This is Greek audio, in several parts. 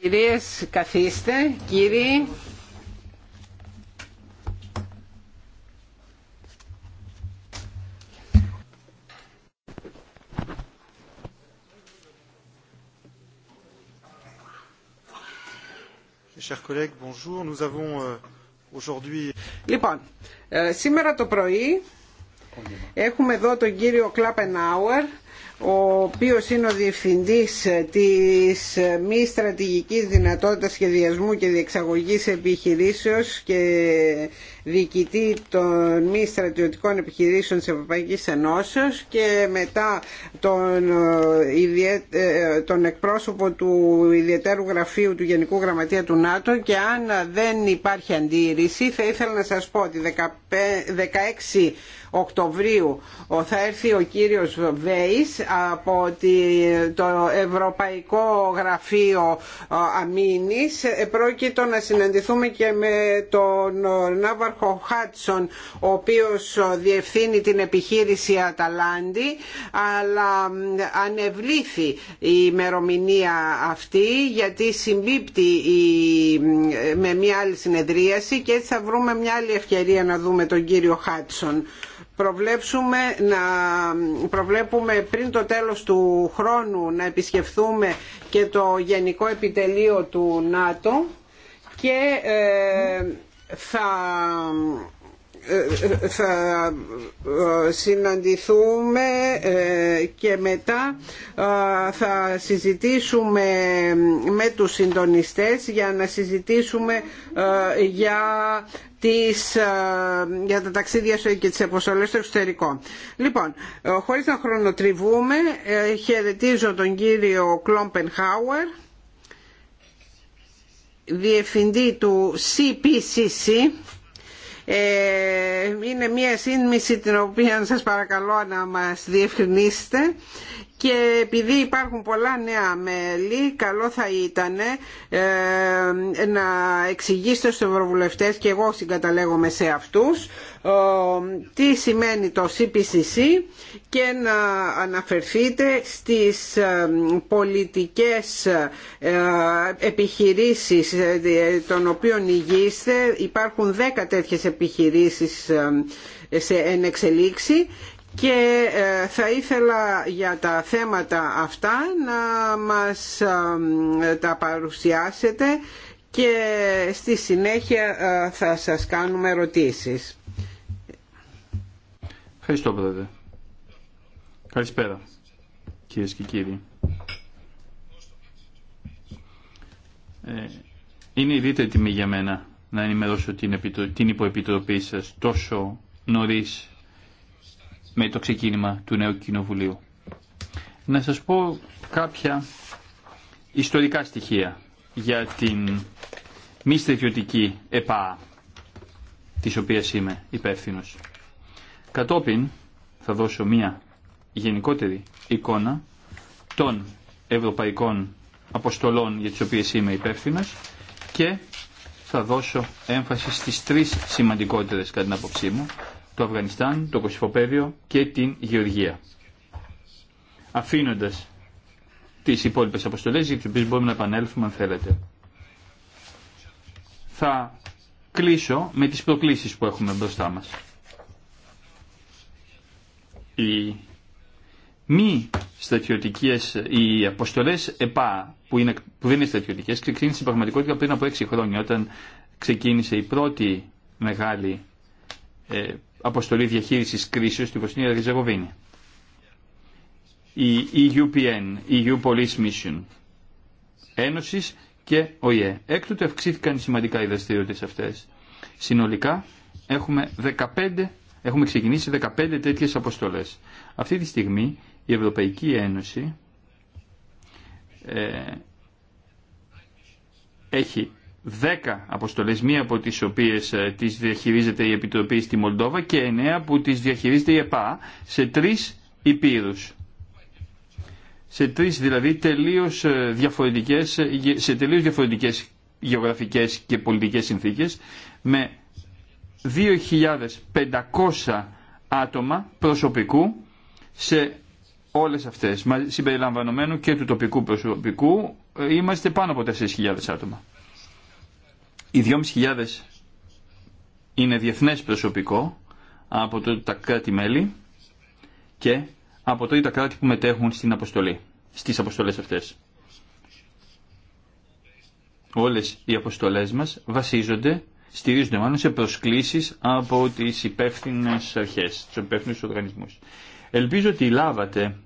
Κυρίες, καθίστε. Κύριοι, euh, Λοιπόν, ε, σήμερα το πρωί έχουμε εδώ τον κύριο Κλάπενάουερ, ο οποίος είναι ο διευθυντής ε, της ε, μη στρατηγικής δυνατότητας σχεδιασμού και διεξαγωγής επιχειρήσεως και διοικητή των μη στρατιωτικών επιχειρήσεων της Ευρωπαϊκής Ενώσεως και μετά τον, ε, ε, τον εκπρόσωπο του ιδιαίτερου γραφείου του Γενικού Γραμματεία του ΝΑΤΟ και αν δεν υπάρχει αντίρρηση θα ήθελα να σας πω ότι 16 Οκτωβρίου θα έρθει ο κύριος Βέης από το Ευρωπαϊκό Γραφείο ε, Αμήνης. Πρόκειτο να συναντηθούμε και με τον Ναύαρχο ο Χάτσον ο οποίος ε, διευθύνει την επιχείρηση Αταλάντη αλλά ανεβλήθη η ημερομηνία αυτή γιατί συμπίπτει με μια άλλη συνεδρίαση και έτσι θα βρούμε μια άλλη ευκαιρία να δούμε τον κύριο Χάτσον προβλέψουμε να προβλέπουμε πριν το τέλος του χρόνου να επισκεφθούμε και το Γενικό Επιτελείο του ΝΑΤΟ και ε, θα ε, ε, θα ε, συναντηθούμε και μετά θα συζητήσουμε με τους συντονιστές για να συζητήσουμε για τις, για τα ταξίδια και τις αποστολέ στο εξωτερικό. Λοιπόν, χωρίς να χρονοτριβούμε, χαιρετίζω τον κύριο Κλόμπενχάουερ διευθυντή του CPCC ε, είναι μια σύνμηση την οποία σας παρακαλώ να μας διευκρινίσετε και επειδή υπάρχουν πολλά νέα μέλη καλό θα ήταν ε, να εξηγήσετε στους ευρωβουλευτές και εγώ συγκαταλέγομαι σε αυτούς ε, τι σημαίνει το CPCC και να αναφερθείτε στις ε, πολιτικές ε, επιχειρήσεις των οποίων υγείστε υπάρχουν δέκα τέτοιες επιχειρήσεις σε ενεξελίξη και ε, θα ήθελα για τα θέματα αυτά να μας τα παρουσιάσετε και στη συνέχεια ε, θα σας κάνουμε ερωτήσεις. Ευχαριστώ πρόεδρε. Καλησπέρα κυρίες και κύριοι. Ε, είναι ιδιαίτερη τιμή για μένα να ενημερώσω την, υποεπιτροπή σας τόσο νωρίς με το ξεκίνημα του νέου κοινοβουλίου. Να σας πω κάποια ιστορικά στοιχεία για την μη στρατιωτική ΕΠΑ της οποίας είμαι υπεύθυνο. Κατόπιν θα δώσω μία γενικότερη εικόνα των ευρωπαϊκών αποστολών για τις οποίες είμαι υπεύθυνο και θα δώσω έμφαση στις τρεις σημαντικότερες κατά την άποψή μου το Αφγανιστάν, το Κωσυφοπέδιο και την Γεωργία. Αφήνοντας τις υπόλοιπες αποστολές για τις οποίες μπορούμε να επανέλθουμε αν θέλετε. Θα κλείσω με τις προκλήσεις που έχουμε μπροστά μας. Οι μη στρατιωτικές, οι αποστολές ΕΠΑ που, είναι, που δεν είναι στρατιωτικές ξεκίνησε πραγματικότητα πριν από 6 χρόνια όταν ξεκίνησε η πρώτη μεγάλη ε, αποστολή διαχείρισης κρίσεω στη Βοσνία Ριζεγοβίνη. Η EUPN, EU Police Mission, Ένωσης και ΟΗΕ. Έκτοτε αυξήθηκαν σημαντικά οι δραστηριότητε αυτές. Συνολικά έχουμε, 15, έχουμε ξεκινήσει 15 τέτοιες αποστολές. Αυτή τη στιγμή η Ευρωπαϊκή Ένωση ε, έχει Δέκα αποστολές, μία από τι οποίε ε, τι διαχειρίζεται η Επιτροπή στη Μολδόβα και 9 που τι διαχειρίζεται η ΕΠΑ σε τρει υπήρου, Σε τρει δηλαδή τελείω ε, διαφορετικέ ε, σε τελείως διαφορετικές γεωγραφικές και πολιτικές συνθήκες με 2.500 άτομα προσωπικού σε όλες αυτές, συμπεριλαμβανομένου και του τοπικού προσωπικού, είμαστε πάνω από 4.000 άτομα. Οι 2.500 είναι διεθνές προσωπικό από το, τα κράτη-μέλη και από το τα κράτη που μετέχουν στην αποστολή, στις αποστολές αυτές. Όλες οι αποστολές μας βασίζονται, στηρίζονται μάλλον σε προσκλήσεις από τις υπεύθυνε αρχές, τους υπεύθυνους οργανισμούς. Ελπίζω ότι λάβατε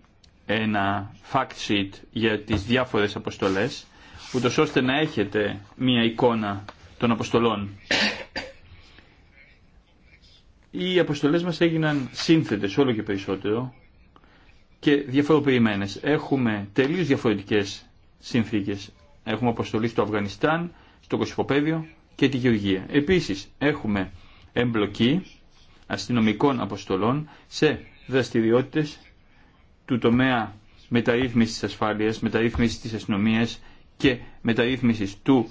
ένα fact sheet για τις διάφορες αποστολές, ούτως ώστε να έχετε μία εικόνα των αποστολών. Οι αποστολές μας έγιναν σύνθετες όλο και περισσότερο και διαφοροποιημένες. Έχουμε τελείως διαφορετικές συνθήκες. Έχουμε αποστολή στο Αφγανιστάν, στο Κωσυφοπέδιο και τη Γεωργία. Επίσης έχουμε εμπλοκή αστυνομικών αποστολών σε δραστηριότητες του τομέα μεταρρύθμισης της ασφάλειας, μεταρρύθμισης της αστυνομίας, και μεταρρύθμιση του,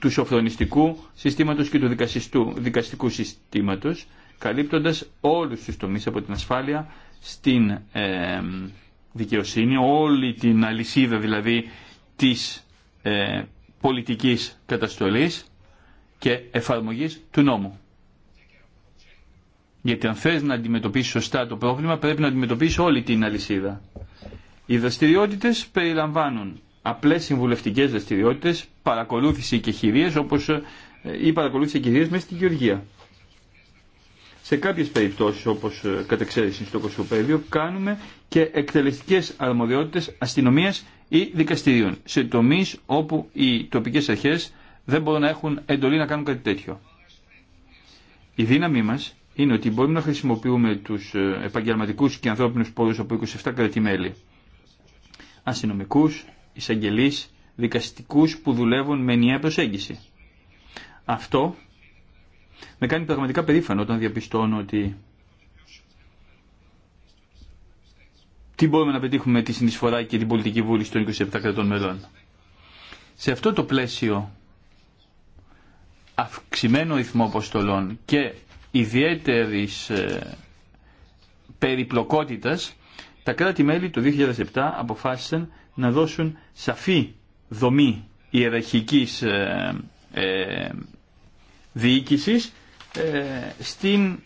του σοφρονιστικού συστήματος και του δικαστικού συστήματος, καλύπτοντας όλους τους τομείς από την ασφάλεια στην δικαιοσύνη, όλη την αλυσίδα δηλαδή της ε, πολιτικής καταστολής και εφαρμογής του νόμου. Γιατί αν θες να αντιμετωπίσεις σωστά το πρόβλημα πρέπει να αντιμετωπίσει όλη την αλυσίδα. Οι δραστηριότητε περιλαμβάνουν απλές συμβουλευτικές δραστηριότητε, παρακολούθηση και χειρίες όπως ε, ή παρακολούθηση και χειρίες μέσα στη Γεωργία. Σε κάποιες περιπτώσεις όπως ε, κατεξαίρεση στο Κοσμοπέδιο κάνουμε και εκτελεστικές αρμοδιότητες αστυνομίας ή δικαστηρίων σε τομείς όπου οι τοπικές αρχές δεν μπορούν να έχουν εντολή να κάνουν κάτι τέτοιο. Η δύναμή μας είναι ότι μπορούμε να χρησιμοποιούμε τους ε, επαγγελματικούς και χειριες μεσα στην γεωργια σε καποιες περιπτωσεις οπως εξαιρεση στο κοσμοπεδιο κανουμε και εκτελεστικες αρμοδιοτητες αστυνομιας πόρους από 27 κρατημέλη. Αστυνομικούς, εισαγγελείς, δικαστικούς που δουλεύουν με ενιαία προσέγγιση. Αυτό με κάνει πραγματικά περήφανο όταν διαπιστώνω ότι τι μπορούμε να πετύχουμε με τη συνεισφορά και την πολιτική βούληση των 27 κρατών μελών. Σε αυτό το πλαίσιο αυξημένο ρυθμό αποστολών και ιδιαίτερης ε, περιπλοκότητας, τα κράτη-μέλη το 2007 αποφάσισαν να δώσουν σαφή δομή ιεραρχικής ε, ε, ε, στην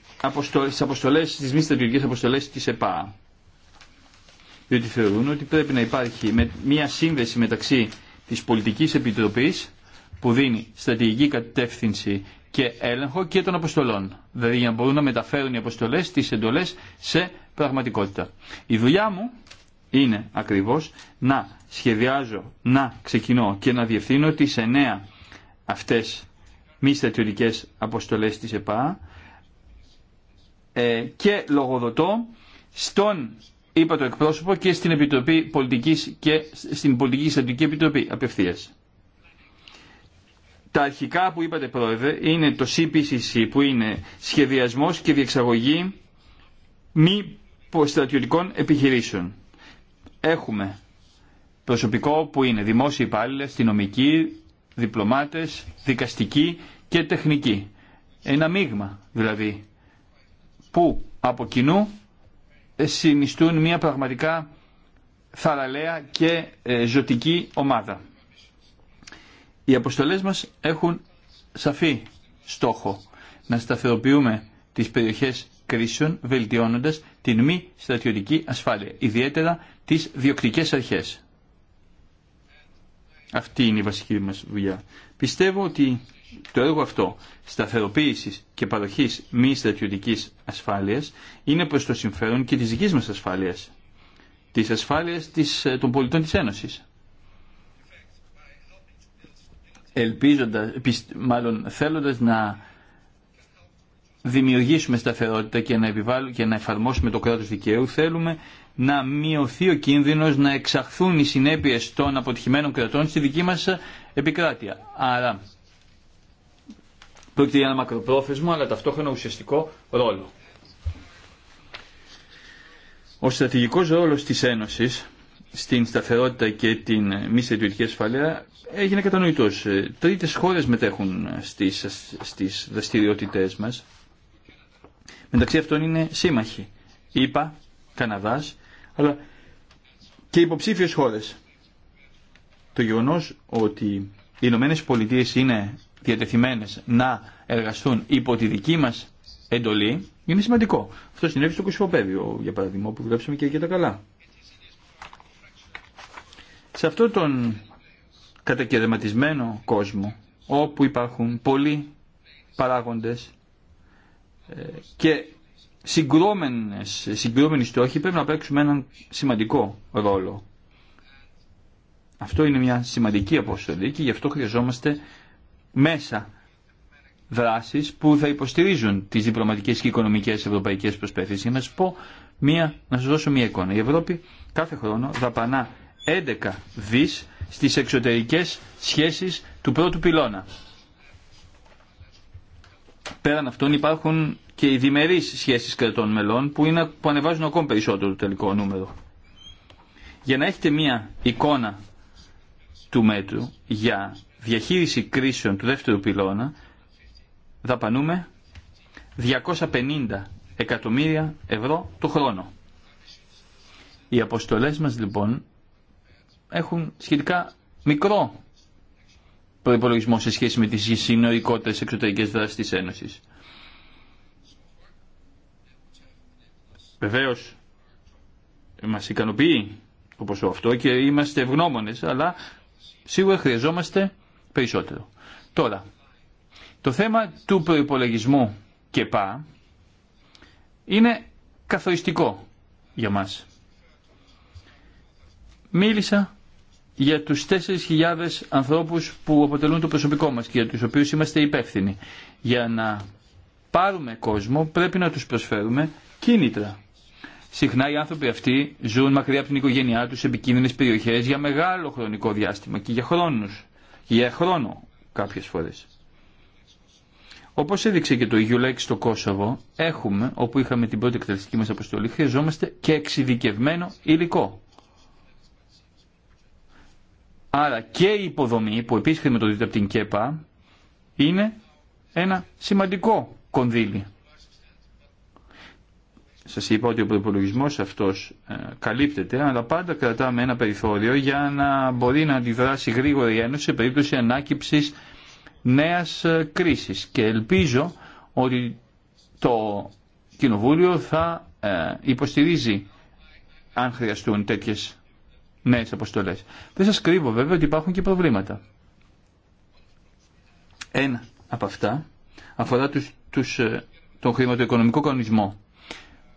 στις, στις μη στρατιωτικές αποστολές της ΕΠΑ. Διότι θεωρούν ότι πρέπει να υπάρχει με, μια σύνδεση μεταξύ της πολιτικής επιτροπής που δίνει στρατηγική κατεύθυνση και έλεγχο και των αποστολών. Δηλαδή για να μπορούν να μεταφέρουν οι αποστολές τις εντολές σε πραγματικότητα. Η δουλειά μου είναι ακριβώς να σχεδιάζω, να ξεκινώ και να διευθύνω τις εννέα αυτές μη στρατιωτικέ αποστολές της ΕΠΑ ε, και λογοδοτώ στον είπα το εκπρόσωπο και στην Επιτροπή Πολιτικής και στην Πολιτική Στρατιωτική Επιτροπή απευθείας. Τα αρχικά που είπατε πρόεδρε είναι το CPCC που είναι σχεδιασμός και διεξαγωγή μη στρατιωτικών επιχειρήσεων έχουμε προσωπικό που είναι δημόσιοι υπάλληλοι, αστυνομικοί, διπλωμάτες, δικαστικοί και τεχνικοί. Ένα μείγμα δηλαδή που από κοινού ε, συνιστούν μια πραγματικά θαραλέα και ε, ζωτική ομάδα. Οι αποστολές μας έχουν σαφή στόχο να σταθεροποιούμε τις περιοχές κρίσεων βελτιώνοντας την μη στρατιωτική ασφάλεια, ιδιαίτερα τις διοκτικές αρχές. Αυτή είναι η βασική μας δουλειά. Πιστεύω ότι το έργο αυτό σταθεροποίησης και παροχής μη στρατιωτικής ασφάλειας είναι προς το συμφέρον και της δικής μας ασφάλειας, της ασφάλειας ε, των πολιτών της Ένωσης. Ελπίζοντας, μάλλον θέλοντας να δημιουργήσουμε σταθερότητα και να, και να εφαρμόσουμε το κράτος δικαίου, θέλουμε να μειωθεί ο κίνδυνος να εξαχθούν οι συνέπειες των αποτυχημένων κρατών στη δική μας ε, επικράτεια. Άρα πρόκειται για ένα μακροπρόθεσμο αλλά ταυτόχρονα ουσιαστικό ρόλο. Ο στρατηγικός ρόλος της Ένωσης στην σταθερότητα και την μη στρατιωτική ασφαλεία έγινε κατανοητός. Ε, τρίτες χώρες μετέχουν στις, στις δραστηριότητές μας. Μεταξύ αυτών είναι σύμμαχοι. ΗΠΑ, Καναδάς, αλλά και υποψήφιες χώρες. Το γεγονός ότι οι Ηνωμένε Πολιτείε είναι διατεθειμένες να εργαστούν υπό τη δική μας εντολή είναι σημαντικό. Αυτό συνέβη στο Κωσυφοπέδιο, για παράδειγμα, που δουλέψαμε και για τα καλά. Σε αυτόν τον κατακαιρματισμένο κόσμο, όπου υπάρχουν πολλοί παράγοντες ε, και συγκρόμενες, συγκρόμενοι στόχοι πρέπει να παίξουμε έναν σημαντικό ρόλο. Αυτό είναι μια σημαντική αποστολή και γι' αυτό χρειαζόμαστε μέσα δράσεις που θα υποστηρίζουν τις διπλωματικές και οικονομικές ευρωπαϊκές προσπάθειες. Για να σας, μια, να σας δώσω μια εικόνα. Η Ευρώπη κάθε χρόνο δαπανά 11 δις στις εξωτερικές σχέσεις του πρώτου πυλώνα. Πέραν αυτών υπάρχουν και οι διμερεί σχέσει κρατών μελών που, είναι, που ανεβάζουν ακόμη περισσότερο το τελικό νούμερο. Για να έχετε μία εικόνα του μέτρου για διαχείριση κρίσεων του δεύτερου πυλώνα δαπανούμε 250 εκατομμύρια ευρώ το χρόνο. Οι αποστολές μας λοιπόν έχουν σχετικά μικρό προπολογισμό σε σχέση με τις συνολικότερες εξωτερικές δράσεις της Ένωσης. Βεβαίω, μα ικανοποιεί το αυτό και είμαστε ευγνώμονε, αλλά σίγουρα χρειαζόμαστε περισσότερο. Τώρα, το θέμα του προπολογισμού και πά είναι καθοριστικό για μας. Μίλησα για τους 4.000 ανθρώπους που αποτελούν το προσωπικό μας και για τους οποίους είμαστε υπεύθυνοι. Για να πάρουμε κόσμο πρέπει να τους προσφέρουμε κίνητρα. Συχνά οι άνθρωποι αυτοί ζουν μακριά από την οικογένειά τους σε επικίνδυνες περιοχέ για μεγάλο χρονικό διάστημα και για χρόνου. για χρόνο κάποιες φορές. Όπως έδειξε και το EULEX στο Κόσοβο, έχουμε, όπου είχαμε την πρώτη εκτελεστική μας αποστολή, χρειαζόμαστε και εξειδικευμένο υλικό. Άρα και η υποδομή που επίση χρηματοδοτείται από την ΚΕΠΑ είναι ένα σημαντικό κονδύλι σας είπα ότι ο προπολογισμό αυτός ε, καλύπτεται, αλλά πάντα κρατάμε ένα περιθώριο για να μπορεί να αντιδράσει γρήγορα η Ένωση σε περίπτωση ανάκυψης νέας ε, κρίσης. Και ελπίζω ότι το Κοινοβούλιο θα ε, υποστηρίζει αν χρειαστούν τέτοιες νέες αποστολές. Δεν σας κρύβω βέβαια ότι υπάρχουν και προβλήματα. Ένα από αυτά αφορά τους, τους, τον χρηματοοικονομικό κανονισμό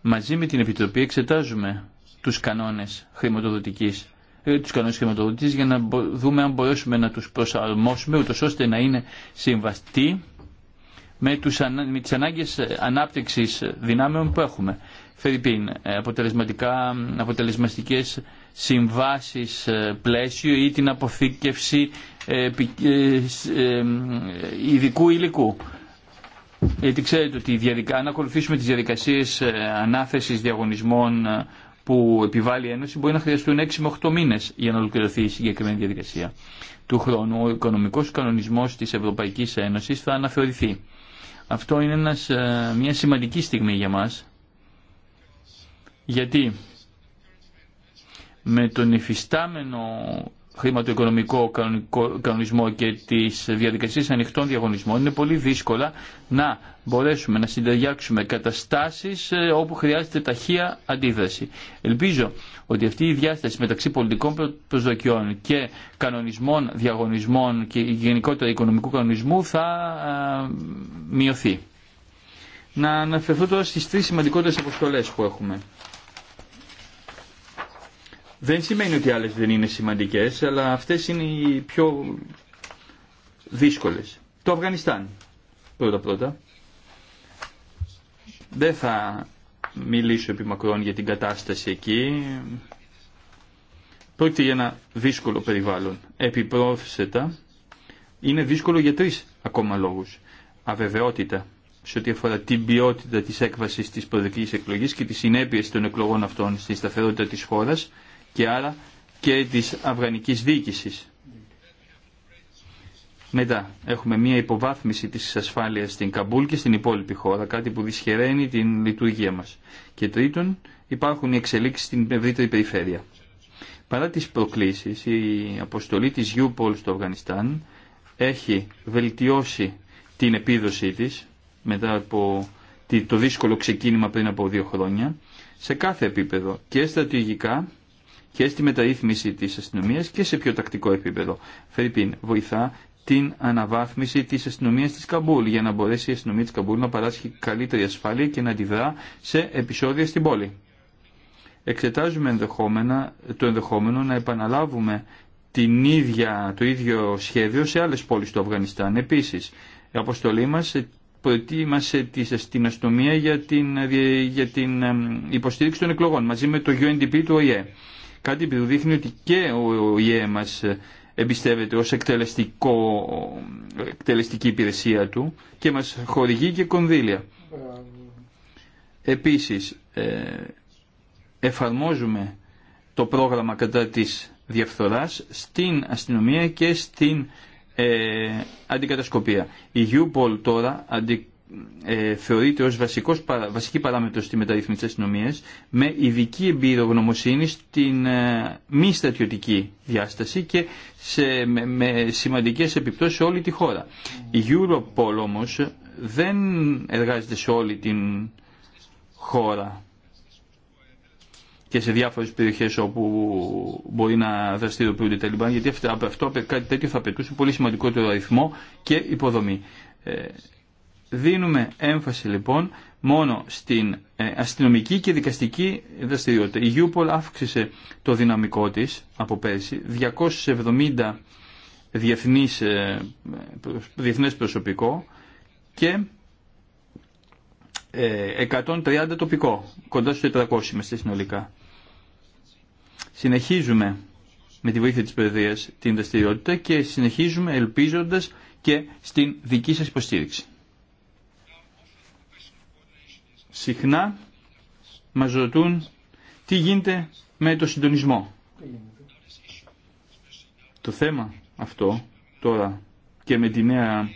μαζί με την Επιτροπή εξετάζουμε τους κανόνες χρηματοδοτικής ε, τους κανόνες για να δούμε αν μπορέσουμε να τους προσαρμόσουμε ούτως ώστε να είναι συμβαστοί με, τους, με τις ανάγκες ε, ανάπτυξης δυνάμεων που έχουμε. Φερρυπίν, ε, αποτελεσματικά, αποτελεσματικές συμβάσεις πλαίσιο ή την αποθήκευση ειδικού υλικού γιατί ξέρετε ότι διαδικα... αν ακολουθήσουμε τις διαδικασίες ε, ανάθεσης διαγωνισμών ε, που επιβάλλει η Ένωση μπορεί να χρειαστούν 6 με 8 μήνες για να ολοκληρωθεί η συγκεκριμένη διαδικασία. Του χρόνου ο οικονομικός κανονισμός της Ευρωπαϊκής Ένωσης θα αναθεωρηθεί. Αυτό είναι ε, μια σημαντική στιγμή για μας γιατί με τον υφιστάμενο χρηματοοικονομικό κανονισμό και τις διαδικασίες ανοιχτών διαγωνισμών είναι πολύ δύσκολα να μπορέσουμε να συνταγιάξουμε καταστάσεις ε, όπου χρειάζεται ταχεία αντίδραση. Ελπίζω ότι αυτή η διάσταση μεταξύ πολιτικών προσδοκιών και κανονισμών, διαγωνισμών και γενικότερα οικονομικού κανονισμού θα ε, μειωθεί. Να αναφερθώ τώρα στις τρεις σημαντικότερες αποστολές που έχουμε. Δεν σημαίνει ότι άλλες δεν είναι σημαντικές, αλλά αυτές είναι οι πιο δύσκολες. Το Αφγανιστάν, πρώτα-πρώτα. Δεν θα μιλήσω επί μακρόν για την κατάσταση εκεί. Πρόκειται για ένα δύσκολο περιβάλλον. Επιπρόθεσετα, είναι δύσκολο για τρεις ακόμα λόγους. Αβεβαιότητα σε ό,τι αφορά την ποιότητα της έκβασης της προεδρικής εκλογής και τη συνέπειες των εκλογών αυτών στη σταθερότητα της χώρας και άρα και της αυγανικής διοίκησης. Μετά έχουμε μια υποβάθμιση της ασφάλειας στην Καμπούλ και στην υπόλοιπη χώρα, κάτι που δυσχεραίνει την λειτουργία μας. Και τρίτον, υπάρχουν οι εξελίξεις στην ευρύτερη περιφέρεια. Παρά τις προκλήσεις, η αποστολή της UPOL στο Αφγανιστάν έχει βελτιώσει την επίδοσή της μετά από το δύσκολο ξεκίνημα πριν από δύο χρόνια σε κάθε επίπεδο και στρατηγικά και στη μεταρρύθμιση της αστυνομίας και σε πιο τακτικό επίπεδο. Φερρυπίν βοηθά την αναβάθμιση της αστυνομίας της Καμπούλ για να μπορέσει η αστυνομία της Καμπούλ να παράσχει καλύτερη ασφάλεια και να αντιδρά σε επεισόδια στην πόλη. Εξετάζουμε ενδεχόμενα, το ενδεχόμενο να επαναλάβουμε την ίδια, το ίδιο σχέδιο σε άλλες πόλεις του Αφγανιστάν. Επίσης, η αποστολή μας προετοίμασε την αστυνομία για την, για την υποστήριξη των εκλογών μαζί με το UNDP του ΟΗΕ. Κάτι που δείχνει ότι και ο ΙΕ μας ε, εμπιστεύεται ως εκτελεστικό, εκτελεστική υπηρεσία του και μας χορηγεί και κονδύλια. Επίσης, ε, εφαρμόζουμε το πρόγραμμα κατά της διαφθοράς στην αστυνομία και στην ε, αντικατασκοπία. Η UPOL τώρα αντι, ε, θεωρείται ως βασικός, βασική παράμετρο στη μεταρρύθμιση της αστυνομίας με ειδική εμπειρογνωμοσύνη στην ε, μη στρατιωτική διάσταση και σε, με, με σημαντικές επιπτώσεις σε όλη τη χώρα. Η Europol όμως δεν εργάζεται σε όλη την χώρα και σε διάφορες περιοχές όπου μπορεί να δραστηριοποιούνται τα λιμπάν, γιατί αυτό, αυτό κάτι τέτοιο θα απαιτούσε πολύ σημαντικότερο αριθμό και υποδομή. Ε, Δίνουμε έμφαση λοιπόν μόνο στην ε, αστυνομική και δικαστική δραστηριότητα. Η Γιούπολ αύξησε το δυναμικό της από πέρσι, 270 Διεθνής, ε, διεθνές προσωπικό και 130 ε, τοπικό, κοντά στους 400 είμαστε συνολικά. Συνεχίζουμε με τη βοήθεια της παιδείας την δραστηριότητα και συνεχίζουμε ελπίζοντας και στην δική σας υποστήριξη συχνά μας ρωτούν τι γίνεται με το συντονισμό. Το θέμα αυτό τώρα και με τη νέα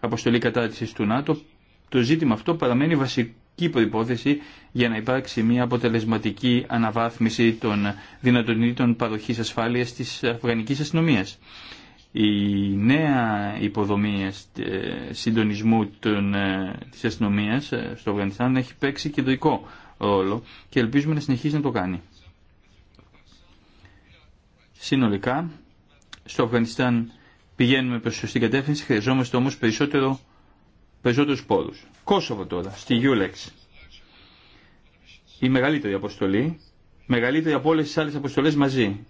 αποστολή κατάρτισης του ΝΑΤΟ, το ζήτημα αυτό παραμένει βασική προϋπόθεση για να υπάρξει μια αποτελεσματική αναβάθμιση των δυνατονίτων παροχής ασφάλειας της αφγανικής αστυνομίας η νέα υποδομή ε, συντονισμού των, ε, της αστυνομία ε, στο Αφγανιστάν έχει παίξει κεντρικό ρόλο και ελπίζουμε να συνεχίσει να το κάνει. Συνολικά, στο Αφγανιστάν πηγαίνουμε προς σωστή κατεύθυνση, χρειαζόμαστε όμως περισσότερο, περισσότερους πόρους. Κόσοβο τώρα, στη Γιούλεξ. Η μεγαλύτερη αποστολή, μεγαλύτερη από όλες τις άλλες αποστολές μαζί.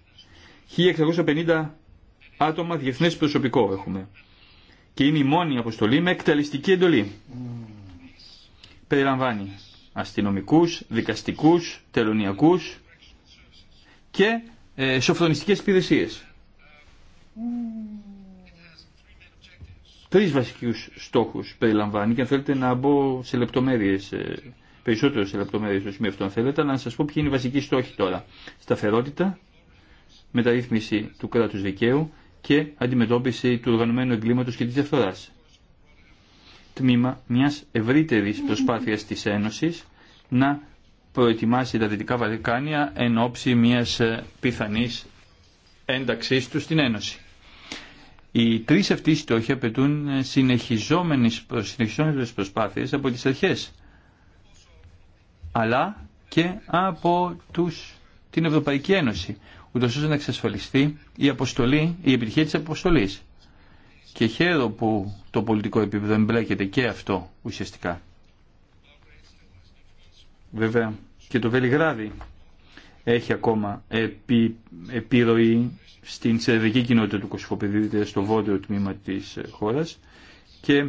1650 άτομα διεθνές προσωπικό έχουμε. Και είναι η μόνη αποστολή με εκτελεστική εντολή. Περιλαμβάνει αστυνομικούς, δικαστικούς, τελωνιακούς και ε, σοφρονιστικές υπηρεσίε. Τρεις βασικούς στόχους περιλαμβάνει και αν θέλετε να μπω σε λεπτομέρειες ε, περισσότερο σε λεπτομέρειε στο σημείο αυτό, αν θέλετε, αλλά να σα πω ποιοι είναι οι βασικοί στόχοι τώρα. Σταθερότητα, μεταρρύθμιση του κράτου δικαίου, και αντιμετώπιση του οργανωμένου εγκλήματος και της διαφθοράς. Τμήμα μιας ευρύτερης προσπάθειας της Ένωσης να προετοιμάσει τα Δυτικά Βαλκάνια εν ώψη μιας ε, πιθανής ένταξής του στην Ένωση. Οι τρεις αυτοί στόχοι απαιτούν ε, συνεχιζόμενες, συνεχιζόμενες προσπάθειες από τις αρχές, αλλά και από τους, την Ευρωπαϊκή Ένωση, ούτως ώστε να εξασφαλιστεί η, αποστολή, η επιτυχία τη αποστολή Και χαίρο που το πολιτικό επίπεδο εμπλέκεται και αυτό ουσιαστικά. Βέβαια και το Βελιγράδι έχει ακόμα επί, επιρροή στην σερβική κοινότητα του Κωσυφοπεδίου, στο βόρειο τμήμα της ε, χώρας και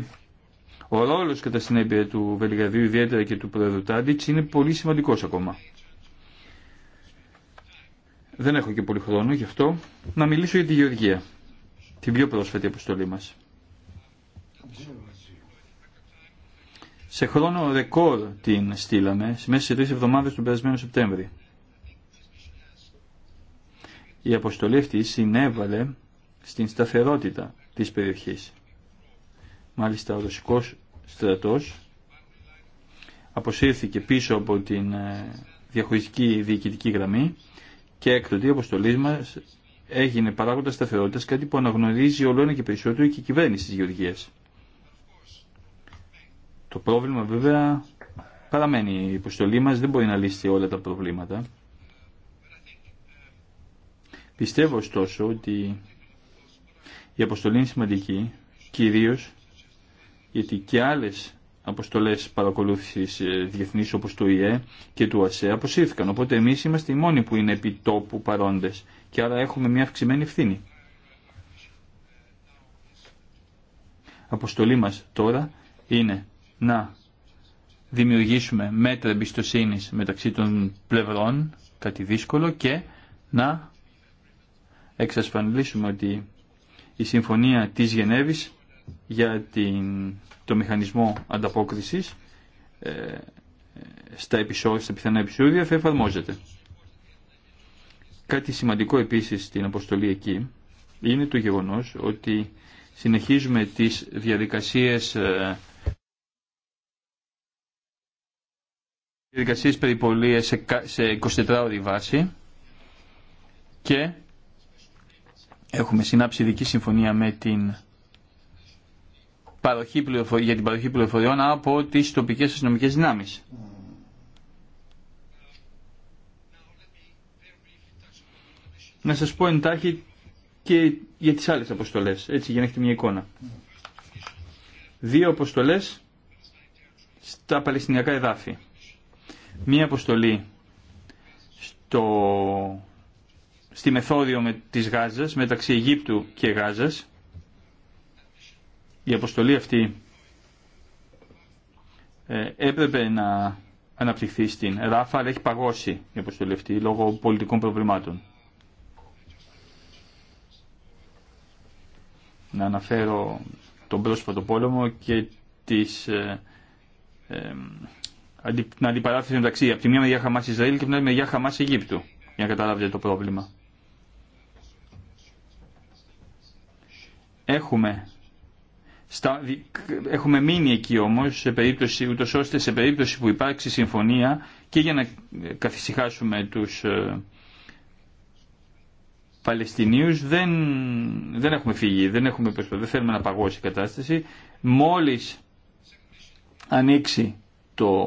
ο ρόλος κατά συνέπεια του Βελιγραδίου, ιδιαίτερα και του Προεδρού είναι πολύ σημαντικός ακόμα δεν έχω και πολύ χρόνο γι' αυτό, να μιλήσω για τη Γεωργία, την πιο πρόσφατη αποστολή μας. Σε χρόνο ρεκόρ την στείλαμε, μέσα σε τρεις εβδομάδες του περασμένου Σεπτέμβρη. Η αποστολή αυτή συνέβαλε στην σταθερότητα της περιοχής. Μάλιστα ο ρωσικός στρατός αποσύρθηκε πίσω από την ε, διαχωριστική διοικητική γραμμή και έκτοτε η αποστολή μα έγινε παράγοντα σταθερότητα, κάτι που αναγνωρίζει όλο ένα και περισσότερο και η κυβέρνηση τη Γεωργία. Το πρόβλημα βέβαια παραμένει. Η αποστολή μα δεν μπορεί να λύσει όλα τα προβλήματα. Πιστεύω ωστόσο ότι η αποστολή είναι σημαντική, κυρίως γιατί και άλλες αποστολές παρακολούθηση ε, διεθνής όπω του ΙΕ και του ΑΣΕ αποσύρθηκαν. Οπότε εμείς είμαστε οι μόνοι που είναι επί τόπου παρόντες και άρα έχουμε μια αυξημένη ευθύνη. Αποστολή μας τώρα είναι να δημιουργήσουμε μέτρα εμπιστοσύνη μεταξύ των πλευρών, κάτι δύσκολο, και να εξασφαλίσουμε ότι η Συμφωνία της Γενέβης για την, το μηχανισμό ανταπόκρισης ε, στα, στα πιθανά επεισόδια θα εφαρμόζεται. Κάτι σημαντικό επίσης στην αποστολή εκεί είναι το γεγονός ότι συνεχίζουμε τις διαδικασίες ε, διαδικασίες περιπολίες σε, σε 24 ώρη βάση και έχουμε συνάψει ειδική συμφωνία με την παροχή για την παροχή πληροφοριών από τις τοπικές αστυνομικές δυνάμεις. Να σας πω εντάχει και για τις άλλες αποστολές, έτσι για να έχετε μια εικόνα. Δύο αποστολές στα Παλαιστινιακά εδάφη. Μία αποστολή στο, στη μεθόδιο με, της Γάζας, μεταξύ Αιγύπτου και Γάζας, η αποστολή αυτή ε, έπρεπε να αναπτυχθεί στην ράφα, αλλά έχει παγώσει η αποστολή αυτή λόγω πολιτικών προβλημάτων. Να αναφέρω τον πρόσφατο πόλεμο και τις, ε, ε, την αντιπαράθεση μεταξύ από τη μία μεριά Χαμάς Ισραήλ και από την άλλη μεριά Χαμάς Αιγύπτου, για να καταλάβετε το πρόβλημα. Έχουμε στα, έχουμε μείνει εκεί όμως, σε περίπτωση, ούτως ώστε σε περίπτωση που υπάρξει συμφωνία και για να ε, καθησυχάσουμε τους ε, Παλαιστινίους δεν, δεν έχουμε φύγει, δεν, έχουμε δεν θέλουμε να παγώσει η κατάσταση. Μόλις ανοίξει το,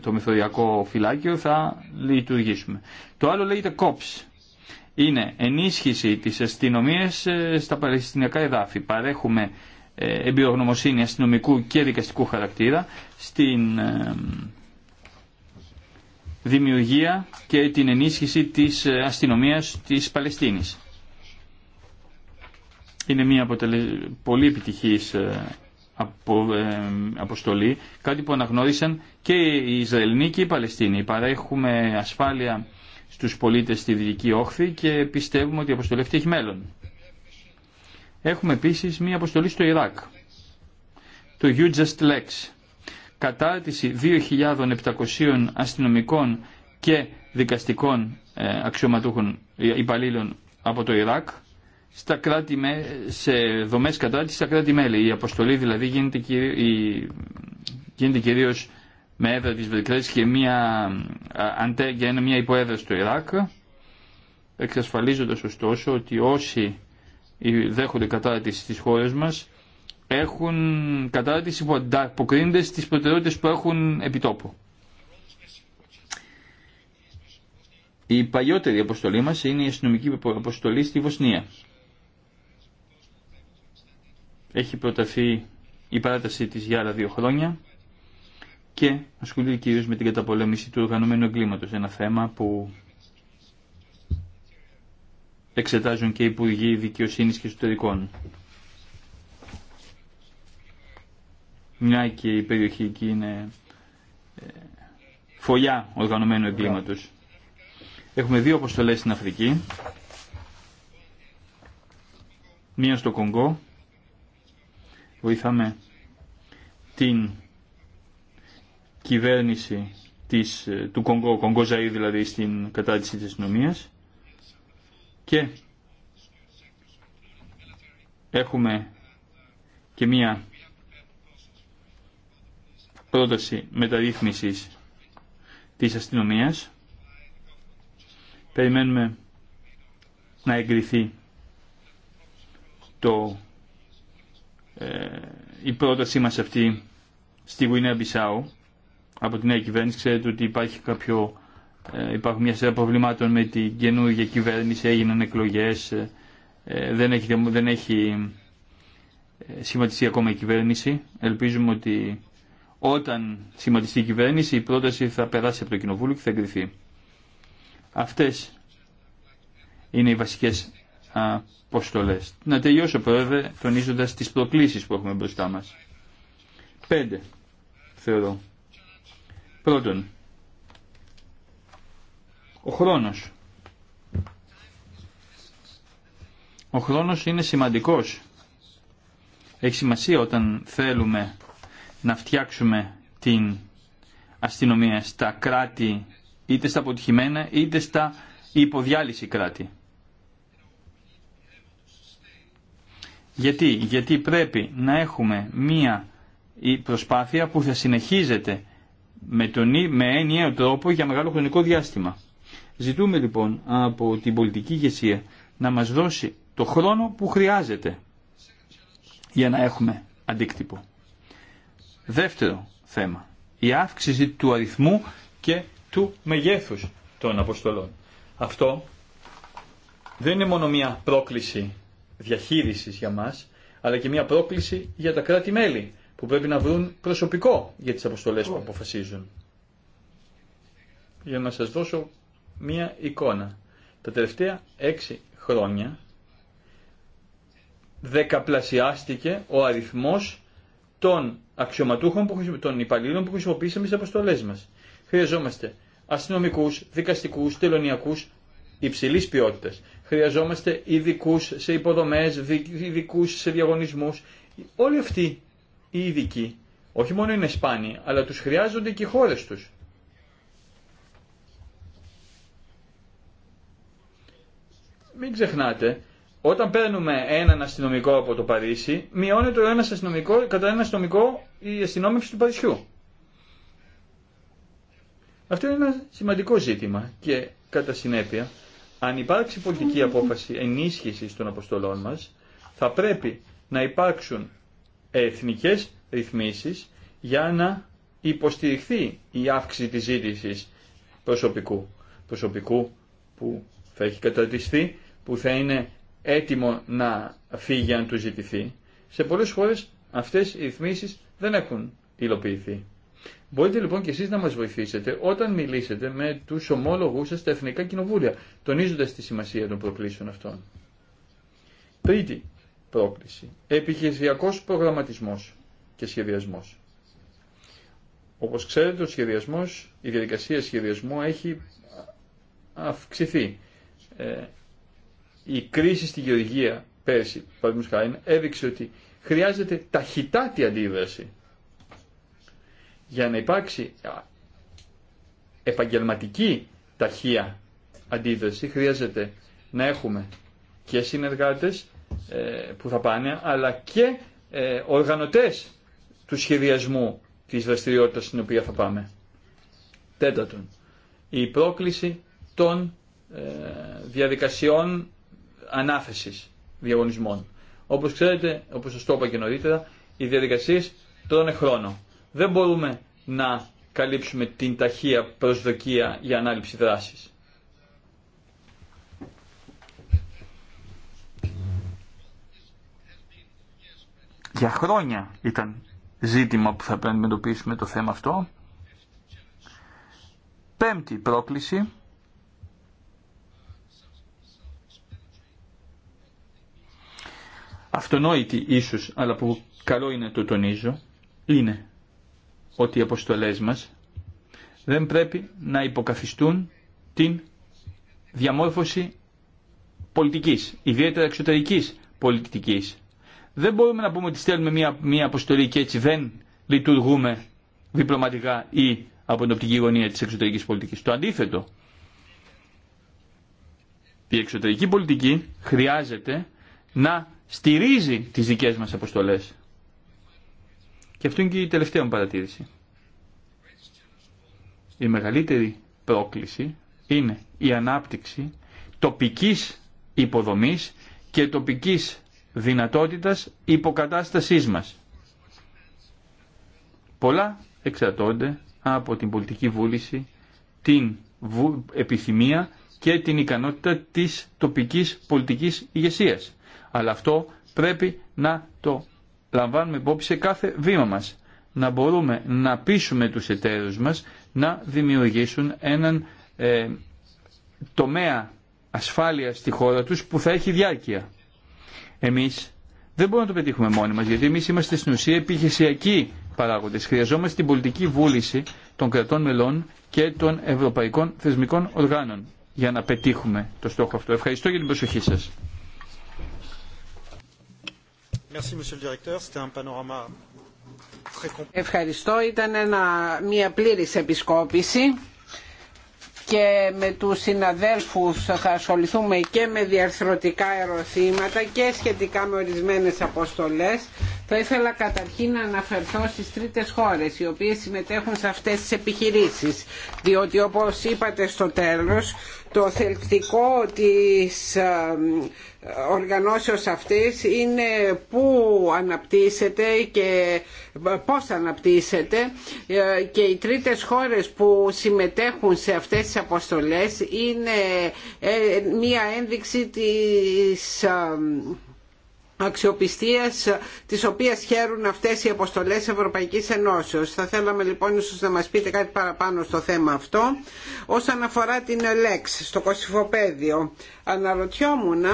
το μεθοδιακό φυλάκιο θα λειτουργήσουμε. Το άλλο λέγεται COPS. Είναι ενίσχυση της αστυνομία ε, στα Παλαιστινιακά εδάφη. Παρέχουμε ε, εμπειρογνωμοσύνη αστυνομικού και δικαστικού χαρακτήρα στην ε, δημιουργία και την ενίσχυση της ε, αστυνομίας της Παλαιστίνης. Είναι μια πολύ επιτυχής αποστολή, κάτι που αναγνώρισαν και οι Ισραηλοί και οι Παλαιστίνοι. Παρέχουμε ασφάλεια στους πολίτες στη Δυτική Όχθη και πιστεύουμε ότι η αποστολή αυτή έχει μέλλον. Έχουμε επίσης μία αποστολή στο Ιράκ, το You Just Lex, κατάρτιση 2.700 αστυνομικών και δικαστικών ε, αξιωματούχων ε, υπαλλήλων από το Ιράκ στα κράτη με, σε δομές κατάρτισης στα κράτη-μέλη. Η αποστολή δηλαδή γίνεται, κυρί, γίνεται κυρίως με έδρα της Βρυκλές και μια, ε, αντέ, μια υποέδρα στο Ιράκ, εξασφαλίζοντας ωστόσο ότι όσοι δέχονται κατάρτιση στις χώρες μας έχουν κατάρτιση που ανταποκρίνεται στις προτεραιότητες που έχουν επιτόπου. Η παλιότερη αποστολή μας είναι η αστυνομική αποστολή στη Βοσνία. Έχει προταθεί η παράταση της για άλλα δύο χρόνια και ασχολείται κυρίως με την καταπολέμηση του οργανωμένου εγκλήματος. Ένα θέμα που εξετάζουν και οι Υπουργοί Δικαιοσύνης και Εσωτερικών. Μια και η περιοχή εκεί είναι ε, φωλιά οργανωμένου εγκλήματος. Έχουμε δύο αποστολές στην Αφρική. Μία στο Κονγκό. Βοηθάμε την κυβέρνηση της, ε, του Κονγκό, Κονγκό Ζαΐ δηλαδή στην κατάρτιση της αστυνομία και έχουμε και μία πρόταση μεταρρύθμισης της αστυνομίας. Περιμένουμε να εγκριθεί το, ε, η πρότασή μας αυτή στη Γουινέα Μπισάου από την νέα κυβέρνηση. Ξέρετε ότι υπάρχει κάποιο ε, υπάρχουν μια σειρά προβλημάτων με την καινούργια κυβέρνηση, έγιναν εκλογές, ε, ε, δεν έχει, δεν έχει σχηματιστεί ακόμα η κυβέρνηση. Ελπίζουμε ότι όταν σχηματιστεί η κυβέρνηση η πρόταση θα περάσει από το Κοινοβούλιο και θα εγκριθεί. Αυτές είναι οι βασικές αποστολές. Να τελειώσω πρόεδρε τονίζοντας τις προκλήσεις που έχουμε μπροστά μας. Πέντε θεωρώ. Πρώτον, ο χρόνος. Ο χρόνος είναι σημαντικός. Έχει σημασία όταν θέλουμε να φτιάξουμε την αστυνομία στα κράτη, είτε στα αποτυχημένα, είτε στα υποδιάλυση κράτη. Γιατί, γιατί πρέπει να έχουμε μία προσπάθεια που θα συνεχίζεται με, τον, με ενιαίο τρόπο για μεγάλο χρονικό διάστημα. Ζητούμε λοιπόν από την πολιτική ηγεσία να μας δώσει το χρόνο που χρειάζεται για να έχουμε αντίκτυπο. Δεύτερο θέμα, η αύξηση του αριθμού και του μεγέθους των αποστολών. Αυτό δεν είναι μόνο μια πρόκληση διαχείρισης για μας, αλλά και μια πρόκληση για τα κράτη-μέλη, που πρέπει να βρουν προσωπικό για τις αποστολές που αποφασίζουν. Για να σας δώσω μία εικόνα. Τα τελευταία έξι χρόνια δεκαπλασιάστηκε ο αριθμός των αξιωματούχων, που, των υπαλλήλων που χρησιμοποιήσαμε στις αποστολές μας. Χρειαζόμαστε αστυνομικούς, δικαστικούς, τελωνιακούς υψηλής ποιότητας. Χρειαζόμαστε ειδικού σε υποδομές, ειδικού σε διαγωνισμούς. Όλοι αυτοί οι ειδικοί, όχι μόνο είναι σπάνιοι, αλλά τους χρειάζονται και οι χώρες τους. μην ξεχνάτε, όταν παίρνουμε έναν αστυνομικό από το Παρίσι, μειώνεται ένας αστυνομικό, κατά ένα αστυνομικό η αστυνόμευση του Παρισιού. Αυτό είναι ένα σημαντικό ζήτημα και κατά συνέπεια, αν υπάρξει πολιτική απόφαση ενίσχυσης των αποστολών μας, θα πρέπει να υπάρξουν εθνικές ρυθμίσεις για να υποστηριχθεί η αύξηση της ζήτησης προσωπικού, προσωπικού που θα έχει καταρτιστεί που θα είναι έτοιμο να φύγει αν του ζητηθεί, σε πολλές χώρες αυτές οι ρυθμίσεις δεν έχουν υλοποιηθεί. Μπορείτε λοιπόν και εσείς να μας βοηθήσετε όταν μιλήσετε με τους ομόλογους σας στα Εθνικά Κοινοβούλια, τονίζοντας τη σημασία των προκλήσεων αυτών. Τρίτη πρόκληση. Επιχειρησιακός προγραμματισμός και σχεδιασμός. Όπως ξέρετε, ο σχεδιασμός, η διαδικασία σχεδιασμού έχει αυξηθεί. Ε, η κρίση στη Γεωργία πέρσι, παραδείγματο χάρη, έδειξε ότι χρειάζεται ταχυτάτη αντίδραση για να υπάρξει επαγγελματική ταχεία αντίδραση χρειάζεται να έχουμε και συνεργάτες ε, που θα πάνε αλλά και ε, οργανωτές του σχεδιασμού της δραστηριότητας στην οποία θα πάμε. Τέταρτον, η πρόκληση των ε, διαδικασιών Ανάθεση διαγωνισμών. Όπως ξέρετε, όπω σα το είπα και νωρίτερα, οι διαδικασίε τρώνε χρόνο. Δεν μπορούμε να καλύψουμε την ταχεία προσδοκία για ανάληψη δράση. Για χρόνια ήταν ζήτημα που θα πρέπει να αντιμετωπίσουμε το θέμα αυτό. Πέμπτη πρόκληση αυτονόητη ίσως, αλλά που καλό είναι να το τονίζω, είναι ότι οι αποστολές μας δεν πρέπει να υποκαθιστούν την διαμόρφωση πολιτικής, ιδιαίτερα εξωτερικής πολιτικής. Δεν μπορούμε να πούμε ότι στέλνουμε μια, μια αποστολή και έτσι δεν λειτουργούμε διπλωματικά ή από την οπτική γωνία της εξωτερικής πολιτικής. Το αντίθετο, η εξωτερική πολιτική χρειάζεται να στηρίζει τις δικές μας αποστολές. Και αυτό είναι και η τελευταία μου παρατήρηση. Η μεγαλύτερη πρόκληση είναι η ανάπτυξη τοπικής υποδομής και τοπικής δυνατότητας υποκατάστασής μας. Πολλά εξαρτώνται από την πολιτική βούληση, την επιθυμία και την ικανότητα της τοπικής πολιτικής ηγεσίας. Αλλά αυτό πρέπει να το λαμβάνουμε υπόψη σε κάθε βήμα μας. Να μπορούμε να πείσουμε τους εταίρους μας να δημιουργήσουν έναν ε, τομέα ασφάλειας στη χώρα τους που θα έχει διάρκεια. Εμείς δεν μπορούμε να το πετύχουμε μόνοι μας, γιατί εμείς είμαστε στην ουσία επιχειρησιακοί παράγοντες. Χρειαζόμαστε την πολιτική βούληση των κρατών μελών και των ευρωπαϊκών θεσμικών οργάνων για να πετύχουμε το στόχο αυτό. Ευχαριστώ για την προσοχή σας. Ευχαριστώ. Ήταν μια πλήρης επισκόπηση και με τους συναδέλφους θα ασχοληθούμε και με διαρθρωτικά ερωθήματα και σχετικά με ορισμένες αποστολές. Θα ήθελα καταρχήν να αναφερθώ στις τρίτες χώρες οι οποίες συμμετέχουν σε αυτές τις επιχειρήσεις διότι όπως είπατε στο τέλος το θελκτικό της ε, οργανώσεως αυτής είναι πού αναπτύσσεται και ε, πώς αναπτύσσεται ε, και οι τρίτες χώρες που συμμετέχουν σε αυτές τις αποστολές είναι μία ένδειξη της αξιοπιστίας τις οποίες χαίρουν αυτές οι αποστολές Ευρωπαϊκής Ενώσεως. Θα θέλαμε λοιπόν ίσως να μας πείτε κάτι παραπάνω στο θέμα αυτό. Όσον αφορά την ΕΛΕΞ στο Κωσυφοπαίδιο, αναρωτιόμουν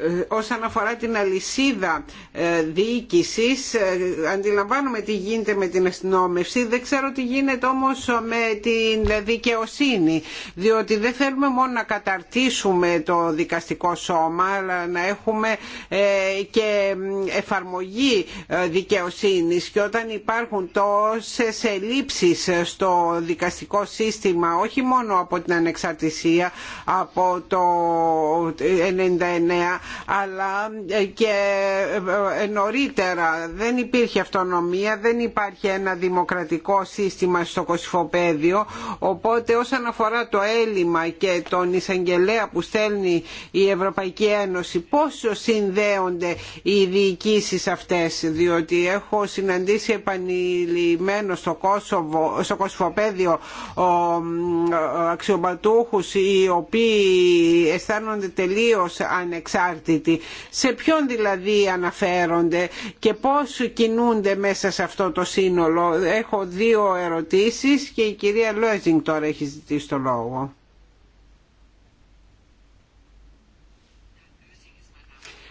ε, όσον αφορά την αλυσίδα ε, διοίκησης ε, αντιλαμβάνομαι τι γίνεται με την αστυνόμευση δεν ξέρω τι γίνεται όμως με την δικαιοσύνη διότι δεν θέλουμε μόνο να καταρτήσουμε το δικαστικό σώμα αλλά να έχουμε και εφαρμογή δικαιοσύνης και όταν υπάρχουν τόσες ελλείψεις στο δικαστικό σύστημα όχι μόνο από την ανεξαρτησία από το 99 αλλά ε, και ε, νωρίτερα δεν υπήρχε αυτονομία, δεν υπάρχει ένα δημοκρατικό σύστημα στο κοσυφοπαίδιο οπότε όσον αφορά το έλλειμμα και τον εισαγγελέα που στέλνει η Ευρωπαϊκή Ένωση πόσο συνδέονται οι διοικήσει αυτές διότι έχω συναντήσει επανειλημμένο στο, Κόσοβο, στο ο, αξιωματούχους οι οποίοι αισθάνονται τελείως ανεξάρτητοι σε ποιον δηλαδή αναφέρονται και πώς κινούνται μέσα σε αυτό το σύνολο. Έχω δύο ερωτήσεις και η κυρία Λόζινγκ τώρα έχει ζητήσει το λόγο.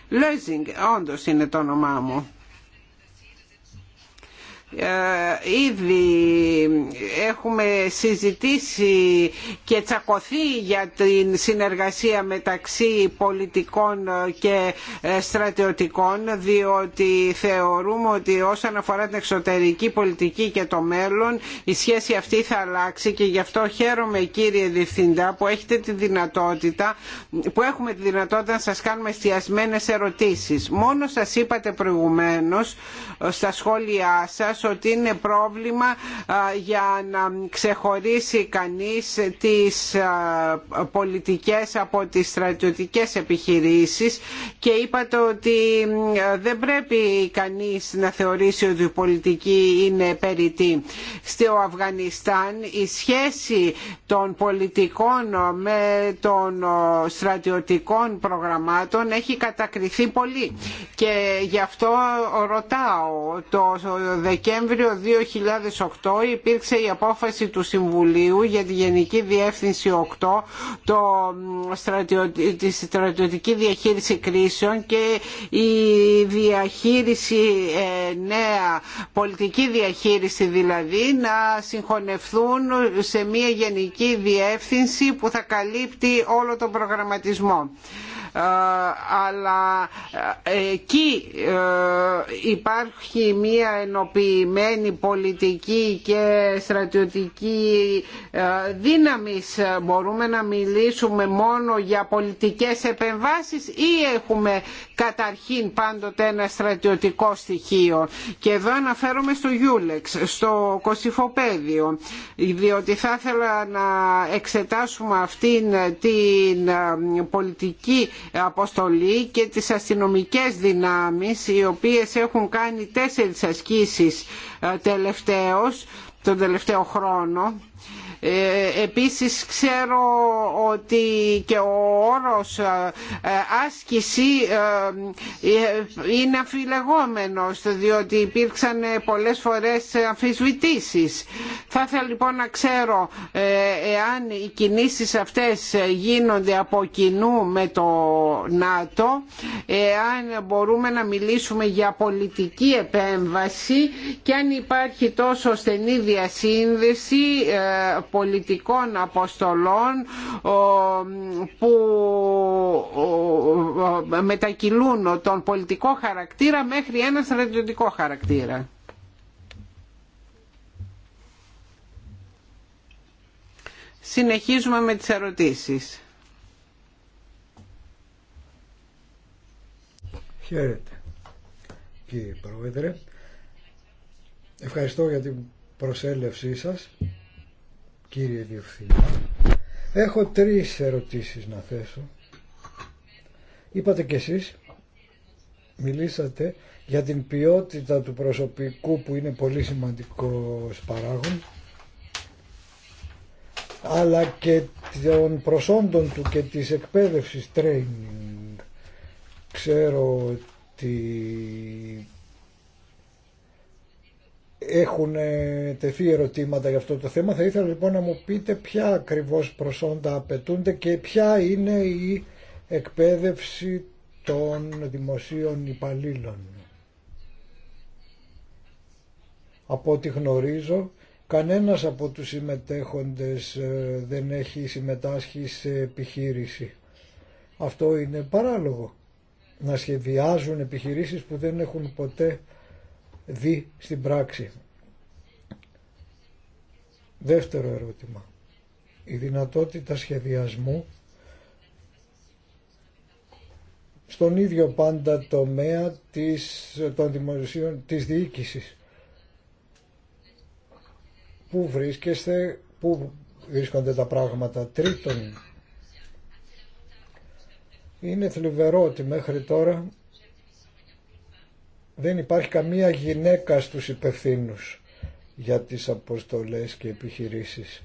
Λόζινγκ, όντως είναι το όνομά μου. Ε, ήδη έχουμε συζητήσει και τσακωθεί για την συνεργασία μεταξύ πολιτικών και ε, στρατιωτικών διότι θεωρούμε ότι όσον αφορά την εξωτερική πολιτική και το μέλλον η σχέση αυτή θα αλλάξει και γι' αυτό χαίρομαι κύριε Διευθυντά που έχετε τη δυνατότητα που έχουμε τη δυνατότητα να σας κάνουμε εστιασμένες ερωτήσεις. Μόνο σας είπατε προηγουμένως ε, στα σχόλιά σας ότι είναι πρόβλημα για να ξεχωρίσει κανείς τις πολιτικές από τις στρατιωτικές επιχειρήσεις και είπατε ότι δεν πρέπει κανείς να θεωρήσει ότι η πολιτική είναι περιττή. Στο Αφγανιστάν η σχέση των πολιτικών με των στρατιωτικών προγραμμάτων έχει κατακριθεί πολύ και γι' αυτό ρωτάω το Δεκέμβριο Δεκέμβριο 2008 υπήρξε η απόφαση του Συμβουλίου για τη Γενική Διεύθυνση 8 το στρατιω... τη στρατιωτική διαχείριση κρίσεων και η διαχείριση ε, νέα πολιτική διαχείριση δηλαδή να συγχωνευθούν σε μια γενική διεύθυνση που θα καλύπτει όλο τον προγραμματισμό. Ε, αλλά ε, εκεί ε, υπάρχει μια ενοποιημένη πολιτική και στρατιωτική δύναμη μπορούμε να μιλήσουμε μόνο για πολιτικές επεμβάσεις ή έχουμε καταρχήν πάντοτε ένα στρατιωτικό στοιχείο και εδώ αναφέρομαι στο Γιούλεξ, στο Κωσυφοπέδιο διότι θα ήθελα να εξετάσουμε αυτήν την πολιτική αποστολή και τις αστυνομικές δυνάμεις οι οποίες έχουν κάνει τέσσερις ασκήσεις ε, τελευταίως τον τελευταίο χρόνο ε, επίσης ξέρω ότι και ο όρος ε, άσκηση ε, είναι αφιλεγόμενος διότι υπήρξαν πολλές φορές αμφισβητήσεις. Θα ήθελα λοιπόν να ξέρω εάν οι κινήσεις αυτές γίνονται από κοινού με το ΝΑΤΟ, εάν μπορούμε να μιλήσουμε για πολιτική επέμβαση και αν υπάρχει τόσο στενή διασύνδεση πολιτικών αποστολών που μετακυλούν τον πολιτικό χαρακτήρα μέχρι ένα στρατιωτικό χαρακτήρα. Συνεχίζουμε με τις ερωτήσεις. Χαίρετε, κύριε Πρόεδρε. Ευχαριστώ για την προσέλευσή σας κύριε Διευθύντη. Έχω τρεις ερωτήσεις να θέσω. Είπατε κι εσείς, μιλήσατε για την ποιότητα του προσωπικού που είναι πολύ σημαντικό παράγον αλλά και των προσόντων του και της εκπαίδευσης training. Ξέρω ότι έχουν ε, τεθεί ερωτήματα για αυτό το θέμα. Θα ήθελα λοιπόν να μου πείτε ποια ακριβώς προσόντα απαιτούνται και ποια είναι η εκπαίδευση των δημοσίων υπαλλήλων. Από ό,τι γνωρίζω, κανένας από τους συμμετέχοντες ε, δεν έχει συμμετάσχει σε επιχείρηση. Αυτό είναι παράλογο. Να σχεδιάζουν επιχειρήσεις που δεν έχουν ποτέ δει στην πράξη. Δεύτερο ερώτημα. Η δυνατότητα σχεδιασμού στον ίδιο πάντα τομέα της, των δημοσίων, της διοίκησης. Πού βρίσκεστε, πού βρίσκονται τα πράγματα. Τρίτον, είναι θλιβερό ότι μέχρι τώρα δεν υπάρχει καμία γυναίκα στους υπευθύνου για τις αποστολές και επιχειρήσεις.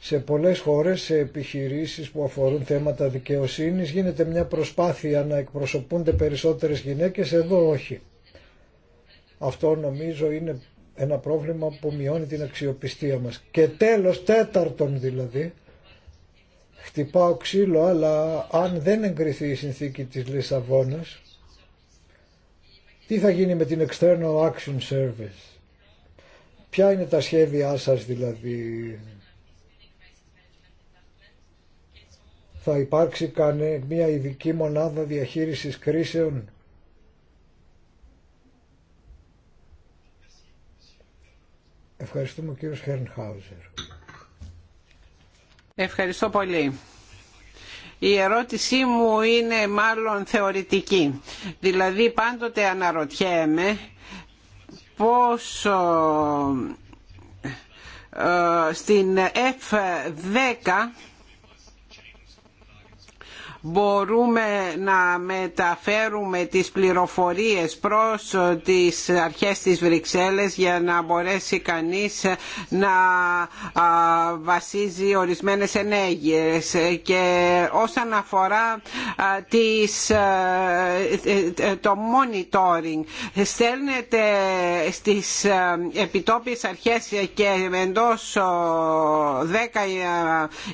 Σε πολλές χώρες, σε επιχειρήσεις που αφορούν θέματα δικαιοσύνης, γίνεται μια προσπάθεια να εκπροσωπούνται περισσότερες γυναίκες, εδώ όχι. Αυτό νομίζω είναι ένα πρόβλημα που μειώνει την αξιοπιστία μας. Και τέλος, τέταρτον δηλαδή, χτυπάω ξύλο, αλλά αν δεν εγκριθεί η συνθήκη της Λισαβόνας, τι θα γίνει με την External Action Service. Ποια είναι τα σχέδιά σας δηλαδή. Θα υπάρξει κανένα μια ειδική μονάδα διαχείρισης κρίσεων. Ευχαριστούμε κύριος Χέρνχάουζερ. Ευχαριστώ πολύ. Η ερώτησή μου είναι μάλλον θεωρητική. Δηλαδή πάντοτε αναρωτιέμαι πόσο ε, στην F10 μπορούμε να μεταφέρουμε τις πληροφορίες προς τις αρχές της Βρυξέλλες για να μπορέσει κανείς να βασίζει ορισμένες ενέργειες και όσον αφορά τις, ε, ε, το monitoring στέλνετε στις επιτόπιες αρχές και εντός 10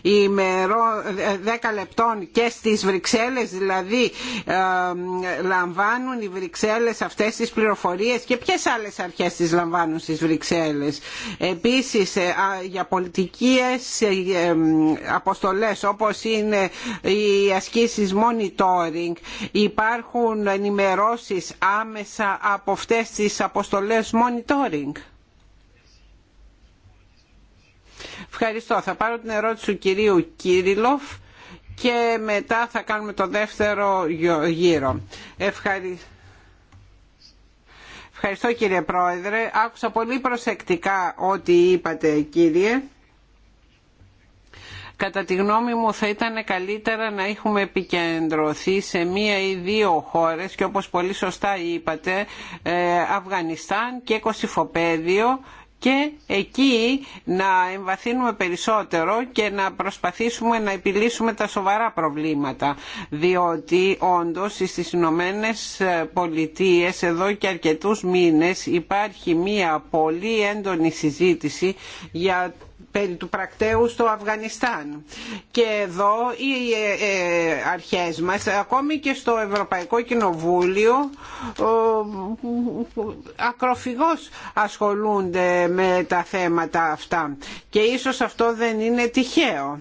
ημερών 10 λεπτών και στις στις Βρυξέλλες δηλαδή ε, λαμβάνουν οι Βρυξέλλες αυτές τις πληροφορίες και ποιες άλλες αρχές τις λαμβάνουν στις Βρυξέλλες. Επίσης ε, για πολιτικές ε, αποστολές όπως είναι οι ασκήσεις monitoring υπάρχουν ενημερώσεις άμεσα από αυτές τις αποστολές monitoring. Ευχαριστώ. Θα πάρω την ερώτηση του κυρίου Κύριλοφ και μετά θα κάνουμε το δεύτερο γύρο. Ευχαριστώ. κύριε Πρόεδρε. Άκουσα πολύ προσεκτικά ό,τι είπατε κύριε. Κατά τη γνώμη μου θα ήταν καλύτερα να έχουμε επικεντρωθεί σε μία ή δύο χώρες και όπως πολύ σωστά είπατε ε, Αφγανιστάν και Κωσυφοπαίδιο και εκεί να εμβαθύνουμε περισσότερο και να προσπαθήσουμε να επιλύσουμε τα σοβαρά προβλήματα διότι όντως στις Ηνωμένε Πολιτείες εδώ και αρκετούς μήνες υπάρχει μία πολύ έντονη συζήτηση για του πρακτέου στο Αφγανιστάν. Και εδώ οι ε, ε, αρχές μας, ακόμη και στο Ευρωπαϊκό Κοινοβούλιο, ακροφυγώς ασχολούνται με τα θέματα αυτά. Και ίσως αυτό δεν είναι τυχαίο,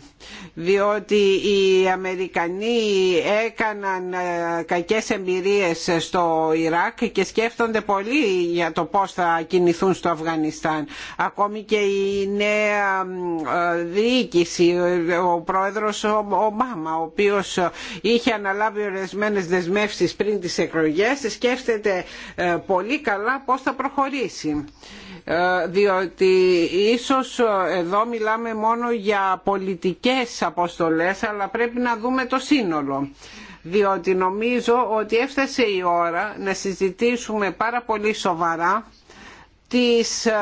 διότι οι Αμερικανοί έκαναν ε, κακές εμπειρίες στο Ιράκ και σκέφτονται πολύ για το πώς θα κινηθούν στο Αφγανιστάν. Ακόμη και η νέα διοίκηση ο πρόεδρος Ομπάμα ο οποίος είχε αναλάβει ορισμένε δεσμεύσεις πριν τις εκλογές σκέφτεται ε, πολύ καλά πώς θα προχωρήσει ε, διότι ίσως εδώ μιλάμε μόνο για πολιτικές αποστολές αλλά πρέπει να δούμε το σύνολο διότι νομίζω ότι έφτασε η ώρα να συζητήσουμε πάρα πολύ σοβαρά τις ε,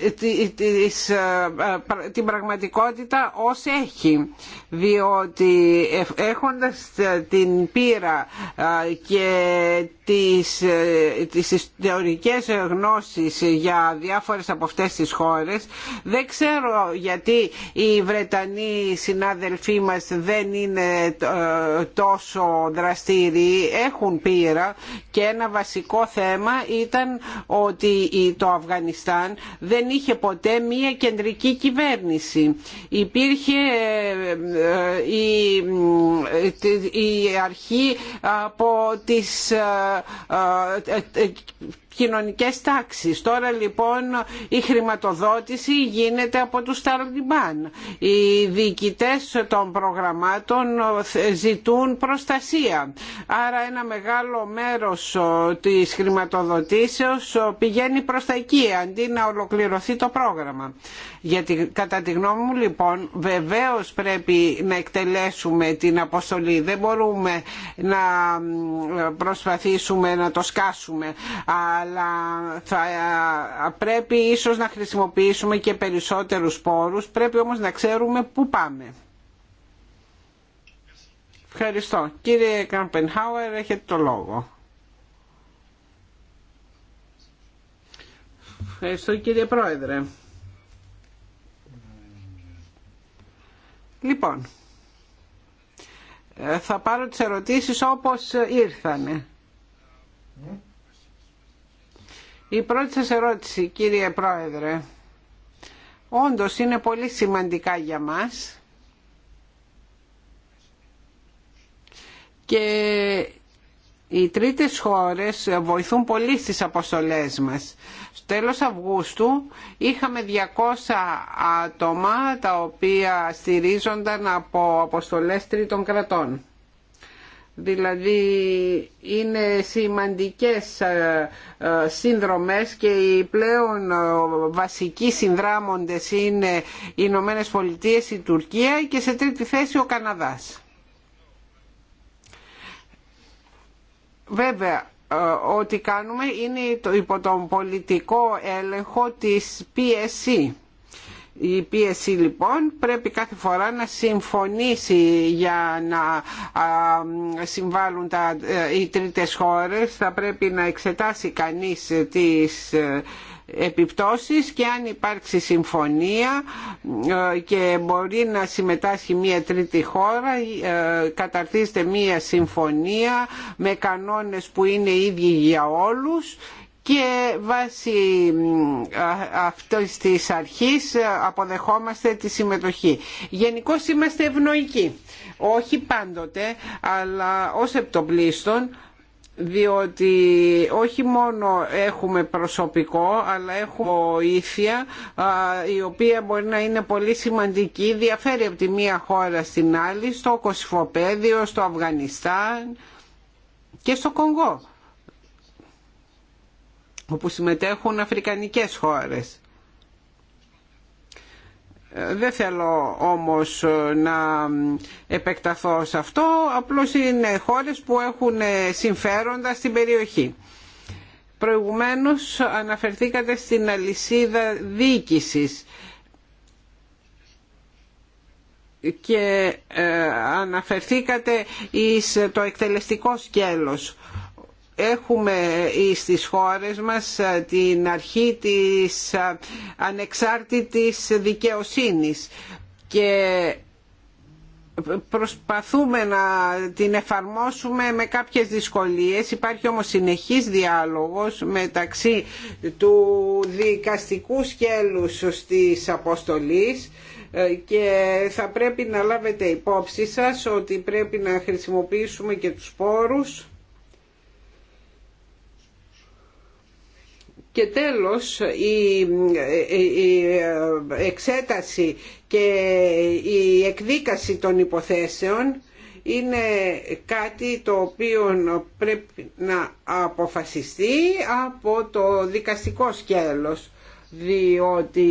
ε, ε, την πραγματικότητα ως έχει διότι έχοντας ε, την πείρα και τις, τις ιστορικές γνώσεις για διάφορες από αυτές τις χώρες δεν ξέρω γιατί οι Βρετανοί συνάδελφοί μας δεν είναι τόσο δραστήριοι έχουν πείρα και ένα βασικό θέμα ήταν ότι το Αφγανιστάν δεν είχε ποτέ μία κεντρική κυβέρνηση. Υπήρχε ε, ε, η, ε, η αρχή από τις κοινωνικές τάξεις. Τώρα λοιπόν η χρηματοδότηση γίνεται από τους Ταλιμπάν. Οι διοικητές των προγραμμάτων ζητούν προστασία. Άρα ένα μεγάλο μέρος της χρηματοδοτήσεως πηγαίνει προς τα εκεί αντί να ολοκληρωθεί το πρόγραμμα. Γιατί κατά τη γνώμη μου λοιπόν βεβαίως πρέπει να εκτελέσουμε την αποστολή. Δεν μπορούμε να προσπαθήσουμε να το σκάσουμε αλλά θα πρέπει ίσως να χρησιμοποιήσουμε και περισσότερους πόρους. Πρέπει όμως να ξέρουμε πού πάμε. Ευχαριστώ. Κύριε Καμπενχάουερ, έχετε το λόγο. Ευχαριστώ κύριε Πρόεδρε. Λοιπόν, ε, θα πάρω τις ερωτήσεις όπως ήρθανε. Ναι. Η πρώτη σας ερώτηση, κύριε Πρόεδρε, όντως είναι πολύ σημαντικά για μας και οι τρίτες χώρες βοηθούν πολύ στις αποστολές μας. Στο τέλος Αυγούστου είχαμε 200 άτομα τα οποία στηρίζονταν από αποστολές τρίτων κρατών. Δηλαδή είναι σημαντικές ε, ε, σύνδρομες και οι πλέον ε, βασικοί συνδράμοντες είναι οι Ηνωμένε Πολιτείε, η Τουρκία και σε τρίτη θέση ο Καναδάς. Βέβαια, ό,τι κάνουμε είναι υπό τον πολιτικό έλεγχο της PSC η πίεση λοιπόν πρέπει κάθε φορά να συμφωνήσει για να συμβάλλουν τα, ε, οι τρίτες χώρες. Θα πρέπει να εξετάσει κανείς τις ε, επιπτώσεις και αν υπάρξει συμφωνία ε, και μπορεί να συμμετάσχει μία τρίτη χώρα καταρτίζεται μία συμφωνία με κανόνες που είναι ίδιοι για όλους και βάσει αυτής της αρχής ε, αποδεχόμαστε τη συμμετοχή. Γενικώ είμαστε ευνοϊκοί, όχι πάντοτε, αλλά ως επτοπλίστων διότι όχι μόνο έχουμε προσωπικό αλλά έχουμε βοήθεια η οποία μπορεί να είναι πολύ σημαντική διαφέρει από τη μία χώρα στην άλλη στο Κωσυφοπαίδιο, στο Αφγανιστάν και στο Κονγκό όπου συμμετέχουν αφρικανικές χώρες. Ε, δεν θέλω όμως ε, να επεκταθώ σε αυτό, απλώς είναι χώρες που έχουν ε, συμφέροντα στην περιοχή. Προηγουμένως αναφερθήκατε στην αλυσίδα διοίκησης και αναφερθήκατε εις το εκτελεστικό σκέλος έχουμε στις χώρες μας ε, την αρχή της ε, ανεξάρτητης δικαιοσύνης και προσπαθούμε να την εφαρμόσουμε με κάποιες δυσκολίες υπάρχει όμως συνεχής διάλογος μεταξύ του δικαστικού σκέλους της αποστολής ε, και θα πρέπει να λάβετε υπόψη σας ότι πρέπει να χρησιμοποιήσουμε και τους πόρους Και τέλος η εξέταση και η εκδίκαση των υποθέσεων είναι κάτι το οποίο πρέπει να αποφασιστεί από το δικαστικό σκέλος διότι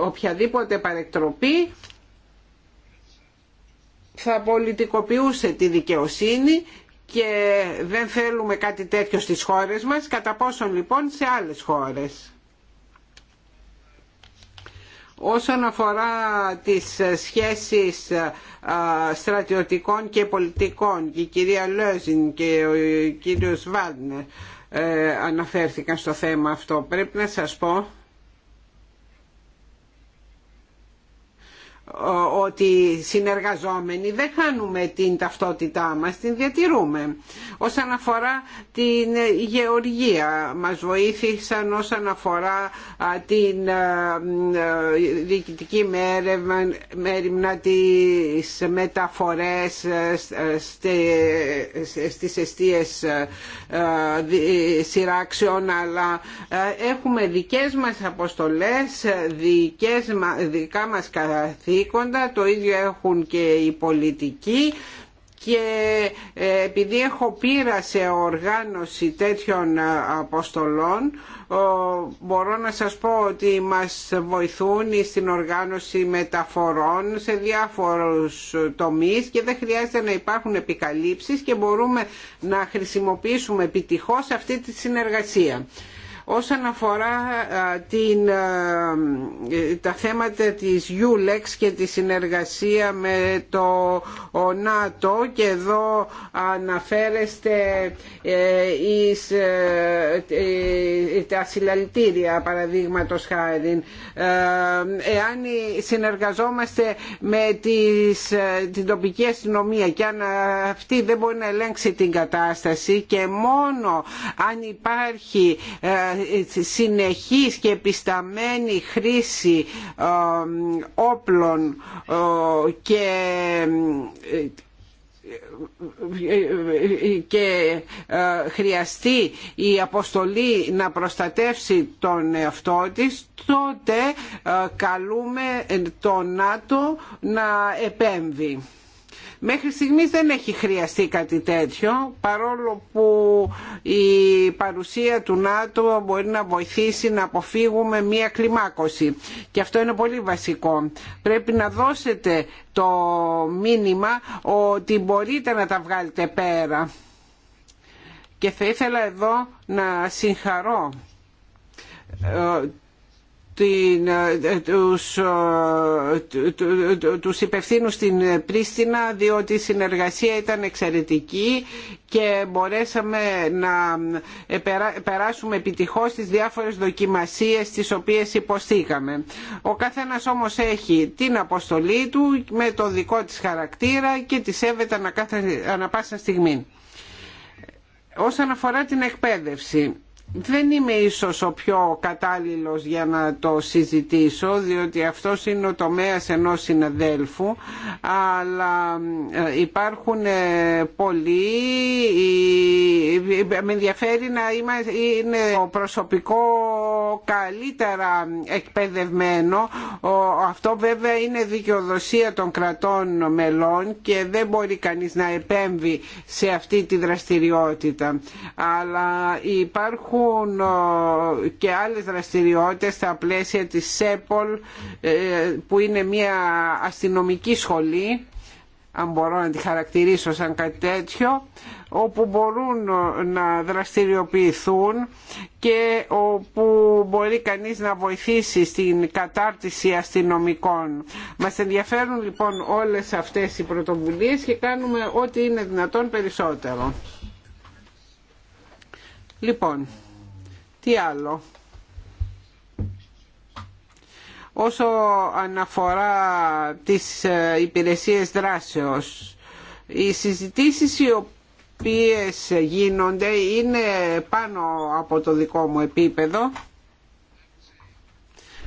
οποιαδήποτε παρεκτροπή θα πολιτικοποιούσε τη δικαιοσύνη και δεν θέλουμε κάτι τέτοιο στις χώρες μας, κατά πόσον λοιπόν σε άλλες χώρες. Όσον αφορά τις σχέσεις στρατιωτικών και πολιτικών, η κυρία Λόζιν και ο κύριος Βάλνερ ε, αναφέρθηκαν στο θέμα αυτό, πρέπει να σας πω ότι συνεργαζόμενοι δεν χάνουμε την ταυτότητά μας, την διατηρούμε. Όσον αφορά την γεωργία, μας βοήθησαν όσον αφορά την διοικητική μέρημνα τις μεταφορές στις αιστείες σειράξεων, αλλά έχουμε δικές μας αποστολές, δικές, δικά μας καθήκοντα καθήκοντα, το ίδιο έχουν και οι πολιτικοί και ε, επειδή έχω πείρα σε οργάνωση τέτοιων ε, αποστολών μπορώ να σας πω ότι μας βοηθούν στην οργάνωση μεταφορών σε διάφορους ε, τομείς και δεν χρειάζεται να υπάρχουν επικαλύψεις και μπορούμε να χρησιμοποιήσουμε επιτυχώς αυτή τη συνεργασία. Όσον αφορά την, τα θέματα της ULEX και τη συνεργασία με το ΝΑΤΟ και εδώ αναφέρεστε ε, εις ε, ε, τα συλλαλητήρια παραδείγματος χάρη. Εάν συνεργαζόμαστε με τις, την τοπική αστυνομία και αν αυτή δεν μπορεί να ελέγξει την κατάσταση και μόνο αν υπάρχει ε, συνεχής και επισταμένη χρήση ε, όπλων ε, και και χρειαστεί η αποστολή να προστατεύσει τον εαυτό της τότε καλούμε τον ΝΑΤΟ να επέμβει. Μέχρι στιγμής δεν έχει χρειαστεί κάτι τέτοιο, παρόλο που η παρουσία του ΝΑΤΟ μπορεί να βοηθήσει να αποφύγουμε μία κλιμάκωση. Και αυτό είναι πολύ βασικό. Πρέπει να δώσετε το μήνυμα ότι μπορείτε να τα βγάλετε πέρα. Και θα ήθελα εδώ να συγχαρώ ε, την, ε, ε, τους, ε, τους υπευθύνους στην Πρίστινα διότι η συνεργασία ήταν εξαιρετική και μπορέσαμε να περάσουμε επιτυχώς τις διάφορες δοκιμασίες τις οποίες υποστήκαμε. Ο καθένας όμως έχει την αποστολή του με το δικό της χαρακτήρα και τη σέβεται ανα πάσα στιγμή. Όσον αφορά την εκπαίδευση, δεν είμαι ίσως ο πιο κατάλληλος για να το συζητήσω διότι αυτό είναι ο τομέας ενός συναδέλφου αλλά ε, υπάρχουν ε, πολλοί με ενδιαφέρει να είναι ο προσωπικό καλύτερα εκπαιδευμένο αυτό βέβαια είναι δικαιοδοσία των κρατών μελών και δεν μπορεί κανείς να επέμβει σε αυτή τη δραστηριότητα αλλά υπάρχουν και άλλες δραστηριότητες στα πλαίσια της ΣΕΠΟΛ ε, που είναι μια αστυνομική σχολή αν μπορώ να τη χαρακτηρίσω σαν κάτι τέτοιο, όπου μπορούν να δραστηριοποιηθούν και όπου μπορεί κανείς να βοηθήσει στην κατάρτιση αστυνομικών. Μας ενδιαφέρουν λοιπόν όλες αυτές οι πρωτοβουλίες και κάνουμε ό,τι είναι δυνατόν περισσότερο. Λοιπόν, τι άλλο. Όσο αναφορά τις ε, υπηρεσίες δράσεως, οι συζητήσεις οι οποίες γίνονται είναι πάνω από το δικό μου επίπεδο.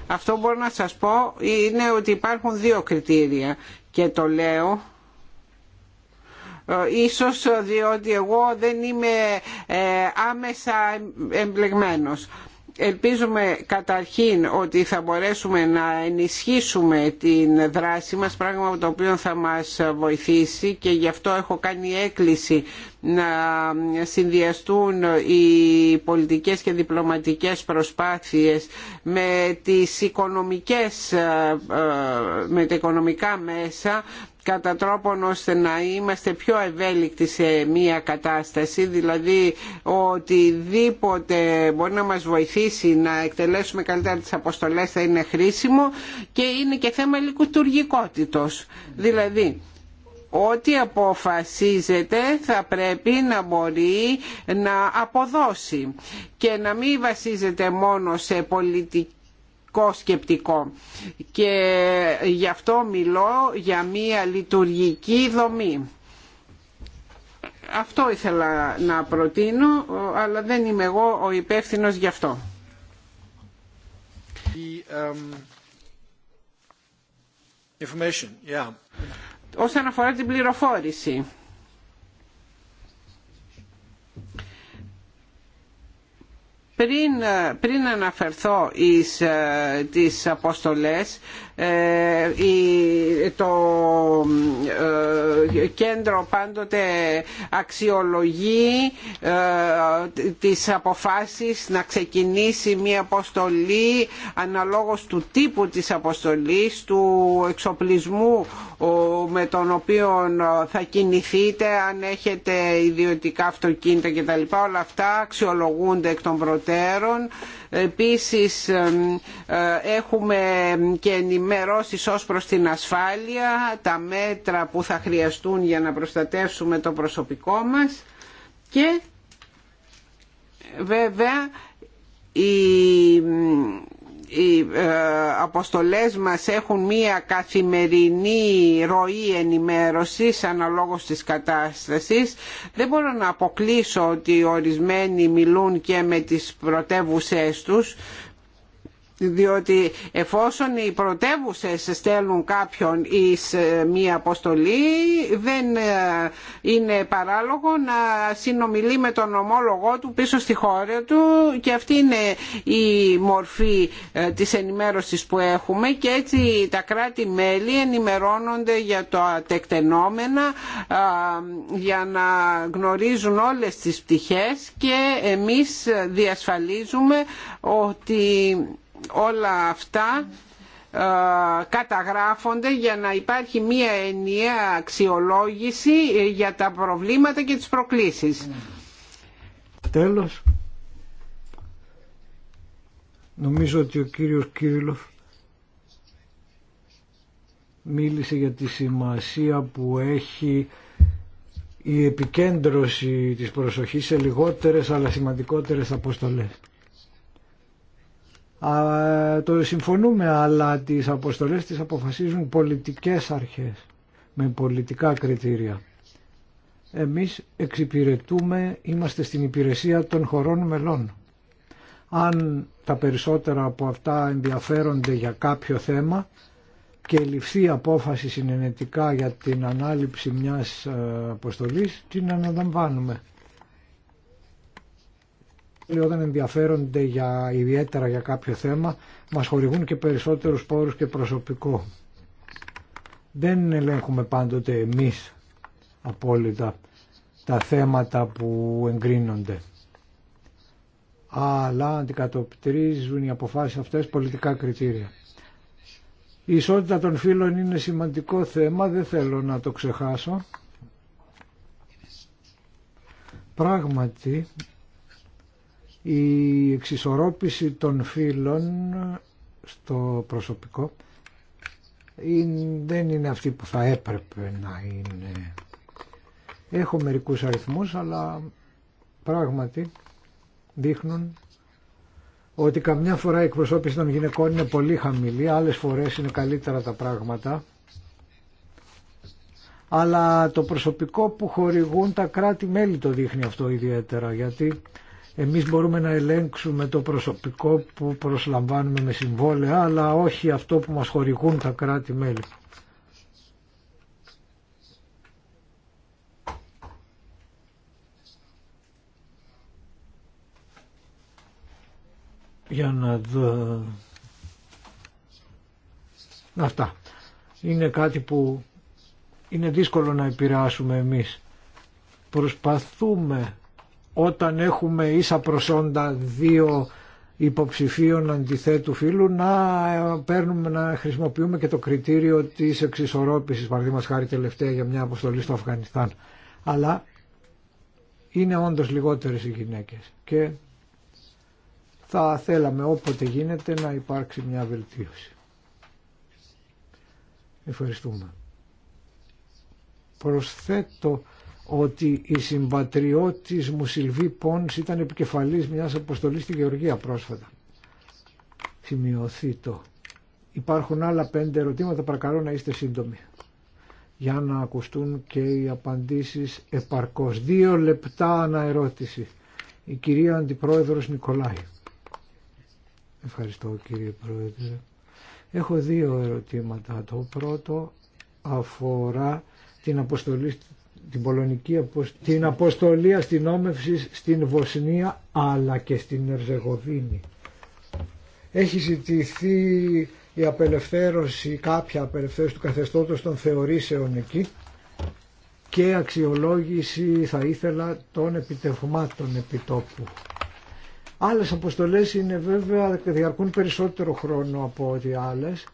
Αυτό μπορώ να σας πω είναι ότι υπάρχουν δύο κριτήρια και το λέω ε, ίσως ε, διότι εγώ δεν είμαι ε, άμεσα εμπλεγμένος. Ελπίζουμε καταρχήν ότι θα μπορέσουμε να ενισχύσουμε την δράση μας, πράγμα το οποίο θα μας βοηθήσει και γι' αυτό έχω κάνει έκκληση να συνδυαστούν οι πολιτικές και διπλωματικές προσπάθειες με τις οικονομικές με τα οικονομικά μέσα κατά τρόπον ώστε να είμαστε πιο ευέλικτοι σε μία κατάσταση, δηλαδή οτιδήποτε μπορεί να μας βοηθήσει να εκτελέσουμε καλύτερα τις αποστολές θα είναι χρήσιμο και είναι και θέμα λειτουργικότητος. Δηλαδή, ό,τι αποφασίζεται θα πρέπει να μπορεί να αποδώσει και να μην βασίζεται μόνο σε πολιτική και γι' αυτό μιλώ για μία λειτουργική δομή. Αυτό ήθελα να προτείνω, αλλά δεν είμαι εγώ ο υπεύθυνος γι' αυτό. Um, Όσον αφορά την πληροφόρηση Πριν, πριν αναφερθώ εις ε, αποστολές ε, το ε, κέντρο πάντοτε αξιολογεί ε, τις αποφάσεις να ξεκινήσει μια αποστολή αναλόγως του τύπου της αποστολής, του εξοπλισμού με τον οποίο θα κινηθείτε, αν έχετε ιδιωτικά αυτοκίνητα κτλ. Όλα αυτά αξιολογούνται εκ των προτέρων Επίσης ε, έχουμε και ενημερώσεις ως προς την ασφάλεια, τα μέτρα που θα χρειαστούν για να προστατεύσουμε το προσωπικό μας και βέβαια η οι ε, αποστολές μας έχουν μία καθημερινή ροή ενημέρωσης αναλόγως της κατάστασης. Δεν μπορώ να αποκλείσω ότι ορισμένοι μιλούν και με τις πρωτεύουσές τους διότι εφόσον οι πρωτεύουσε στέλνουν κάποιον εις ε, μία αποστολή δεν ε, είναι παράλογο να συνομιλεί με τον ομόλογό του πίσω στη χώρα του και αυτή είναι η μορφή ε, της ενημέρωσης που έχουμε και έτσι τα κράτη-μέλη ενημερώνονται για τα τεκτενόμενα για να γνωρίζουν όλες τις πτυχές και εμείς διασφαλίζουμε ότι όλα αυτά ε, καταγράφονται για να υπάρχει μία ενιαία αξιολόγηση ε, για τα προβλήματα και τις προκλήσεις. Τέλος, νομίζω ότι ο κύριος Κύριλοφ μίλησε για τη σημασία που έχει η επικέντρωση της προσοχής σε λιγότερες αλλά σημαντικότερες αποστολές. Α, το συμφωνούμε, αλλά τις αποστολές τις αποφασίζουν πολιτικές αρχές, με πολιτικά κριτήρια. Εμείς εξυπηρετούμε, είμαστε στην υπηρεσία των χωρών μελών. Αν τα περισσότερα από αυτά ενδιαφέρονται για κάποιο θέμα και ληφθεί απόφαση συνενετικά για την ανάληψη μιας ε, αποστολής, την αναλαμβάνουμε όταν ενδιαφέρονται για, ιδιαίτερα για κάποιο θέμα μας χορηγούν και περισσότερους πόρους και προσωπικό. Δεν ελέγχουμε πάντοτε εμείς απόλυτα τα θέματα που εγκρίνονται. Αλλά αντικατοπτρίζουν οι αποφάσεις αυτές πολιτικά κριτήρια. Η ισότητα των φύλων είναι σημαντικό θέμα, δεν θέλω να το ξεχάσω. Πράγματι, η εξισορρόπηση των φύλων στο προσωπικό δεν είναι αυτή που θα έπρεπε να είναι. Έχω μερικούς αριθμούς αλλά πράγματι δείχνουν ότι καμιά φορά η εκπροσώπηση των γυναικών είναι πολύ χαμηλή, άλλες φορές είναι καλύτερα τα πράγματα. Αλλά το προσωπικό που χορηγούν τα κράτη-μέλη το δείχνει αυτό ιδιαίτερα, γιατί εμείς μπορούμε να ελέγξουμε το προσωπικό που προσλαμβάνουμε με συμβόλαια, αλλά όχι αυτό που μας χορηγούν τα κράτη-μέλη. Για να δω... Αυτά. Είναι κάτι που είναι δύσκολο να επηρεάσουμε εμείς. Προσπαθούμε όταν έχουμε ίσα προσόντα δύο υποψηφίων αντιθέτου φίλου να παίρνουμε να χρησιμοποιούμε και το κριτήριο της εξισορρόπησης παραδείγματος χάρη τελευταία για μια αποστολή στο Αφγανιστάν αλλά είναι όντως λιγότερες οι γυναίκες και θα θέλαμε όποτε γίνεται να υπάρξει μια βελτίωση ευχαριστούμε προσθέτω ότι η συμπατριώτης μου Σιλβί Πόνς ήταν επικεφαλής μιας αποστολής στη Γεωργία πρόσφατα. Σημειωθεί το. Υπάρχουν άλλα πέντε ερωτήματα, παρακαλώ να είστε σύντομοι για να ακουστούν και οι απαντήσεις επαρκώς. Δύο λεπτά αναερώτηση. Η κυρία Αντιπρόεδρος Νικολάη. Ευχαριστώ κύριε Πρόεδρε. Έχω δύο ερωτήματα. Το πρώτο αφορά την αποστολή την Πολωνική την αποστολή αστυνόμευσης στην Βοσνία αλλά και στην Ερζεγοβίνη. Έχει ζητηθεί η απελευθέρωση, κάποια απελευθέρωση του καθεστώτος των θεωρήσεων εκεί και αξιολόγηση θα ήθελα των επιτευγμάτων επιτόπου. Άλλες αποστολές είναι βέβαια διαρκούν περισσότερο χρόνο από ό,τι άλλες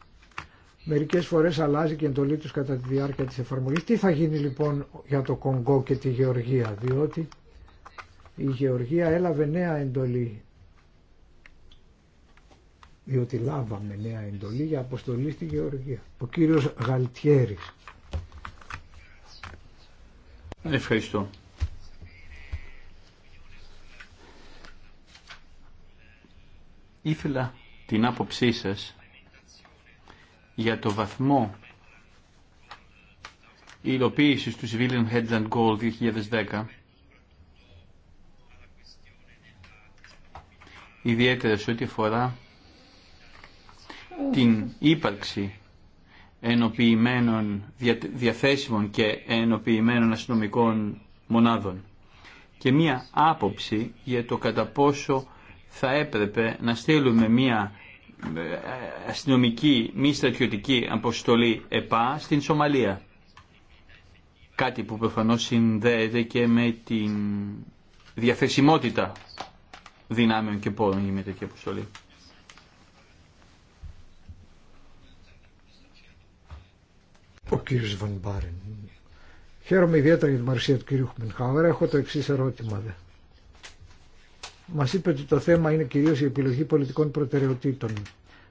Μερικές φορές αλλάζει και εντολή τους κατά τη διάρκεια της εφαρμογής. Τι θα γίνει λοιπόν για το Κονγκό και τη Γεωργία, διότι η Γεωργία έλαβε νέα εντολή. Διότι λάβαμε νέα εντολή για αποστολή στη Γεωργία. Ο κύριος Γαλτιέρης. Ευχαριστώ. Ήθελα την άποψή σας για το βαθμό υλοποίησης του Civilian Headland Goal 2010 ιδιαίτερα σε ό,τι αφορά την ύπαρξη ενοποιημένων, διαθέσιμων και ενοποιημένων αστυνομικών μονάδων και μία άποψη για το κατά πόσο θα έπρεπε να στείλουμε μία αστυνομική μη στρατιωτική αποστολή ΕΠΑ στην Σομαλία. Κάτι που προφανώς συνδέεται και με την διαθεσιμότητα δυνάμεων και πόρων για μια τέτοια αποστολή. Ο κύριος Βαν Μπάρεν. Χαίρομαι ιδιαίτερα για την παρουσία του κύριου Χουμενχάουερα. Έχω το εξή ερώτημα. Δε μας είπε ότι το θέμα είναι κυρίως η επιλογή πολιτικών προτεραιοτήτων.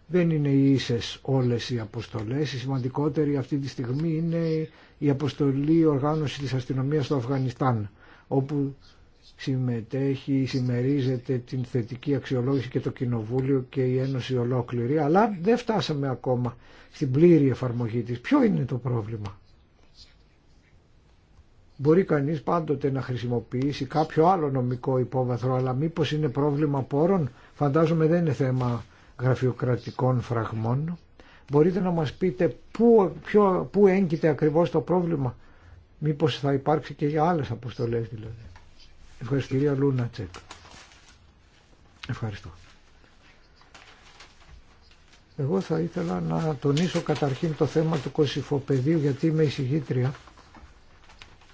Δεν είναι οι ίσες όλες οι αποστολές. Η σημαντικότερη αυτή τη στιγμή είναι η αποστολή οργάνωση της αστυνομίας στο Αφγανιστάν, όπου συμμετέχει, συμμερίζεται την θετική αξιολόγηση και το Κοινοβούλιο και η Ένωση ολόκληρη, αλλά δεν φτάσαμε ακόμα στην πλήρη εφαρμογή της. Ποιο είναι το πρόβλημα. Μπορεί κανείς πάντοτε να χρησιμοποιήσει κάποιο άλλο νομικό υπόβαθρο, αλλά μήπως είναι πρόβλημα πόρων, φαντάζομαι δεν είναι θέμα γραφειοκρατικών φραγμών. Μπορείτε να μας πείτε πού, πού έγκυται ακριβώς το πρόβλημα. Μήπως θα υπάρξει και για άλλες αποστολές δηλαδή. Ευχαριστώ κυρία Λούνατσεκ. Ευχαριστώ. Εγώ θα ήθελα να τονίσω καταρχήν το θέμα του κοσυφοπεδίου γιατί είμαι εισηγήτρια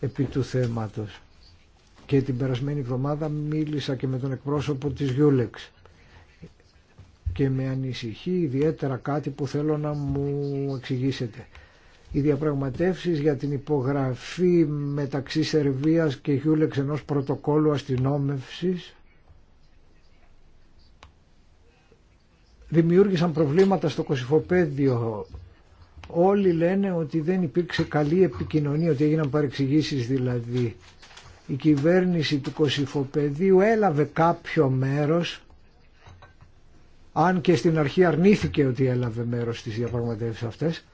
επί του θέματος. Και την περασμένη εβδομάδα μίλησα και με τον εκπρόσωπο της Γιούλεξ και με ανησυχεί ιδιαίτερα κάτι που θέλω να μου εξηγήσετε. Οι διαπραγματεύσεις για την υπογραφή μεταξύ Σερβίας και Γιούλεξ ενός πρωτοκόλου αστυνόμευσης δημιούργησαν προβλήματα στο κοσυφοπέδιο Όλοι λένε ότι δεν υπήρξε καλή επικοινωνία, ότι έγιναν παρεξηγήσεις δηλαδή. Η κυβέρνηση του Κωσυφοπεδίου έλαβε κάποιο μέρος, αν και στην αρχή αρνήθηκε ότι έλαβε μέρος στις διαπραγματεύσεις αυτές,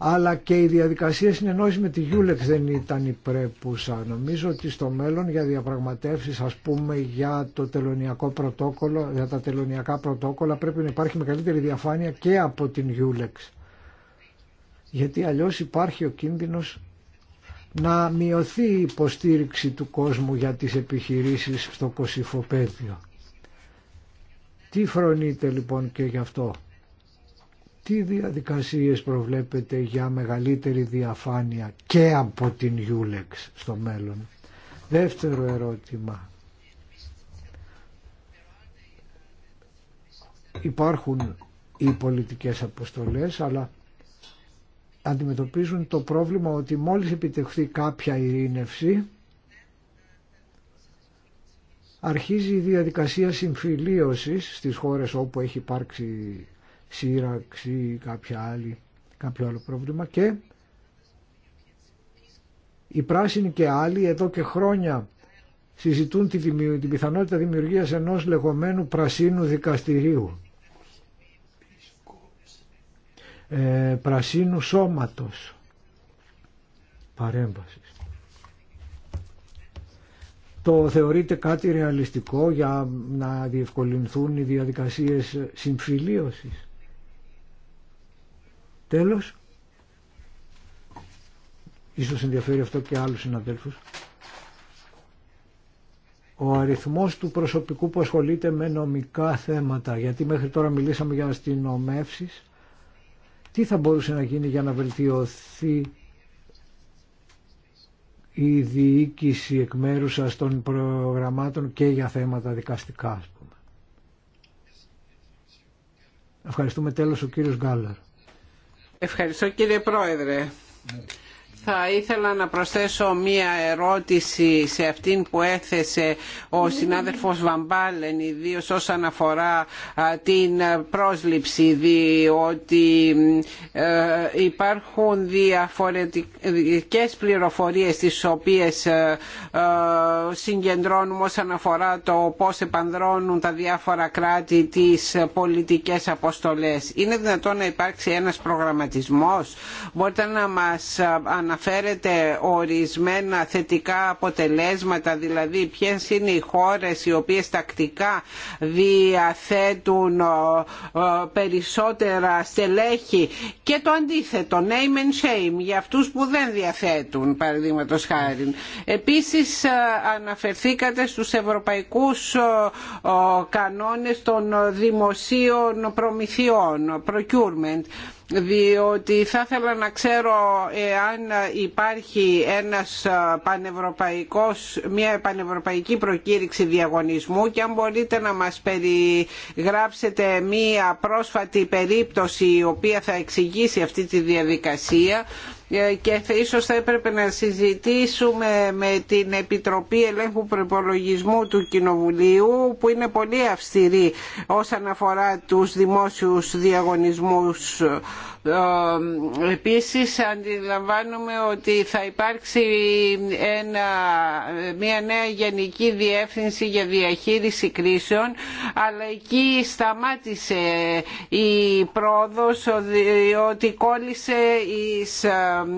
αλλά και η διαδικασία συνεννόηση με τη Γιούλεξ δεν ήταν η Νομίζω ότι στο μέλλον για διαπραγματεύσεις ας πούμε για, το τελωνιακό πρωτόκολλο, για τα τελωνιακά πρωτόκολλα πρέπει να υπάρχει μεγαλύτερη διαφάνεια και από την Γιούλεξ γιατί αλλιώς υπάρχει ο κίνδυνος να μειωθεί η υποστήριξη του κόσμου για τις επιχειρήσεις στο κοσυφοπέδιο. Τι φρονείτε λοιπόν και γι' αυτό. Τι διαδικασίες προβλέπετε για μεγαλύτερη διαφάνεια και από την Ιούλεξ στο μέλλον. Δεύτερο ερώτημα. Υπάρχουν οι πολιτικές αποστολές αλλά αντιμετωπίζουν το πρόβλημα ότι μόλις επιτευχθεί κάποια ειρήνευση αρχίζει η διαδικασία συμφιλίωσης στις χώρες όπου έχει υπάρξει σύραξη ή κάποια άλλη, κάποιο άλλο πρόβλημα και οι πράσινοι και άλλοι εδώ και χρόνια συζητούν τη την πιθανότητα δημιουργίας ενός λεγόμενου πρασίνου δικαστηρίου ε, πρασίνου σώματος παρέμβασης. Το θεωρείτε κάτι ρεαλιστικό για να διευκολυνθούν οι διαδικασίες συμφιλίωσης. Τέλος, ίσως ενδιαφέρει αυτό και άλλους συναδέλφους, ο αριθμός του προσωπικού που ασχολείται με νομικά θέματα, γιατί μέχρι τώρα μιλήσαμε για αστυνομεύσεις, τι θα μπορούσε να γίνει για να βελτιωθεί η διοίκηση εκ μέρους σας των προγραμμάτων και για θέματα δικαστικά, ας πούμε. Ευχαριστούμε τέλος ο κύριος Γκάλλαρ. Ευχαριστώ κύριε Πρόεδρε. Ναι. Θα ήθελα να προσθέσω μία ερώτηση σε αυτήν που έθεσε ο συνάδελφος Βαμπάλεν, ιδίω όσον αφορά την πρόσληψη, διότι ε, υπάρχουν διαφορετικές πληροφορίες τις οποίες ε, ε, συγκεντρώνουμε όσον αφορά το πώς επανδρώνουν τα διάφορα κράτη τις πολιτικές αποστολές. Είναι δυνατόν να υπάρξει ένας προγραμματισμός. Μπορείτε να μας αναφέρεται ορισμένα θετικά αποτελέσματα, δηλαδή ποιες είναι οι χώρες οι οποίες τακτικά διαθέτουν ε, ε, περισσότερα στελέχη και το αντίθετο, name and shame, για αυτούς που δεν διαθέτουν, παραδείγματο χάρη. Επίσης ε, αναφερθήκατε στους ευρωπαϊκούς κανόνες των δημοσίων προμηθειών, procurement διότι θα ήθελα να ξέρω αν υπάρχει ένας πανευρωπαϊκός, μια πανευρωπαϊκή προκήρυξη διαγωνισμού και αν μπορείτε να μας περιγράψετε μια πρόσφατη περίπτωση η οποία θα εξηγήσει αυτή τη διαδικασία ε, και ίσως θα έπρεπε να συζητήσουμε με την Επιτροπή Ελέγχου Προπολογισμού του Κοινοβουλίου που είναι πολύ αυστηρή όσον αφορά τους δημόσιους διαγωνισμούς ε, επίσης αντιλαμβάνουμε ότι θα υπάρξει ένα, μια νέα γενική διεύθυνση για διαχείριση κρίσεων αλλά εκεί σταμάτησε η πρόοδος ότι κόλλησε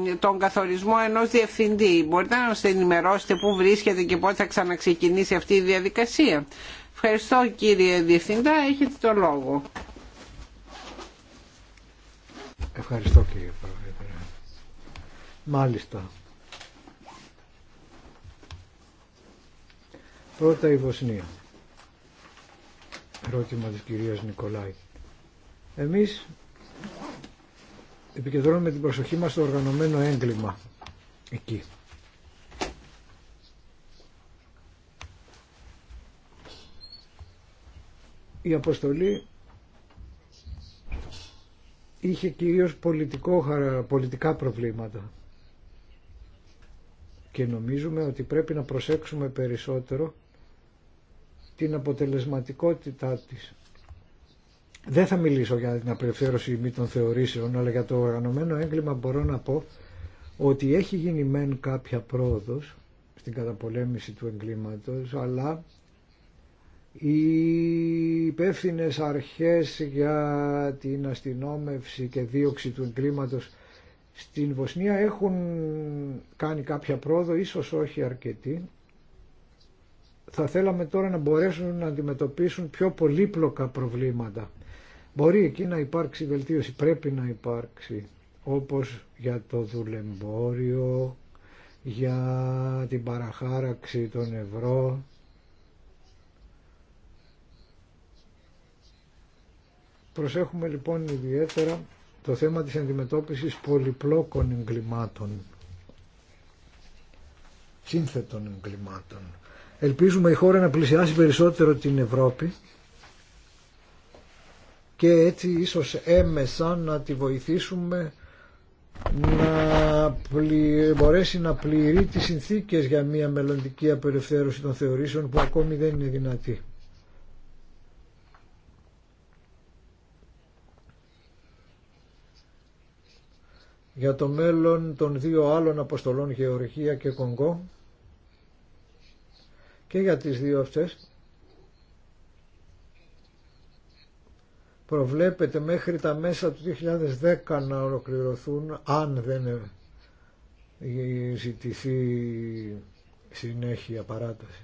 ε, τον καθορισμό ενός διευθυντή. Μπορείτε να μας ενημερώσετε πού βρίσκεται και πότε θα ξαναξεκινήσει αυτή η διαδικασία. Ευχαριστώ κύριε Διευθυντά, έχετε το λόγο. Ευχαριστώ κύριε Πρόεδρε. Μάλιστα. Πρώτα η Βοσνία. Ερώτημα της κυρίας Νικολάη. Εμείς επικεντρώνουμε την προσοχή μας στο οργανωμένο έγκλημα εκεί. Η αποστολή είχε κυρίως πολιτικό, πολιτικά προβλήματα. Και νομίζουμε ότι πρέπει να προσέξουμε περισσότερο την αποτελεσματικότητά της. Δεν θα μιλήσω για την απελευθέρωση μη των θεωρήσεων, αλλά για το οργανωμένο έγκλημα μπορώ να πω ότι έχει γίνει μεν κάποια πρόοδος στην καταπολέμηση του εγκλήματος, αλλά οι υπεύθυνε αρχές για την αστυνόμευση και δίωξη του εγκλήματος στην Βοσνία έχουν κάνει κάποια πρόοδο, ίσως όχι αρκετή. Θα θέλαμε τώρα να μπορέσουν να αντιμετωπίσουν πιο πολύπλοκα προβλήματα. Μπορεί εκεί να υπάρξει βελτίωση, πρέπει να υπάρξει, όπως για το δουλεμπόριο, για την παραχάραξη των ευρώ, Προσέχουμε λοιπόν ιδιαίτερα το θέμα της αντιμετώπισης πολυπλόκων εγκλημάτων, σύνθετων εγκλημάτων. Ελπίζουμε η χώρα να πλησιάσει περισσότερο την Ευρώπη και έτσι ίσως έμεσα να τη βοηθήσουμε να μπορέσει να πληρεί τις συνθήκες για μια μελλοντική απελευθέρωση των θεωρήσεων που ακόμη δεν είναι δυνατή. για το μέλλον των δύο άλλων αποστολών Γεωργία και Κονγκό και για τις δύο αυτές προβλέπεται μέχρι τα μέσα του 2010 να ολοκληρωθούν αν δεν ζητηθεί συνέχεια παράταση.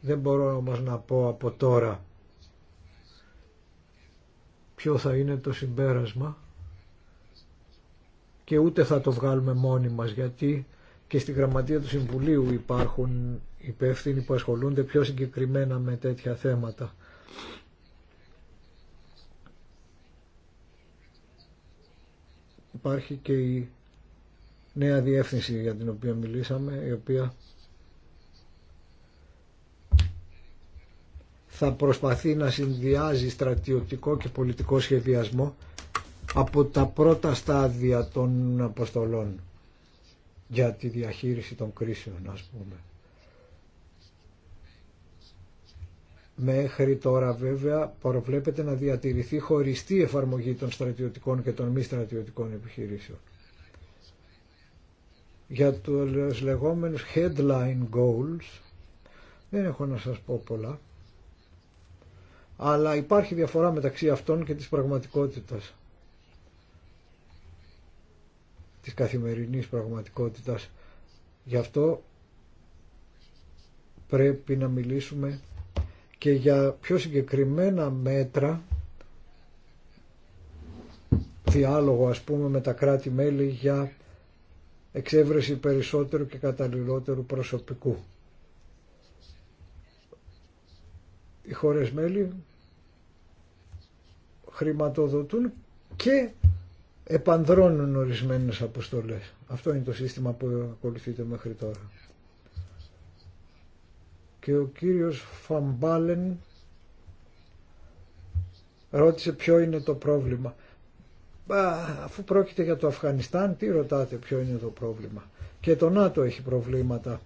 Δεν μπορώ όμως να πω από τώρα ποιο θα είναι το συμπέρασμα και ούτε θα το βγάλουμε μόνοι μας γιατί και στη γραμματεία του Συμβουλίου υπάρχουν υπεύθυνοι που ασχολούνται πιο συγκεκριμένα με τέτοια θέματα. Υπάρχει και η νέα διεύθυνση για την οποία μιλήσαμε, η οποία θα προσπαθεί να συνδυάζει στρατιωτικό και πολιτικό σχεδιασμό από τα πρώτα στάδια των αποστολών για τη διαχείριση των κρίσεων ας πούμε. Μέχρι τώρα βέβαια προβλέπεται να διατηρηθεί χωριστή εφαρμογή των στρατιωτικών και των μη στρατιωτικών επιχειρήσεων. Για τους λεγόμενους headline goals δεν έχω να σας πω πολλά αλλά υπάρχει διαφορά μεταξύ αυτών και της πραγματικότητας της καθημερινής πραγματικότητας γι' αυτό πρέπει να μιλήσουμε και για πιο συγκεκριμένα μέτρα διάλογο ας πούμε με τα κράτη-μέλη για εξέβρεση περισσότερου και καταλληλότερου προσωπικού. οι χώρες μέλη χρηματοδοτούν και επανδρώνουν ορισμένες αποστολές. Αυτό είναι το σύστημα που ακολουθείται μέχρι τώρα. Και ο κύριος Φαμπάλεν ρώτησε ποιο είναι το πρόβλημα. αφού πρόκειται για το Αφγανιστάν, τι ρωτάτε ποιο είναι το πρόβλημα. Και το ΝΑΤΟ έχει προβλήματα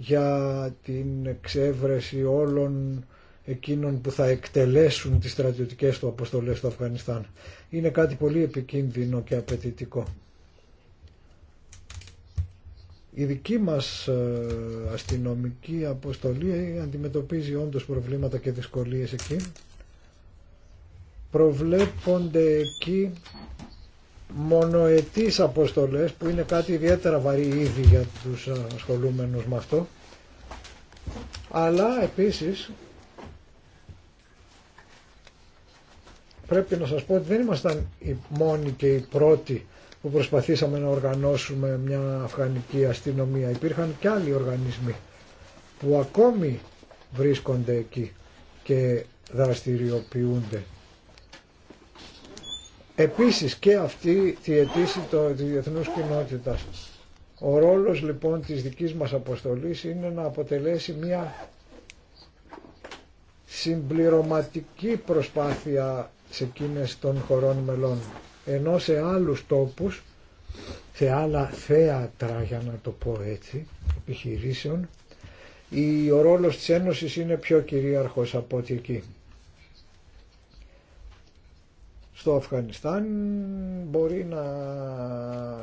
για την εξέβρεση όλων εκείνων που θα εκτελέσουν τις στρατιωτικές του αποστολές στο Αφγανιστάν. Είναι κάτι πολύ επικίνδυνο και απαιτητικό. Η δική μας ε, αστυνομική αποστολή αντιμετωπίζει όντως προβλήματα και δυσκολίες εκεί. Προβλέπονται εκεί μονοετής αποστολές που είναι κάτι ιδιαίτερα βαρύ ήδη για τους ασχολούμενους με αυτό αλλά επίσης πρέπει να σας πω ότι δεν ήμασταν οι μόνοι και οι πρώτοι που προσπαθήσαμε να οργανώσουμε μια αφγανική αστυνομία. Υπήρχαν και άλλοι οργανισμοί που ακόμη βρίσκονται εκεί και δραστηριοποιούνται. Επίσης και αυτή τη αιτήση το, της διεθνούς κοινότητας. Ο ρόλος λοιπόν της δικής μας αποστολής είναι να αποτελέσει μια συμπληρωματική προσπάθεια σε εκείνες των χωρών μελών ενώ σε άλλους τόπους σε άλλα θέατρα για να το πω έτσι επιχειρήσεων ο ρόλος της Ένωσης είναι πιο κυρίαρχος από ότι εκεί στο Αφγανιστάν μπορεί να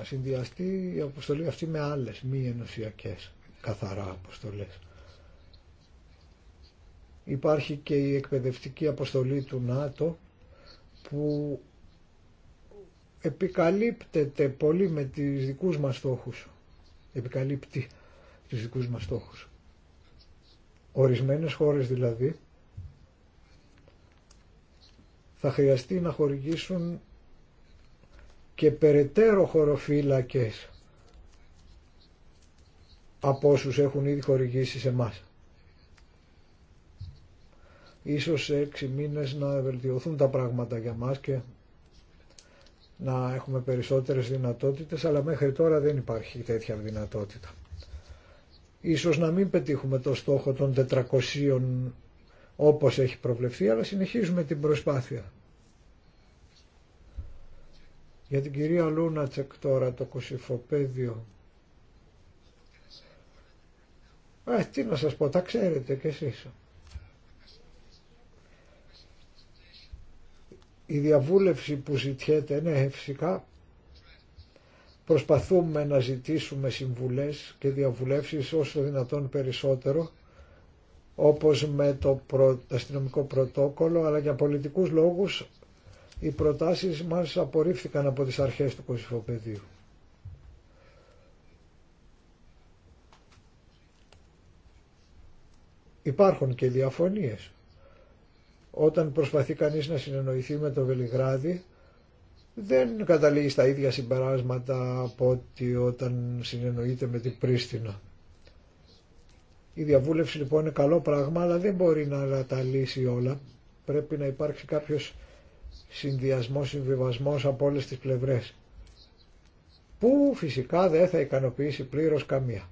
συνδυαστεί η αποστολή αυτή με άλλες μη ενωσιακές καθαρά αποστολές. Υπάρχει και η εκπαιδευτική αποστολή του ΝΑΤΟ που επικαλύπτεται πολύ με τις δικούς μας στόχους. Επικαλύπτει τις δικούς μας στόχους. Ορισμένες χώρες δηλαδή θα χρειαστεί να χορηγήσουν και περαιτέρω χωροφύλακες από όσου έχουν ήδη χορηγήσει σε εμά. Ίσως σε έξι μήνες να βελτιωθούν τα πράγματα για μας και να έχουμε περισσότερες δυνατότητες, αλλά μέχρι τώρα δεν υπάρχει τέτοια δυνατότητα. Ίσως να μην πετύχουμε το στόχο των 400 όπως έχει προβλεφθεί, αλλά συνεχίζουμε την προσπάθεια. Για την κυρία Λούνατσεκ τώρα το κοσυφοπέδιο. Ε, τι να σας πω, τα ξέρετε κι εσείς. Η διαβούλευση που ζητιέται, ναι φυσικά, προσπαθούμε να ζητήσουμε συμβουλές και διαβουλεύσεις όσο δυνατόν περισσότερο όπως με το αστυνομικό πρωτόκολλο, αλλά για πολιτικούς λόγους οι προτάσεις μας απορρίφθηκαν από τις αρχές του κοσυφοπεδίου. Υπάρχουν και διαφωνίες. Όταν προσπαθεί κανείς να συνεννοηθεί με το Βελιγράδι, δεν καταλήγει στα ίδια συμπεράσματα από ότι όταν συνεννοείται με την Πρίστινα. Η διαβούλευση λοιπόν είναι καλό πράγμα, αλλά δεν μπορεί να τα λύσει όλα. Πρέπει να υπάρξει κάποιος συνδυασμός, συμβιβασμός από όλες τις πλευρές. Που φυσικά δεν θα ικανοποιήσει πλήρως καμία.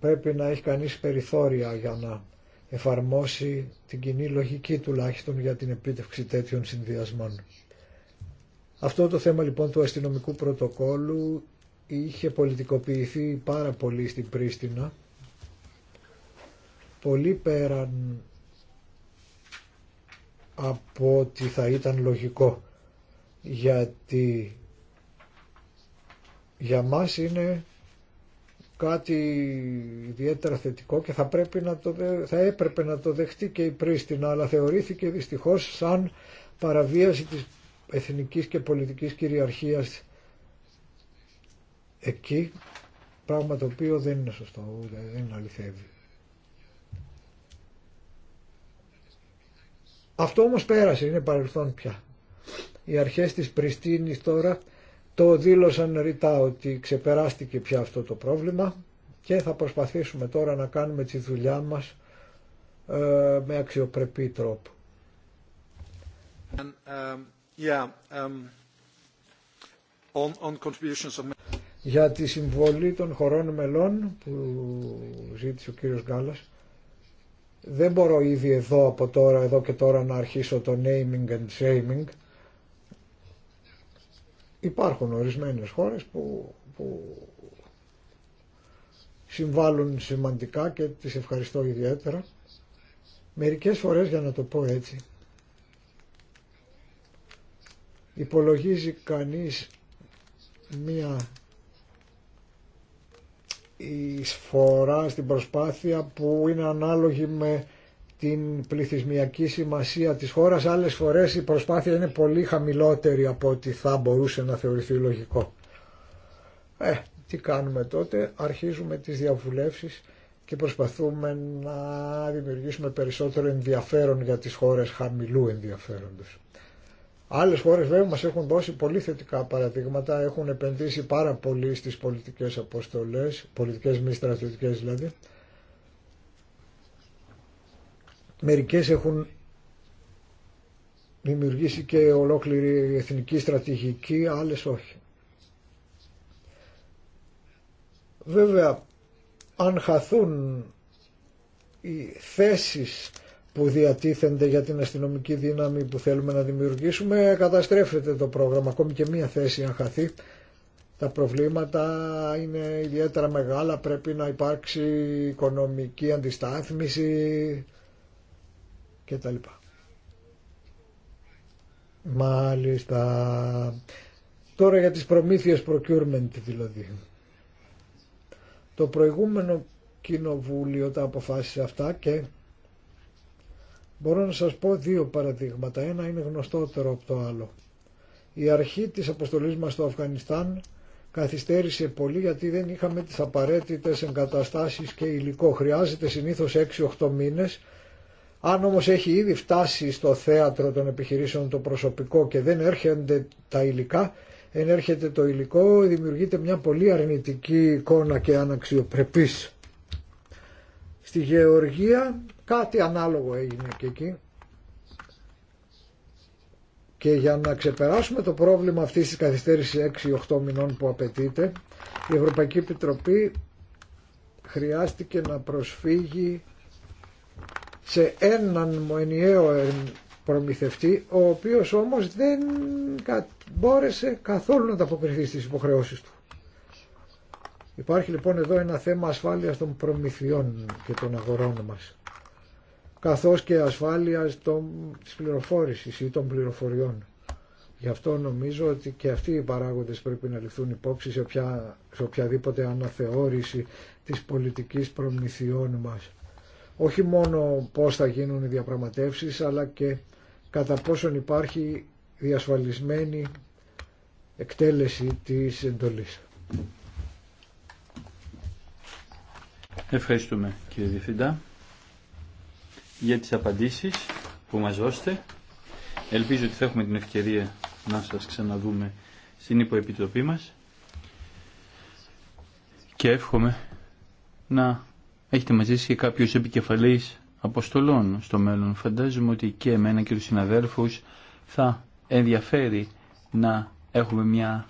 Πρέπει να έχει κανείς περιθώρια για να εφαρμόσει την κοινή λογική τουλάχιστον για την επίτευξη τέτοιων συνδυασμών. Αυτό το θέμα λοιπόν του αστυνομικού πρωτοκόλου είχε πολιτικοποιηθεί πάρα πολύ στην Πρίστινα πολύ πέραν από ότι θα ήταν λογικό γιατί για μας είναι κάτι ιδιαίτερα θετικό και θα, πρέπει να το, θα έπρεπε να το δεχτεί και η Πρίστινα αλλά θεωρήθηκε δυστυχώς σαν παραβίαση της εθνικής και πολιτικής κυριαρχίας εκεί, πράγμα το οποίο δεν είναι σωστό, δεν αληθεύει. Αυτό όμως πέρασε, είναι παρελθόν πια. Οι αρχές της Πριστίνης τώρα το δήλωσαν ρητά ότι ξεπεράστηκε πια αυτό το πρόβλημα και θα προσπαθήσουμε τώρα να κάνουμε τη δουλειά μας ε, με αξιοπρεπή τρόπο. And, um, yeah, um, για τη συμβολή των χωρών μελών που ζήτησε ο κύριος Γκάλλας δεν μπορώ ήδη εδώ από τώρα, εδώ και τώρα να αρχίσω το naming and shaming υπάρχουν ορισμένες χώρες που, που συμβάλλουν σημαντικά και τις ευχαριστώ ιδιαίτερα μερικές φορές για να το πω έτσι υπολογίζει κανείς μία η εισφορά στην προσπάθεια που είναι ανάλογη με την πληθυσμιακή σημασία της χώρας. Άλλες φορές η προσπάθεια είναι πολύ χαμηλότερη από ό,τι θα μπορούσε να θεωρηθεί λογικό. Ε, τι κάνουμε τότε, αρχίζουμε τις διαβουλεύσεις και προσπαθούμε να δημιουργήσουμε περισσότερο ενδιαφέρον για τις χώρες χαμηλού ενδιαφέροντος. Άλλες χώρες βέβαια μας έχουν δώσει πολύ θετικά παραδείγματα, έχουν επενδύσει πάρα πολύ στις πολιτικές αποστολές, πολιτικές μη στρατιωτικές δηλαδή. Μερικές έχουν δημιουργήσει και ολόκληρη εθνική στρατηγική, άλλες όχι. Βέβαια, αν χαθούν οι θέσεις που διατίθενται για την αστυνομική δύναμη που θέλουμε να δημιουργήσουμε καταστρέφεται το πρόγραμμα ακόμη και μία θέση αν χαθεί τα προβλήματα είναι ιδιαίτερα μεγάλα πρέπει να υπάρξει οικονομική αντιστάθμιση κτλ. μάλιστα τώρα για τις προμήθειες procurement δηλαδή το προηγούμενο κοινοβούλιο τα αποφάσισε αυτά και Μπορώ να σας πω δύο παραδείγματα. Ένα είναι γνωστότερο από το άλλο. Η αρχή της αποστολής μας στο Αφγανιστάν καθυστέρησε πολύ γιατί δεν είχαμε τις απαραίτητες εγκαταστάσεις και υλικό. Χρειάζεται συνήθως 6-8 μήνες. Αν όμως έχει ήδη φτάσει στο θέατρο των επιχειρήσεων το προσωπικό και δεν έρχονται τα υλικά, ενέρχεται το υλικό, δημιουργείται μια πολύ αρνητική εικόνα και αναξιοπρεπής. Στη Γεωργία Κάτι ανάλογο έγινε και εκεί. Και για να ξεπεράσουμε το πρόβλημα αυτής της καθυστέρησης 6-8 μηνών που απαιτείται, η Ευρωπαϊκή Επιτροπή χρειάστηκε να προσφύγει σε έναν μοενιαίο προμηθευτή, ο οποίος όμως δεν μπόρεσε καθόλου να ανταποκριθεί στις υποχρεώσεις του. Υπάρχει λοιπόν εδώ ένα θέμα ασφάλειας των προμηθειών και των αγορών μας καθώς και ασφάλεια των, της πληροφόρησης ή των πληροφοριών. Γι' αυτό νομίζω ότι και αυτοί οι παράγοντες πρέπει να ληφθούν υπόψη σε, οποιαδήποτε αναθεώρηση της πολιτικής προμηθειών μας. Όχι μόνο πώς θα γίνουν οι διαπραγματεύσεις, αλλά και κατά πόσον υπάρχει διασφαλισμένη εκτέλεση της εντολής. Ευχαριστούμε κύριε Διευθυντά για τις απαντήσεις που μας δώσετε. Ελπίζω ότι θα έχουμε την ευκαιρία να σας ξαναδούμε στην υποεπιτροπή μας και εύχομαι να έχετε μαζί σας και κάποιους επικεφαλής αποστολών στο μέλλον. Φαντάζομαι ότι και εμένα και τους συναδέλφους θα ενδιαφέρει να έχουμε μια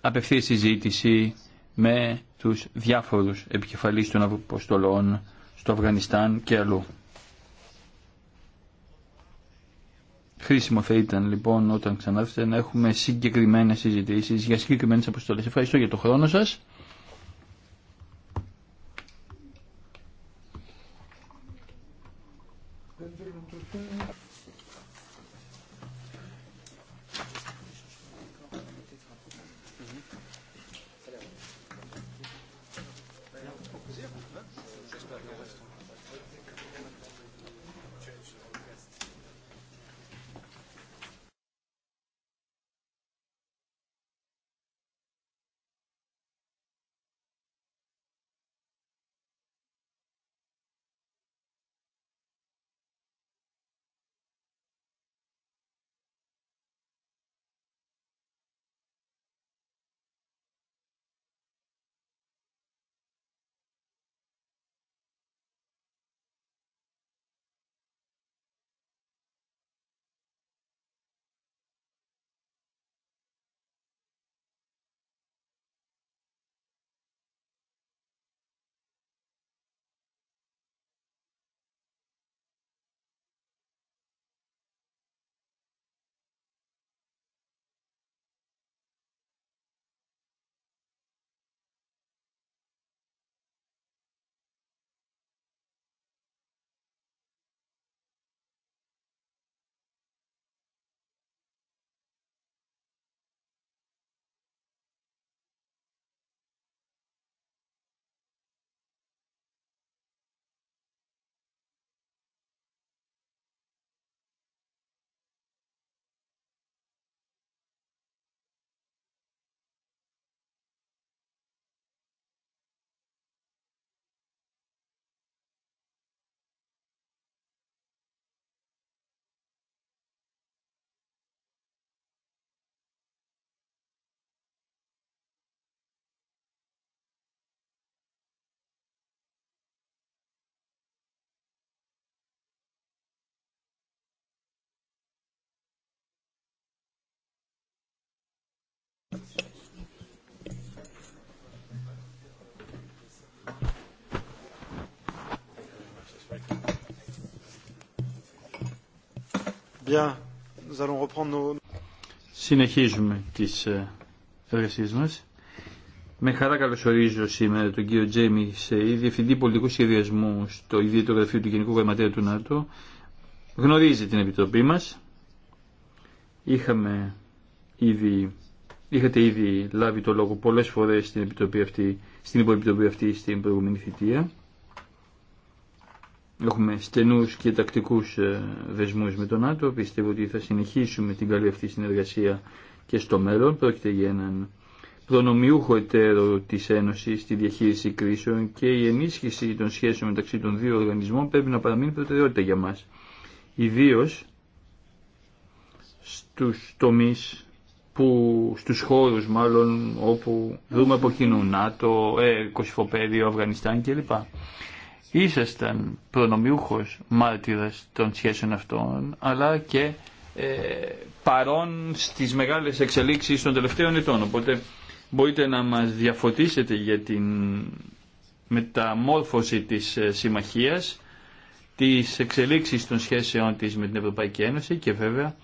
απευθεία συζήτηση με τους διάφορους επικεφαλής των αποστολών στο Αφγανιστάν και αλλού. Χρήσιμο θα ήταν λοιπόν όταν ξανάρθετε να έχουμε συγκεκριμένες συζητήσεις για συγκεκριμένες αποστολές. Ευχαριστώ για το χρόνο σας. Συνεχίζουμε τις ε, εργασίες μας. Με χαρά καλωσορίζω σήμερα τον κύριο Τζέμι Σεϊ, Διευθυντή Πολιτικού Σχεδιασμού στο Ιδιαίτερο Γραφείο του Γενικού Γραμματέα του ΝΑΤΟ. Γνωρίζει την Επιτροπή μας. Είχαμε ήδη, είχατε ήδη λάβει το λόγο πολλές φορές στην Επιτροπή αυτή, στην υποεπιτροπή αυτή στην προηγούμενη θητεία. Έχουμε στενούς και τακτικούς ε, δεσμούς με τον ΝΑΤΟ. Πιστεύω ότι θα συνεχίσουμε την καλή αυτή συνεργασία και στο μέλλον. Πρόκειται για έναν προνομιούχο εταίρο της Ένωσης στη διαχείριση κρίσεων και η ενίσχυση των σχέσεων μεταξύ των δύο οργανισμών πρέπει να παραμείνει προτεραιότητα για μας. Ιδίω στους τομείς που στους χώρους μάλλον όπου δούμε από κοινού ΝΑΤΟ, ε, Κωσυφοπέδιο, Αφγανιστάν κλπ ήσασταν προνομιούχος μάρτυρας των σχέσεων αυτών, αλλά και ε, παρόν στις μεγάλες εξελίξεις των τελευταίων ετών. Οπότε μπορείτε να μας διαφωτίσετε για την μεταμόρφωση της ε, συμμαχίας, τις εξελίξεις των σχέσεων της με την Ευρωπαϊκή Ένωση και βέβαια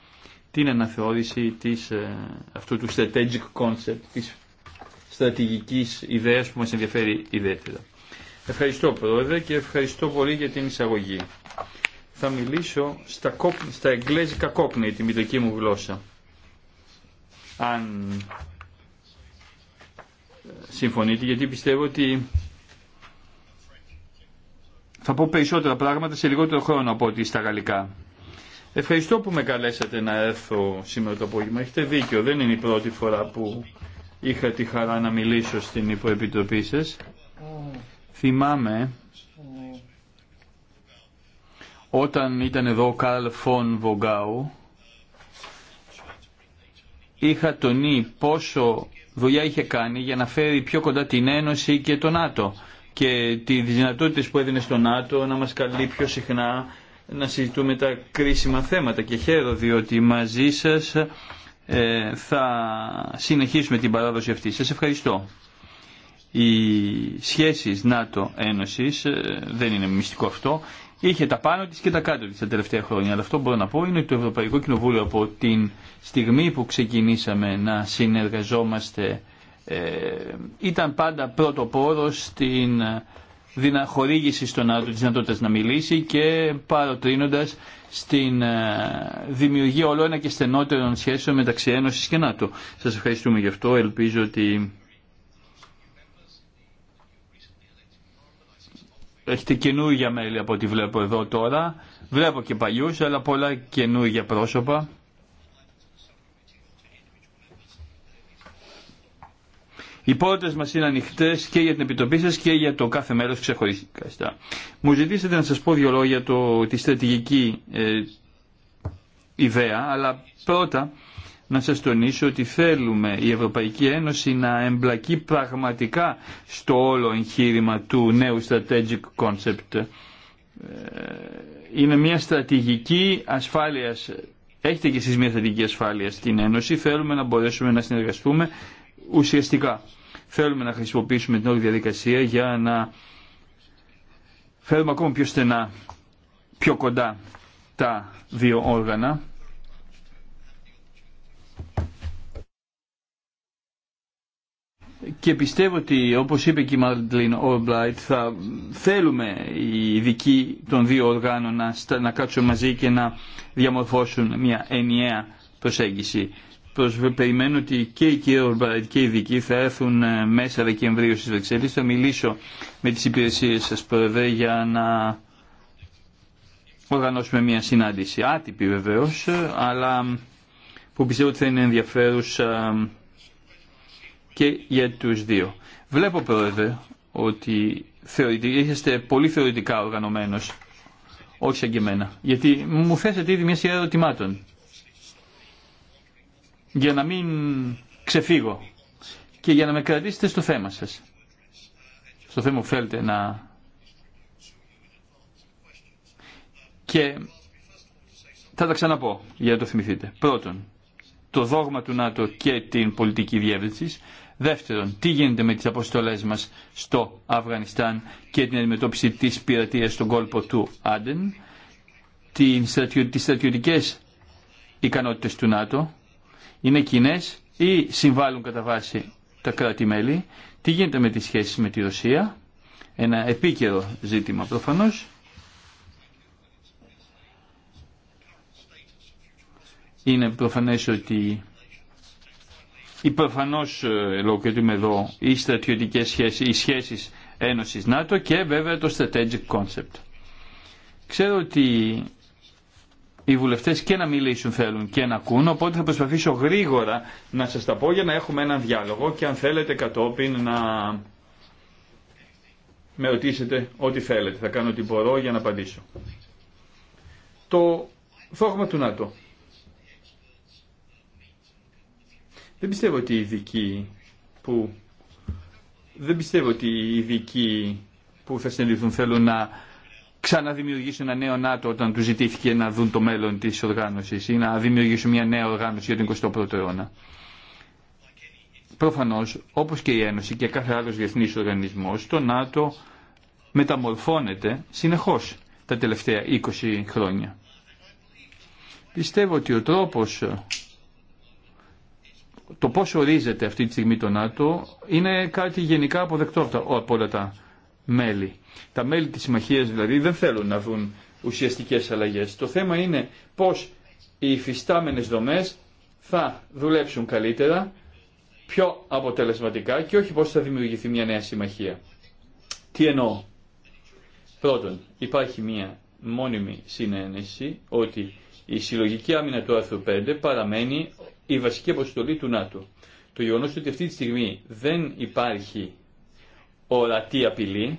την αναθεώρηση της, ε, αυτού του strategic concept, της στρατηγικής ιδέας που μας ενδιαφέρει ιδιαίτερα. Ευχαριστώ Πρόεδρε και ευχαριστώ πολύ για την εισαγωγή. Θα μιλήσω στα, κόπ, στα εγγλέζικα τη μητρική μου γλώσσα. Αν ε, συμφωνείτε, γιατί πιστεύω ότι θα πω περισσότερα πράγματα σε λιγότερο χρόνο από ότι στα γαλλικά. Ευχαριστώ που με καλέσατε να έρθω σήμερα το απόγευμα. Έχετε δίκιο, δεν είναι η πρώτη φορά που είχα τη χαρά να μιλήσω στην υποεπιτροπή σας. Θυμάμαι όταν ήταν εδώ ο Καρλ Φον Βογκάου είχα τονεί πόσο δουλειά είχε κάνει για να φέρει πιο κοντά την Ένωση και τον ΝΑΤΟ και τι δυνατότητες που έδινε στο ΝΑΤΟ να μας καλεί πιο συχνά να συζητούμε τα κρίσιμα θέματα και χαίρο διότι μαζί σας ε, θα συνεχίσουμε την παράδοση αυτή. Σας ευχαριστώ οι σχέσεις ΝΑΤΟ-Ένωσης, ε, δεν είναι μυστικό αυτό, είχε τα πάνω της και τα κάτω της τα τελευταία χρόνια. Αλλά αυτό μπορώ να πω είναι ότι το Ευρωπαϊκό Κοινοβούλιο από την στιγμή που ξεκινήσαμε να συνεργαζόμαστε ε, ήταν πάντα πρώτο στην δυναχορήγηση στον ΝΑΤΟ της δυνατότητα να μιλήσει και παροτρύνοντας στην ε, δημιουργία όλο ένα και στενότερων σχέσεων μεταξύ Ένωσης και ΝΑΤΟ. Σας ευχαριστούμε γι' αυτό. Ελπίζω ότι Έχετε καινούργια μέλη από ό,τι βλέπω εδώ τώρα. Βλέπω και παλιούς, αλλά πολλά καινούργια πρόσωπα. Οι πόρτε μα είναι ανοιχτέ και για την επιτροπή σα και για το κάθε μέρο ξεχωριστά. Μου ζητήσατε να σα πω δύο λόγια για τη στρατηγική ε, ιδέα, αλλά πρώτα να σας τονίσω ότι θέλουμε η Ευρωπαϊκή Ένωση να εμπλακεί πραγματικά στο όλο εγχείρημα του νέου strategic concept. Ε, είναι μια στρατηγική ασφάλειας, έχετε και εσείς μια στρατηγική ασφάλεια στην Ένωση, θέλουμε να μπορέσουμε να συνεργαστούμε ουσιαστικά. Θέλουμε να χρησιμοποιήσουμε την όλη διαδικασία για να φέρουμε ακόμα πιο στενά, πιο κοντά τα δύο όργανα και πιστεύω ότι όπως είπε και η Μαρντλίν Ορμπλάιτ θα θέλουμε οι ειδικοί των δύο οργάνων να, κάτσουν μαζί και να διαμορφώσουν μια ενιαία προσέγγιση. Περιμένω ότι και η κυρία Ορμπλάιτ και οι ειδικοί θα έρθουν ε, μέσα Δεκεμβρίου στις Βεξελίες. Θα μιλήσω με τις υπηρεσίες σας πρόεδρε για να οργανώσουμε μια συνάντηση. Άτυπη βεβαίως, ε, αλλά που πιστεύω ότι θα είναι ενδιαφέρουσα και για τους δύο. Βλέπω, Πρόεδρε, ότι είστε πολύ θεωρητικά οργανωμένος, όχι σαν και εμένα, γιατί μου θέσετε ήδη μια σειρά ερωτημάτων για να μην ξεφύγω και για να με κρατήσετε στο θέμα σας. Στο θέμα που θέλετε να... Και θα τα ξαναπώ για να το θυμηθείτε. Πρώτον, το δόγμα του ΝΑΤΟ και την πολιτική διεύθυνση. Δεύτερον, τι γίνεται με τις αποστολές μας στο Αφγανιστάν και την αντιμετώπιση της πειρατείας στον κόλπο του Άντεν, τις στρατιωτικές ικανότητες του ΝΑΤΟ, είναι κοινέ ή συμβάλλουν κατά βάση τα κράτη-μέλη, τι γίνεται με τις σχέσεις με τη Ρωσία, ένα επίκαιρο ζήτημα προφανώς, είναι προφανές ότι η ε, λόγω και είμαι εδώ, οι σχέσεις, οι Ένωσης ΝΑΤΟ και βέβαια το strategic concept. Ξέρω ότι οι βουλευτές και να μιλήσουν θέλουν και να ακούν, οπότε θα προσπαθήσω γρήγορα να σας τα πω για να έχουμε έναν διάλογο και αν θέλετε κατόπιν να με ρωτήσετε ό,τι θέλετε. Θα κάνω ό,τι μπορώ για να απαντήσω. Το φόγμα του ΝΑΤΟ. Δεν πιστεύω ότι οι ειδικοί που... Δεν πιστεύω ότι που θα συνειδηθούν θέλουν να ξαναδημιουργήσουν ένα νέο ΝΑΤΟ όταν του ζητήθηκε να δουν το μέλλον της οργάνωσης ή να δημιουργήσουν μια νέα οργάνωση για τον 21ο αιώνα. Προφανώ, όπως και η Ένωση και κάθε άλλος διεθνής οργανισμός, το ΝΑΤΟ μεταμορφώνεται συνεχώ τα τελευταία 20 χρόνια. Πιστεύω ότι ο τρόπος το πώς ορίζεται αυτή τη στιγμή το ΝΑΤΟ είναι κάτι γενικά αποδεκτό από όλα τα μέλη. Τα μέλη της συμμαχίας δηλαδή δεν θέλουν να δουν ουσιαστικές αλλαγές. Το θέμα είναι πώς οι υφιστάμενες δομές θα δουλέψουν καλύτερα, πιο αποτελεσματικά και όχι πώς θα δημιουργηθεί μια νέα συμμαχία. Τι εννοώ. Πρώτον, υπάρχει μια μόνιμη συνένεση ότι η συλλογική άμυνα του άρθρου 5 παραμένει η βασική αποστολή του ΝΑΤΟ. Το γεγονό ότι αυτή τη στιγμή δεν υπάρχει ορατή απειλή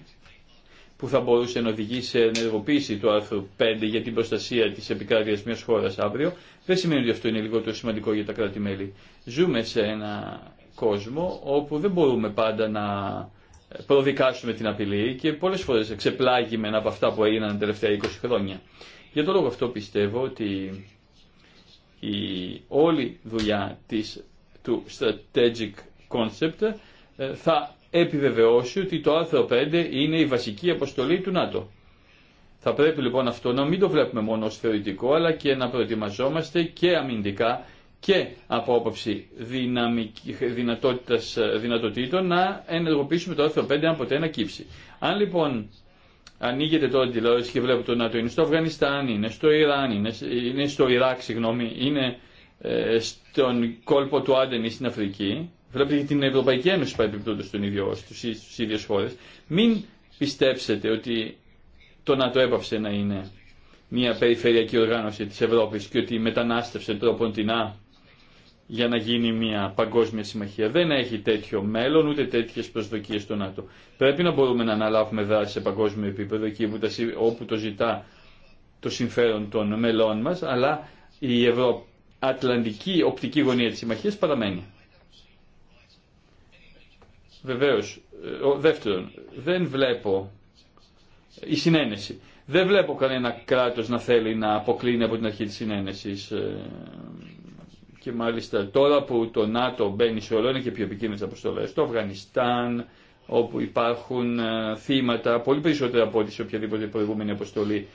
που θα μπορούσε να οδηγήσει σε ενεργοποίηση του άρθρου 5 για την προστασία τη επικράτεια μια χώρα αύριο, δεν σημαίνει ότι αυτό είναι λιγότερο σημαντικό για τα κράτη-μέλη. Ζούμε σε ένα κόσμο όπου δεν μπορούμε πάντα να προδικάσουμε την απειλή και πολλέ φορέ ένα από αυτά που έγιναν τα τελευταία 20 χρόνια. Για τον λόγο αυτό πιστεύω ότι η όλη δουλειά της, του strategic concept ε, θα επιβεβαιώσει ότι το άρθρο 5 είναι η βασική αποστολή του ΝΑΤΟ. Θα πρέπει λοιπόν αυτό να μην το βλέπουμε μόνο ως θεωρητικό αλλά και να προετοιμαζόμαστε και αμυντικά και από άποψη δυνατότητας, δυνατοτήτων να ενεργοποιήσουμε το άρθρο 5 αν ποτέ κύψει. Αν λοιπόν Ανοίγεται τώρα τη τηλεόραση και βλέπετε το ΝΑΤΟ. Είναι στο Αφγανιστάν, είναι στο Ιράν, είναι, στο Ιράκ, συγγνώμη, είναι ε, στον κόλπο του Άντεν ή στην Αφρική. Βλέπετε και την Ευρωπαϊκή Ένωση παρεμπιπτόντω στον ίδιο, στους, ίδιου χώρε. χώρες. Μην πιστέψετε ότι το ΝΑΤΟ έπαυσε να είναι μια περιφερειακή οργάνωση τη Ευρώπη και ότι μετανάστευσε τρόπον την Α για να γίνει μια παγκόσμια συμμαχία. Δεν έχει τέτοιο μέλλον ούτε τέτοιε προσδοκίε στο ΝΑΤΟ. Πρέπει να μπορούμε να αναλάβουμε δράση σε παγκόσμιο επίπεδο εκεί όπου το ζητά το συμφέρον των μελών μα, αλλά η ευρωατλαντική οπτική γωνία τη συμμαχία παραμένει. Βεβαίω, ε, δεύτερον, δεν βλέπω η συνένεση. Δεν βλέπω κανένα κράτος να θέλει να αποκλίνει από την αρχή της συνένεσης ε, και μάλιστα τώρα που το ΝΑΤΟ μπαίνει σε όλο και πιο επικίνδυνε αποστολέ, στο Αφγανιστάν, όπου υπάρχουν ε, θύματα πολύ περισσότερα από ό,τι σε οποιαδήποτε προηγούμενη αποστολή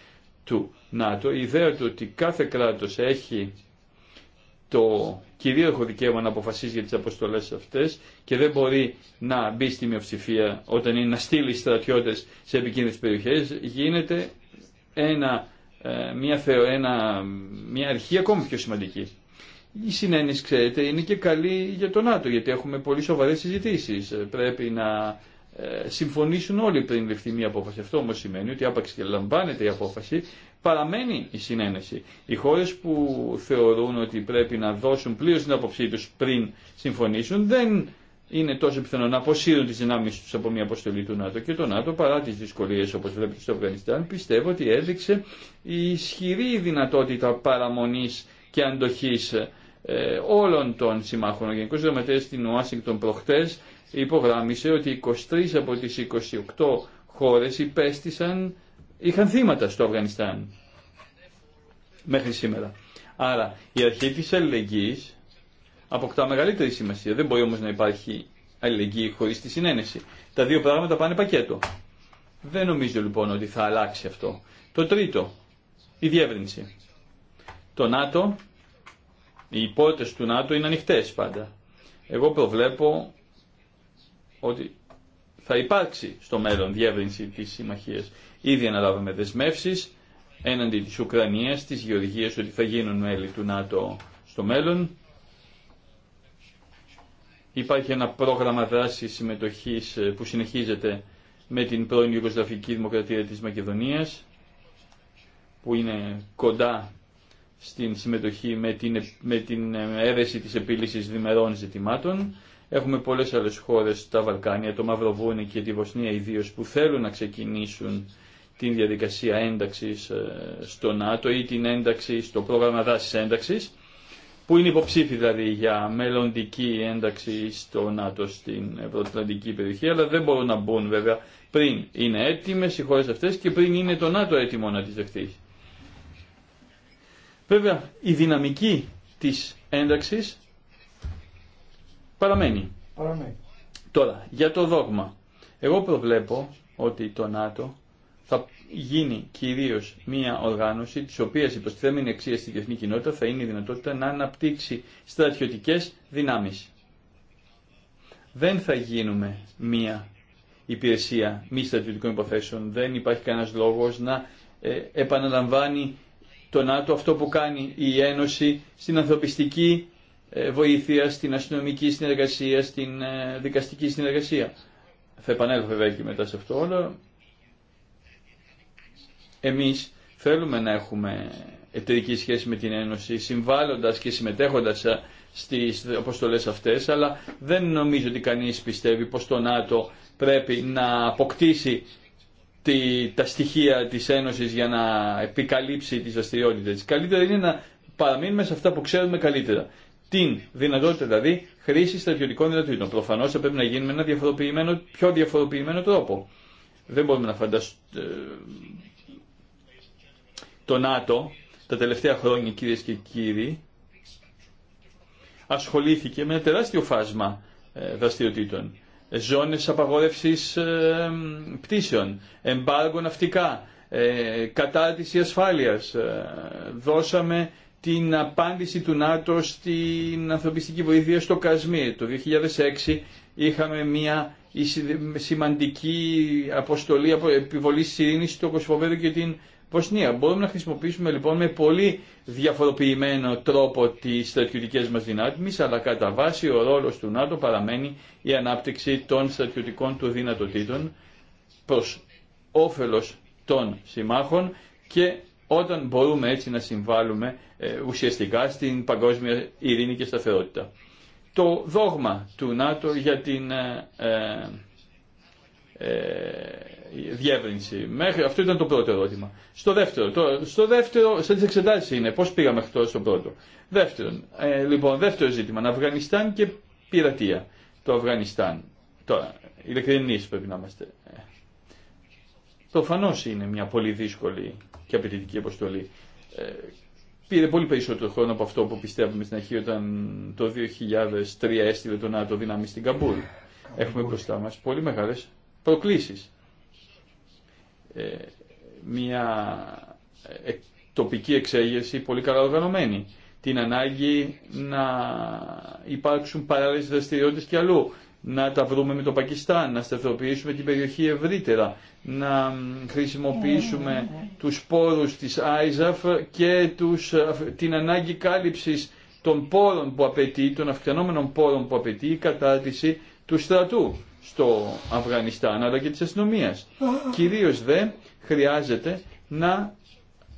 του ΝΑΤΟ. Η ιδέα του ότι κάθε κράτο έχει το κυρίαρχο δικαίωμα να αποφασίζει για τι αποστολέ αυτέ και δεν μπορεί να μπει στη μειοψηφία όταν είναι να στείλει στρατιώτε σε επικίνδυνε περιοχέ, γίνεται ένα, ε, μια, θεω, ένα, μια αρχή ακόμη πιο σημαντική. Η συνένεση, ξέρετε, είναι και καλή για το ΝΑΤΟ, γιατί έχουμε πολύ σοβαρέ συζητήσει. Ε, πρέπει να ε, συμφωνήσουν όλοι πριν ληφθεί μια απόφαση. Αυτό όμω σημαίνει ότι άπαξ και λαμβάνεται η απόφαση, παραμένει η συνένεση. Οι χώρε που θεωρούν ότι πρέπει να δώσουν πλήρω την άποψή του πριν συμφωνήσουν, δεν είναι τόσο πιθανό να αποσύρουν τι δυνάμει του από μια αποστολή του ΝΑΤΟ. Και το ΝΑΤΟ, παρά τι δυσκολίε όπω βλέπετε στο Αφγανιστάν, πιστεύω ότι έδειξε ισχυρή δυνατότητα παραμονή και αντοχής ε, όλων των συμμάχων. Ο Γενικός Γραμματέα στην Ουάσιγκτον προχτέ υπογράμισε ότι 23 από τις 28 χώρες υπέστησαν, είχαν θύματα στο Αφγανιστάν μέχρι σήμερα. Άρα η αρχή τη αλληλεγγύη αποκτά μεγαλύτερη σημασία. Δεν μπορεί όμως να υπάρχει αλληλεγγύη χωρίς τη συνένεση. Τα δύο πράγματα πάνε πακέτο. Δεν νομίζω λοιπόν ότι θα αλλάξει αυτό. Το τρίτο, η διεύρυνση. Το ΝΑΤΟ οι πόρτε του ΝΑΤΟ είναι ανοιχτέ πάντα. Εγώ προβλέπω ότι θα υπάρξει στο μέλλον διεύρυνση τη συμμαχία. Ήδη αναλάβαμε δεσμεύσει έναντι της Ουκρανίας, της Γεωργία, ότι θα γίνουν μέλη του ΝΑΤΟ στο μέλλον. Υπάρχει ένα πρόγραμμα δράση συμμετοχή ε, που συνεχίζεται με την πρώην Ιουγκοσλαβική Δημοκρατία της Μακεδονίας, που είναι κοντά στην συμμετοχή με την, με την αίρεση της επίλυσης διμερών ζητημάτων. Έχουμε πολλές άλλες χώρες στα Βαλκάνια, το Μαυροβούνι και τη Βοσνία ιδίω που θέλουν να ξεκινήσουν την διαδικασία ένταξης ε, στο ΝΑΤΟ ή την ένταξη στο πρόγραμμα δάσης ένταξης, που είναι υποψήφιδα δηλαδή για μελλοντική ένταξη στο ΝΑΤΟ στην Ευρωατλαντική περιοχή, αλλά δεν μπορούν να μπουν βέβαια πριν είναι έτοιμες οι χώρες αυτές και πριν είναι το ΝΑΤΟ έτοιμο να τις δεχτεί. Βέβαια, η δυναμική της ένταξης παραμένει. παραμένει. Τώρα, για το δόγμα. Εγώ προβλέπω ότι το ΝΑΤΟ θα γίνει κυρίως μια οργάνωση της οποίας η αξία στην διεθνή κοινότητα θα είναι η δυνατότητα να αναπτύξει στρατιωτικές δυνάμεις. Δεν θα γίνουμε μια υπηρεσία μη στρατιωτικών υποθέσεων. Δεν υπάρχει κανένας λόγος να ε, επαναλαμβάνει το ΝΑΤΟ, αυτό που κάνει η Ένωση στην ανθρωπιστική ε, βοήθεια, στην αστυνομική συνεργασία, στην ε, δικαστική συνεργασία. Θα επανέλθω βέβαια και μετά σε αυτό, όλο. εμείς θέλουμε να έχουμε εταιρική σχέση με την Ένωση, συμβάλλοντας και συμμετέχοντας στις αποστολές αυτές, αλλά δεν νομίζω ότι κανείς πιστεύει πως το ΝΑΤΟ πρέπει να αποκτήσει τα στοιχεία της Ένωσης για να επικαλύψει τις δραστηριότητε. Καλύτερα είναι να παραμείνουμε σε αυτά που ξέρουμε καλύτερα. Την δυνατότητα δηλαδή χρήση στρατιωτικών δυνατοτήτων. Προφανώ θα πρέπει να γίνει με ένα διαφοροποιημένο, πιο διαφοροποιημένο τρόπο. Δεν μπορούμε να φανταστούμε. Το ΝΑΤΟ τα τελευταία χρόνια κυρίε και κύριοι ασχολήθηκε με ένα τεράστιο φάσμα ε, δραστηριοτήτων ζώνες απαγόρευσης ε, πτήσεων, εμπάργο ναυτικά, ε, κατάρτιση ασφάλειας. Ε, δώσαμε την απάντηση του ΝΑΤΟ στην ανθρωπιστική βοήθεια στο Κασμί. Το 2006 είχαμε μια σημαντική αποστολή επιβολή ειρήνης στο Κοσφοβέδο και την Βοσνία. Μπορούμε να χρησιμοποιήσουμε λοιπόν με πολύ διαφοροποιημένο τρόπο τι στρατιωτικέ μα δυνάμει, αλλά κατά βάση ο ρόλο του ΝΑΤΟ παραμένει η ανάπτυξη των στρατιωτικών του δυνατοτήτων προ όφελο των συμμάχων και όταν μπορούμε έτσι να συμβάλλουμε ε, ουσιαστικά στην παγκόσμια ειρήνη και σταθερότητα. Το δόγμα του ΝΑΤΟ για την ε, ε, διεύρυνση. Μέχρι, αυτό ήταν το πρώτο ερώτημα. Στο δεύτερο, το, στο δεύτερο, σε τι εξετάσεις είναι, πώς πήγαμε αυτό στο πρώτο. Δεύτερον, ε, λοιπόν, δεύτερο ζήτημα, Αφγανιστάν και πειρατεία. Το Αφγανιστάν. Τώρα, ειλικρινή πρέπει να είμαστε. Προφανώ είναι μια πολύ δύσκολη και απαιτητική αποστολή. Ε, πήρε πολύ περισσότερο χρόνο από αυτό που πιστεύουμε στην αρχή όταν το 2003 έστειλε τον ΝΑΤΟ δύναμη στην Καμπούλ. Έχουμε μπροστά μα πολύ μεγάλε προκλήσει. Ε, μια ε, τοπική εξέγερση πολύ καλά οργανωμένη. Την ανάγκη να υπάρξουν παράλληλες δραστηριότητες και αλλού. Να τα βρούμε με το Πακιστάν, να σταθεροποιήσουμε την περιοχή ευρύτερα, να χρησιμοποιήσουμε ναι, ναι, ναι. τους πόρους της ΆΙΖΑΦ και τους, την ανάγκη κάλυψης των πόρων που απαιτεί, των αυξανόμενων πόρων που απαιτεί η κατάρτιση του στρατού στο Αφγανιστάν αλλά και της αστυνομία. Κυρίως δε χρειάζεται να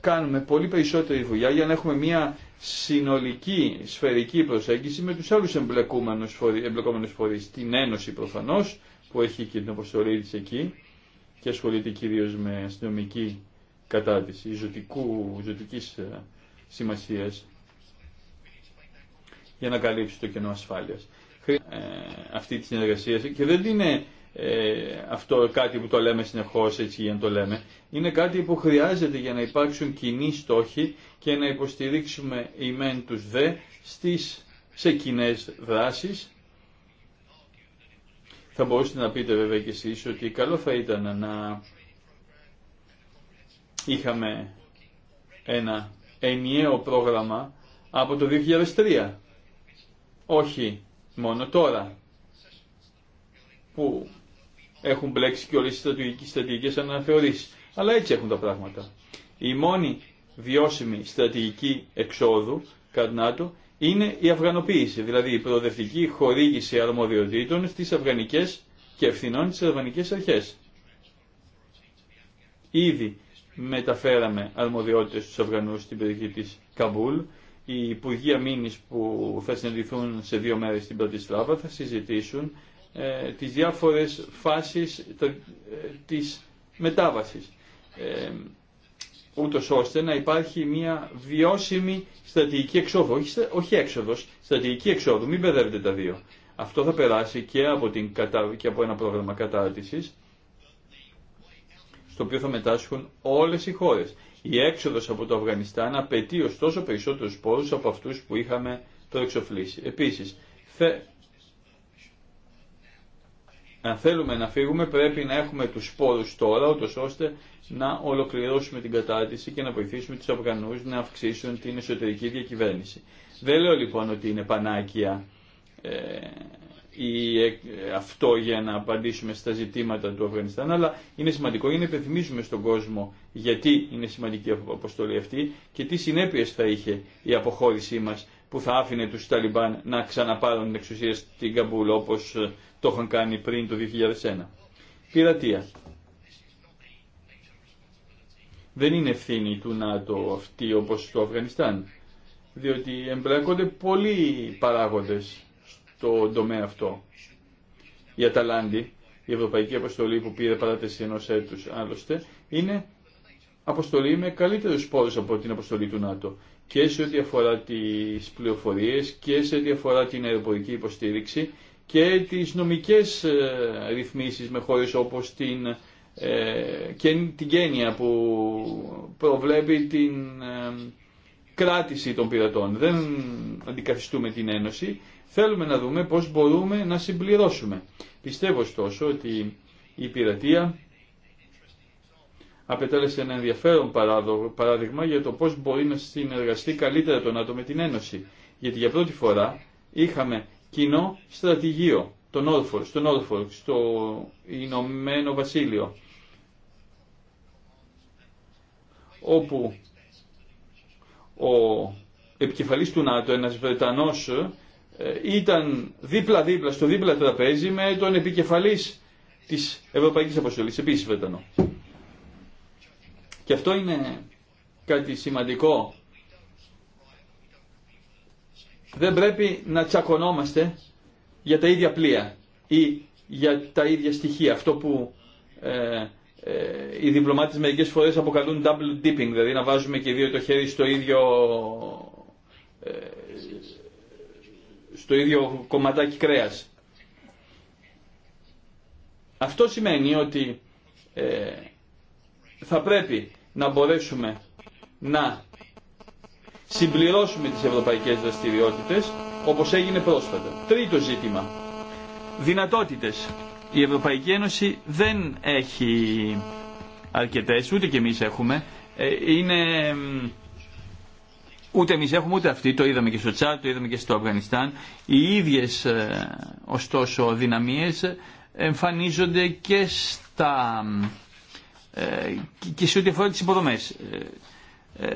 κάνουμε πολύ περισσότερη δουλειά για να έχουμε μια συνολική σφαιρική προσέγγιση με τους άλλους εμπλεκόμενους φορείς, εμπλεκόμενους φορείς. την Ένωση προφανώς που έχει και την αποστολή της εκεί και ασχολείται κυρίως με αστυνομική κατάρτιση ζωτικού, ζωτικής ε, σημασίας για να καλύψει το κενό ασφάλειας. Ε, αυτή τη συνεργασία και δεν είναι ε, αυτό κάτι που το λέμε συνεχώς έτσι για να το λέμε είναι κάτι που χρειάζεται για να υπάρξουν κοινοί στόχοι και να υποστηρίξουμε οι μεν τους δε στις, σε κοινέ δράσεις θα μπορούσατε να πείτε βέβαια και εσείς ότι καλό θα ήταν να είχαμε ένα ενιαίο πρόγραμμα από το 2003 όχι μόνο τώρα που έχουν μπλέξει και όλες οι στρατηγικές αναθεωρήσεις. Αλλά έτσι έχουν τα πράγματα. Η μόνη βιώσιμη στρατηγική εξόδου καρνάτου είναι η αυγανοποίηση, δηλαδή η προοδευτική χορήγηση αρμοδιοτήτων στις αυγανικές και ευθυνών στις αυγανικές αρχές. Ήδη μεταφέραμε αρμοδιότητες στους Αφγανούς στην περιοχή της Καμπούλ οι Υπουργοί Αμήνης που θα συναντηθούν σε δύο μέρες στην Πρατισλάβα θα συζητήσουν ε, τις διάφορες φάσεις ε, της μετάβασης. Ε, ούτως ώστε να υπάρχει μια βιώσιμη στρατηγική εξόδου, όχι, όχι έξοδος, στρατηγική εξόδου, μην μπερδεύετε τα δύο. Αυτό θα περάσει και από, την, και από ένα πρόγραμμα κατάρτισης, στο οποίο θα μετάσχουν όλες οι χώρες. Η έξοδος από το Αφγανιστάν απαιτεί ωστόσο περισσότερους πόρους από αυτούς που είχαμε εξοφλήσει. Επίσης, αν θέλουμε να φύγουμε πρέπει να έχουμε τους πόρους τώρα, ούτως ώστε να ολοκληρώσουμε την κατάρτιση και να βοηθήσουμε τους Αφγανούς να αυξήσουν την εσωτερική διακυβέρνηση. Δεν λέω λοιπόν ότι είναι πανάκια ε, ή ε, αυτό για να απαντήσουμε στα ζητήματα του Αφγανιστάν, αλλά είναι σημαντικό για να υπενθυμίσουμε στον κόσμο γιατί είναι σημαντική η αποστολή αυτή και τι συνέπειε θα είχε η αποχώρησή μα που θα άφηνε του Ταλιμπάν να ξαναπάρουν την εξουσία στην Καμπούλ όπω ε, το είχαν κάνει πριν το 2001. Πειρατεία. Δεν είναι ευθύνη του ΝΑΤΟ αυτή όπως το Αφγανιστάν, διότι εμπλέκονται πολλοί παράγοντες το τομέα αυτό. Η Αταλάντη, η Ευρωπαϊκή Αποστολή που πήρε παράταση ενό έτου άλλωστε, είναι αποστολή με καλύτερου πόρου από την αποστολή του ΝΑΤΟ και σε ό,τι αφορά τι πληροφορίε και σε ό,τι αφορά την αεροπορική υποστήριξη και τις νομικές ε, ρυθμίσεις με χώρες όπως την, ε, και την Κένια που προβλέπει την ε, κράτηση των πειρατών. Δεν αντικαθιστούμε την Ένωση, Θέλουμε να δούμε πώς μπορούμε να συμπληρώσουμε. Πιστεύω ωστόσο ότι η πειρατεία απετέλεσε ένα ενδιαφέρον παράδειγμα για το πώς μπορεί να συνεργαστεί καλύτερα το ΝΑΤΟ με την Ένωση. Γιατί για πρώτη φορά είχαμε κοινό στρατηγείο τον Όρφορ, στον στο Ηνωμένο Βασίλειο, όπου ο επικεφαλής του ΝΑΤΟ, ένας Βρετανός, ε, ήταν δίπλα-δίπλα στο δίπλα τραπέζι με τον επικεφαλής της Ευρωπαϊκής Αποστολής, επίσης Βρετανό. Και αυτό είναι κάτι σημαντικό. Δεν πρέπει να τσακωνόμαστε για τα ίδια πλοία ή για τα ίδια στοιχεία. Αυτό που ε, ε οι διπλωμάτες μερικές φορές αποκαλούν double dipping, δηλαδή να βάζουμε και δύο το χέρι στο ίδιο ε, το ίδιο κομματάκι κρέας. Αυτό σημαίνει ότι ε, θα πρέπει να μπορέσουμε να συμπληρώσουμε τις ευρωπαϊκές δραστηριότητες όπως έγινε πρόσφατα. Τρίτο ζήτημα. Δυνατότητες. Η Ευρωπαϊκή Ένωση δεν έχει αρκετές, ούτε και εμείς έχουμε. Ε, είναι Ούτε εμεί έχουμε ούτε αυτοί, το είδαμε και στο Τσάτ, το είδαμε και στο Αφγανιστάν. Οι ίδιε ε, ωστόσο δυναμίε εμφανίζονται και στα ε, και σε ό,τι αφορά τις υποδομές. Ε,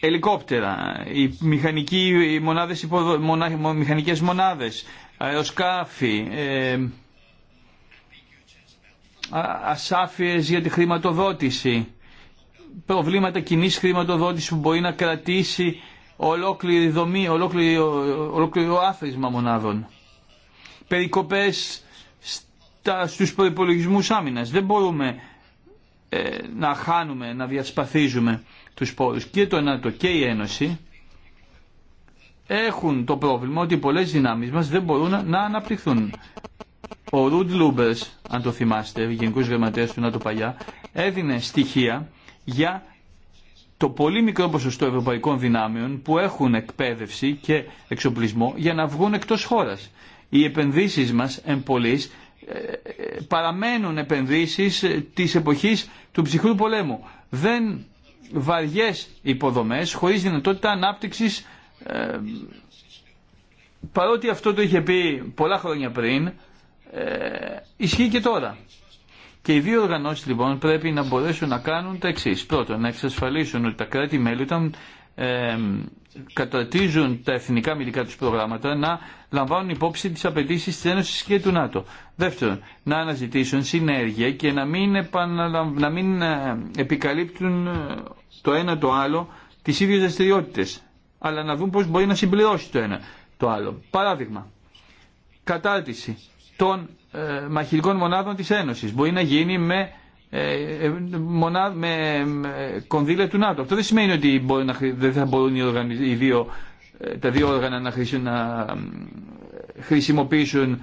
ελικόπτερα, οι μηχανικοί, μονάδες υποδο... μηχανικές μονάδες, αεροσκάφη, ε... για τη χρηματοδότηση, προβλήματα κοινή χρηματοδότηση που μπορεί να κρατήσει ολόκληρη δομή, ολόκληρο, ολόκληρο άθροισμα μονάδων. Περικοπές στου προπολογισμού Άμυνα. Δεν μπορούμε ε, να χάνουμε, να διασπαθίζουμε τους πόρου Και το ΝΑΤΟ και η Ένωση έχουν το πρόβλημα ότι πολλέ δυνάμεις μας δεν μπορούν να αναπτυχθούν. Ο Ρουντ Λούμπερ, αν το θυμάστε, γενικό γραμματέα του ΝΑΤΟ παλιά, έδινε στοιχεία για το πολύ μικρό ποσοστό ευρωπαϊκών δυνάμεων που έχουν εκπαίδευση και εξοπλισμό για να βγουν εκτός χώρας. Οι επενδύσεις μας εν ε, παραμένουν επενδύσεις της εποχής του ψυχρού πολέμου. Δεν βαριές υποδομές χωρίς δυνατότητα ανάπτυξης ε, παρότι αυτό το είχε πει πολλά χρόνια πριν ε, ισχύει και τώρα. Και οι δύο οργανώσεις λοιπόν πρέπει να μπορέσουν να κάνουν τα εξή. Πρώτον, να εξασφαλίσουν ότι τα κράτη-μέλη όταν ε, καταρτίζουν τα εθνικά μηδικά του προγράμματα να λαμβάνουν υπόψη τι απαιτήσει τη Ένωση και του ΝΑΤΟ. Δεύτερον, να αναζητήσουν συνέργεια και να μην, επαναλαμβ... Ε, επικαλύπτουν ε, το ένα το άλλο τις ίδιες δραστηριότητε, αλλά να δουν πώ μπορεί να συμπληρώσει το ένα το άλλο. Παράδειγμα, κατάρτιση των ε, μαχητικών μονάδων της Ένωσης. Μπορεί να γίνει με, ε, ε, μονά, με κονδύλια του ΝΑΤΟ. Αυτό δεν σημαίνει ότι να, δεν θα μπορούν οι, οι δύο, τα δύο όργανα να, να χρησιμοποιήσουν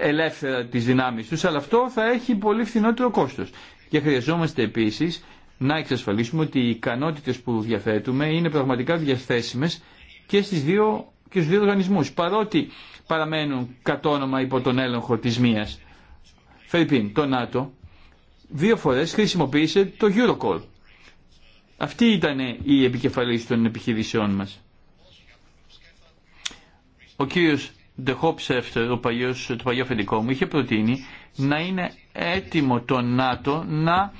ελεύθερα τις δυνάμεις τους, αλλά αυτό θα έχει πολύ φθηνότερο κόστος. Και χρειαζόμαστε επίσης να εξασφαλίσουμε ότι οι ικανότητες που διαθέτουμε είναι πραγματικά διαθέσιμες και, στις δύο, και στους δύο οργανισμούς. Παρότι παραμένουν κατόνομα υπό τον έλεγχο της μίας. Φερρυπίν, το ΝΑΤΟ δύο φορέ χρησιμοποίησε το Eurocall. Αυτή ήταν η επικεφαλή των επιχειρήσεών μας. Ο κύριος Ντεχόψεφτερ, ο το παλιό αφεντικό μου, είχε προτείνει να είναι έτοιμο το ΝΑΤΟ να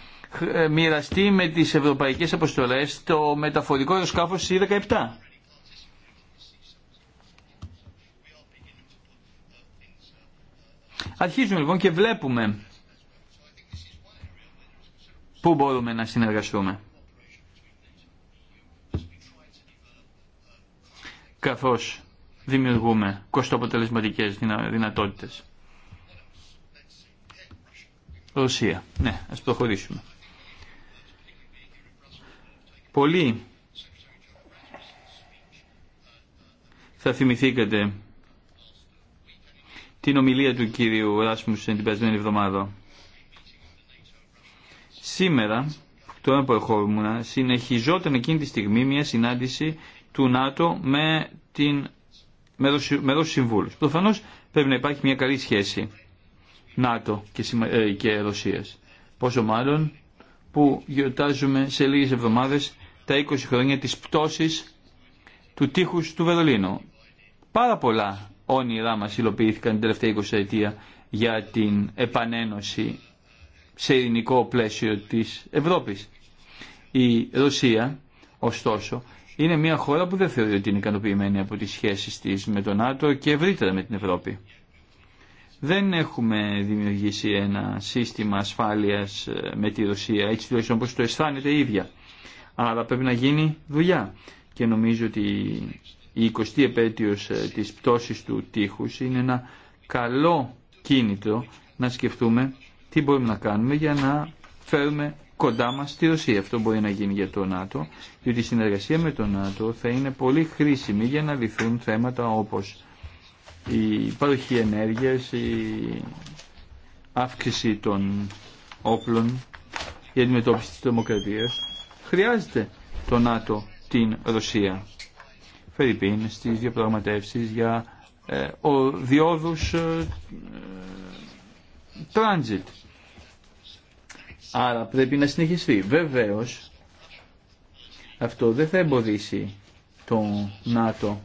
ε, μοιραστεί με τις ευρωπαϊκές αποστολές το μεταφορικό αεροσκάφος C-17. Αρχίζουμε λοιπόν και βλέπουμε πού μπορούμε να συνεργαστούμε. Καθώς δημιουργούμε κοστοποτελεσματικές δυνατότητες. Ρωσία. Ναι, ας προχωρήσουμε. Πολλοί θα θυμηθήκατε την ομιλία του κύριου Ράσμου την περασμένη εβδομάδα. Σήμερα, το τώρα που ερχόμουν, συνεχιζόταν εκείνη τη στιγμή μια συνάντηση του ΝΑΤΟ με, την, με, τους, πρέπει να υπάρχει μια καλή σχέση ΝΑΤΟ και, ε, και Ρωσίας. Πόσο μάλλον που γιορτάζουμε σε λίγες εβδομάδες τα 20 χρόνια της πτώσης του τείχους του Βερολίνου. Πάρα πολλά όνειρά μας υλοποιήθηκαν την τελευταία 20 ετία για την επανένωση σε ειρηνικό πλαίσιο της Ευρώπης. Η Ρωσία, ωστόσο, είναι μια χώρα που δεν θεωρεί ότι είναι ικανοποιημένη από τις σχέσεις της με τον ΝΑΤΟ και ευρύτερα με την Ευρώπη. Δεν έχουμε δημιουργήσει ένα σύστημα ασφάλειας ε, με τη Ρωσία, έτσι τουλάχιστον όπως το αισθάνεται η ίδια. Άρα πρέπει να γίνει δουλειά. Και νομίζω ότι η 20η επέτειος ε, της πτώσης του τείχους είναι ένα καλό κίνητρο να σκεφτούμε τι μπορούμε να κάνουμε για να φέρουμε κοντά μας στη Ρωσία. Αυτό μπορεί να γίνει για το ΝΑΤΟ, διότι η συνεργασία με το ΝΑΤΟ θα είναι πολύ χρήσιμη για να λυθούν θέματα όπως η παροχή ενέργειας, η αύξηση των όπλων, η αντιμετώπιση της δημοκρατίας. Χρειάζεται το ΝΑΤΟ την Ρωσία. Φερρυπίν στι διαπραγματεύσει για ε, ο, διόδους τράνζιτ. Ε, ε, Άρα πρέπει να συνεχιστεί. Βεβαίως αυτό δεν θα εμποδίσει το ΝΑΤΟ.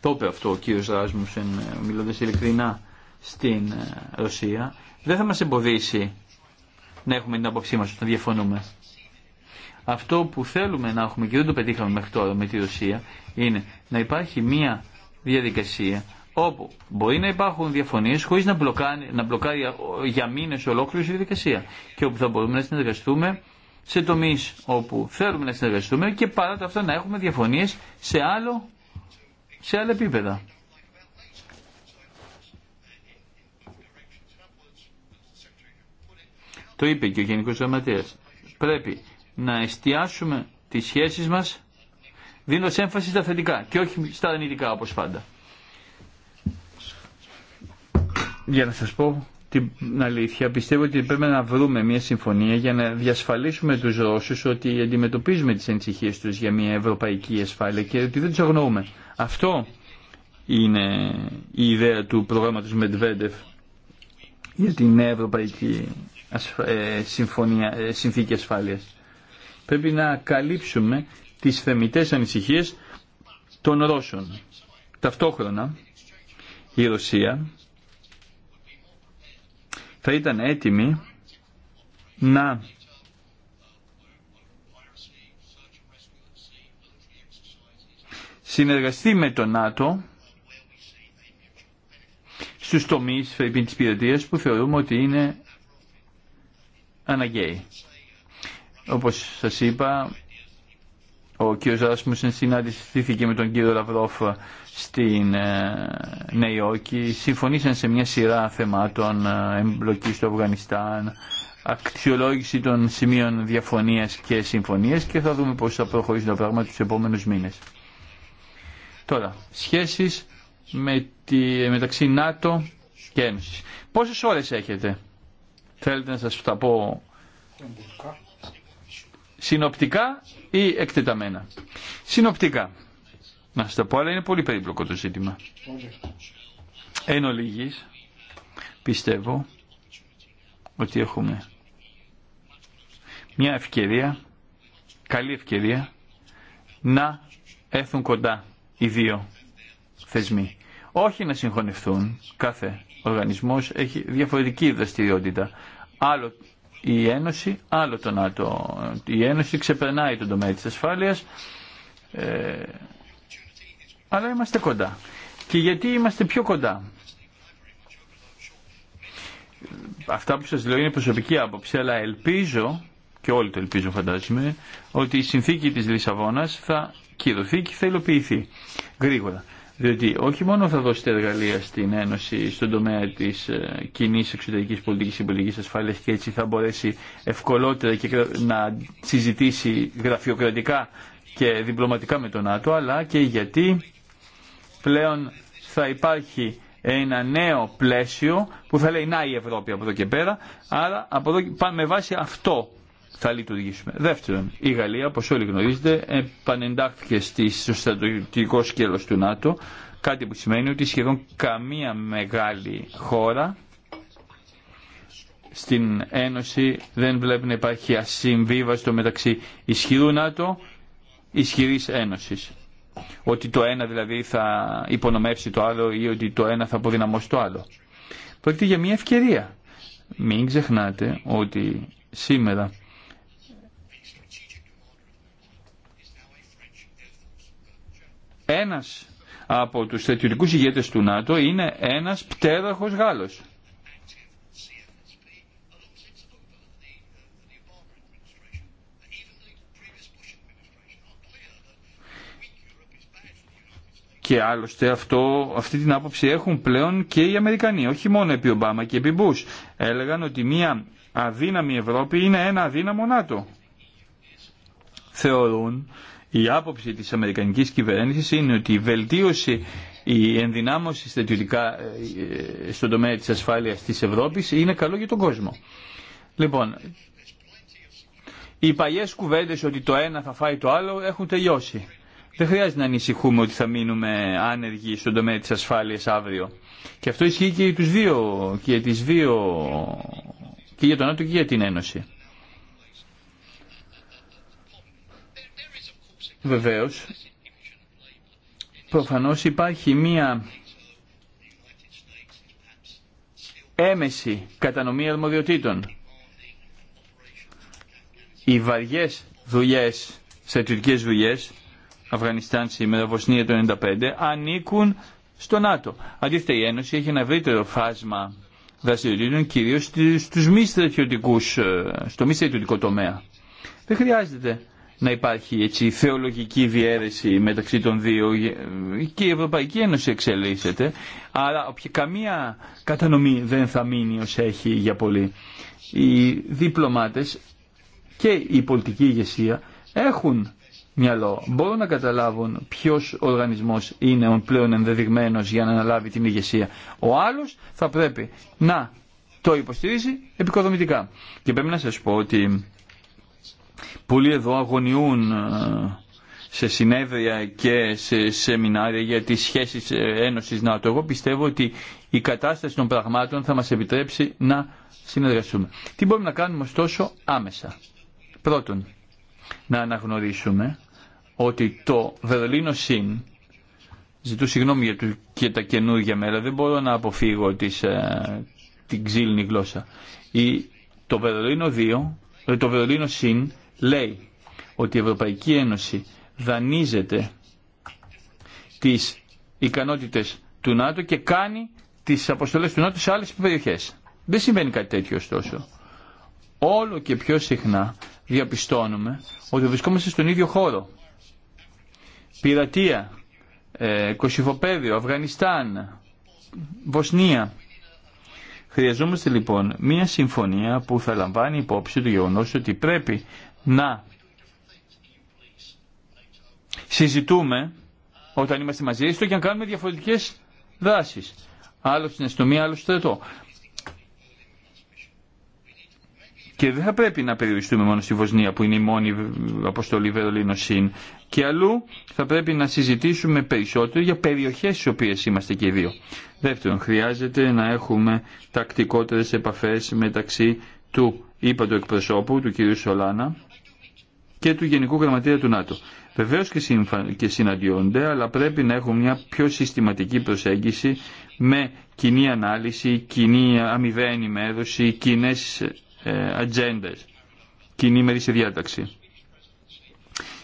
Το είπε αυτό ο κύριος Ράσμουσεν ε, μιλώντας ειλικρινά στην Ρωσία. Δεν θα μας εμποδίσει να έχουμε την άποψή μας όταν διαφωνούμε. Αυτό που θέλουμε να έχουμε και δεν το πετύχαμε μέχρι τώρα με τη Ρωσία είναι να υπάρχει μια διαδικασία όπου μπορεί να υπάρχουν διαφωνίε χωρί να, μπλοκάρει, να μπλοκάρει για μήνε ολόκληρη η διαδικασία και όπου θα μπορούμε να συνεργαστούμε σε τομεί όπου θέλουμε να συνεργαστούμε και παρά τα αυτά να έχουμε διαφωνίε σε, άλλο, σε άλλα επίπεδα. Το είπε και ο Γενικός Γραμματέας. Πρέπει να εστιάσουμε τις σχέσεις μας δίνοντας έμφαση στα θετικά και όχι στα αρνητικά όπως πάντα. Για να σας πω την αλήθεια, πιστεύω ότι πρέπει να βρούμε μια συμφωνία για να διασφαλίσουμε τους Ρώσους ότι αντιμετωπίζουμε τις ενσυχίες τους για μια ευρωπαϊκή ασφάλεια και ότι δεν τους αγνοούμε. Αυτό είναι η ιδέα του προγράμματος Μετβέντεφ για την Ευρωπαϊκή ε, ε, Συνθήκη Ασφάλειας πρέπει να καλύψουμε τις θεμητές ανησυχίες των Ρώσων. Ταυτόχρονα η Ρωσία θα ήταν έτοιμη να συνεργαστεί με το ΝΑΤΟ στους τομείς της πειρατείας που θεωρούμε ότι είναι αναγκαίοι. Όπως σας είπα, ο κ. Ζάσμουσεν συναντηθήθηκε με τον κ. Λαυρόφ στην ε, Νέα Υόρκη. Συμφωνήσαν σε μια σειρά θεμάτων, ε, εμπλοκή στο Αφγανιστάν, αξιολόγηση των σημείων διαφωνίας και συμφωνίας και θα δούμε πώς θα προχωρήσει το πράγμα τους επόμενους μήνες. Τώρα, σχέσεις με τη, μεταξύ ΝΑΤΟ και Ένωσης. Πόσες ώρες έχετε, θέλετε να σας τα πω Συνοπτικά ή εκτεταμένα. Συνοπτικά. Να σας τα πω, αλλά είναι πολύ περίπλοκο το ζήτημα. Εν ολίγης, πιστεύω ότι έχουμε μια ευκαιρία, καλή ευκαιρία, να έρθουν κοντά οι δύο θεσμοί. Όχι να συγχωνευτούν, κάθε οργανισμός έχει διαφορετική δραστηριότητα. Άλλο η Ένωση, άλλο το Η Ένωση ξεπερνάει τον τομέα της ασφάλειας, ε, αλλά είμαστε κοντά. Και γιατί είμαστε πιο κοντά. Αυτά που σας λέω είναι προσωπική άποψη, αλλά ελπίζω, και όλοι το ελπίζω φαντάζομαι, ότι η συνθήκη της Λισαβόνας θα κυρωθεί και θα υλοποιηθεί γρήγορα. Διότι όχι μόνο θα δώσετε εργαλεία στην Ένωση στον τομέα της ε, κοινή εξωτερικής πολιτικής και πολιτικής ασφάλειας και έτσι θα μπορέσει ευκολότερα και να συζητήσει γραφειοκρατικά και διπλωματικά με τον ΝΑΤΟ, αλλά και γιατί πλέον θα υπάρχει ένα νέο πλαίσιο που θα λέει να η Ευρώπη από εδώ και πέρα, άρα από εδώ, με βάση αυτό θα λειτουργήσουμε. Δεύτερον, η Γαλλία, όπως όλοι γνωρίζετε, επανεντάχθηκε στο στρατιωτικό σκέλο του ΝΑΤΟ, κάτι που σημαίνει ότι σχεδόν καμία μεγάλη χώρα στην Ένωση δεν βλέπει να υπάρχει ασυμβίβαστο μεταξύ ισχυρού ΝΑΤΟ, ισχυρής Ένωσης. Ότι το ένα δηλαδή θα υπονομεύσει το άλλο ή ότι το ένα θα αποδυναμώσει το άλλο. Πρόκειται για μια ευκαιρία. Μην ξεχνάτε ότι σήμερα Ένας από τους στρατιωτικούς ηγέτες του ΝΑΤΟ είναι ένας πτέραχος Γάλλος. Και άλλωστε αυτό, αυτή την άποψη έχουν πλέον και οι Αμερικανοί, όχι μόνο επί Ομπάμα και επί Μπούς. Έλεγαν ότι μια αδύναμη Ευρώπη είναι ένα αδύναμο ΝΑΤΟ. Θεωρούν η άποψη της Αμερικανικής κυβέρνησης είναι ότι η βελτίωση, η ενδυνάμωση στρατιωτικά ε, ε, στον τομέα της ασφάλειας της Ευρώπης είναι καλό για τον κόσμο. Λοιπόν, οι παλιές κουβέντες ότι το ένα θα φάει το άλλο έχουν τελειώσει. Δεν χρειάζεται να ανησυχούμε ότι θα μείνουμε άνεργοι στον τομέα της ασφάλειας αύριο. Και αυτό ισχύει και, τους δύο, και, τις δύο, και για τον Άτομο και για την Ένωση. Βεβαίως, προφανώς υπάρχει μία έμεση κατανομή αρμοδιοτήτων. Οι βαριές δουλειές, στρατιωτικές δουλειές, Αφγανιστάν σήμερα, Βοσνία το 1995, ανήκουν στο ΝΑΤΟ. Αντίθετα η Ένωση έχει ένα ευρύτερο φάσμα δραστηριοτήτων, κυρίως στους μη ε, στο μη στρατιωτικό τομέα. Δεν χρειάζεται να υπάρχει έτσι, θεολογική διαίρεση μεταξύ των δύο και η Ευρωπαϊκή Ένωση εξελίσσεται άρα καμία κατανομή δεν θα μείνει ως έχει για πολύ. Οι διπλωμάτες και η πολιτική ηγεσία έχουν μυαλό. Μπορούν να καταλάβουν ποιο οργανισμός είναι ο πλέον ενδεδειγμένο για να αναλάβει την ηγεσία. Ο άλλο θα πρέπει να το υποστηρίζει επικοδομητικά. Και πρέπει να σα πω ότι Πολλοί εδώ αγωνιούν ε, σε συνέδρια και σε σεμινάρια για τις σχέσεις ε, Ένωσης ΝΑΤΟ. Εγώ πιστεύω ότι η κατάσταση των πραγμάτων θα μας επιτρέψει να συνεργαστούμε. Τι μπορούμε να κάνουμε ωστόσο άμεσα. Πρώτον, να αναγνωρίσουμε ότι το Βερολίνο ΣΥΝ, ζητώ συγγνώμη για, και τα καινούργια μέρα, δεν μπορώ να αποφύγω τις, ε, την ξύλινη γλώσσα. το Βερολίνο 2, το Βερολίνο ΣΥΝ λέει ότι η Ευρωπαϊκή Ένωση δανείζεται τις ικανότητες του ΝΑΤΟ και κάνει τις αποστολές του ΝΑΤΟ σε άλλες περιοχές. Δεν συμβαίνει κάτι τέτοιο ωστόσο. Όλο και πιο συχνά διαπιστώνουμε ότι βρισκόμαστε στον ίδιο χώρο. Πειρατεία, ε, Κωσυφοπέδιο, Αφγανιστάν, Βοσνία. Χρειαζόμαστε λοιπόν μία συμφωνία που θα λαμβάνει υπόψη το γεγονός ότι πρέπει να συζητούμε όταν είμαστε μαζί, έστω και να κάνουμε διαφορετικές δράσεις. Άλλο στην αστυνομία, άλλο στο στρατό. Και δεν θα πρέπει να περιοριστούμε μόνο στη Βοσνία που είναι η μόνη αποστολή Βερολίνο ΣΥΝ. Και αλλού θα πρέπει να συζητήσουμε περισσότερο για περιοχές στις οποίες είμαστε και οι δύο. Δεύτερον, χρειάζεται να έχουμε τακτικότερες επαφές μεταξύ του του εκπροσώπου, του κυρίου Σολάνα, και του Γενικού Γραμματεία του ΝΑΤΟ. Βεβαίως και, και συναντιόνται, αλλά πρέπει να έχουν μια πιο συστηματική προσέγγιση με κοινή ανάλυση, κοινή αμοιβαία ενημέρωση, κοινέ ε, ατζέντε, κοινή μερίσια διάταξη.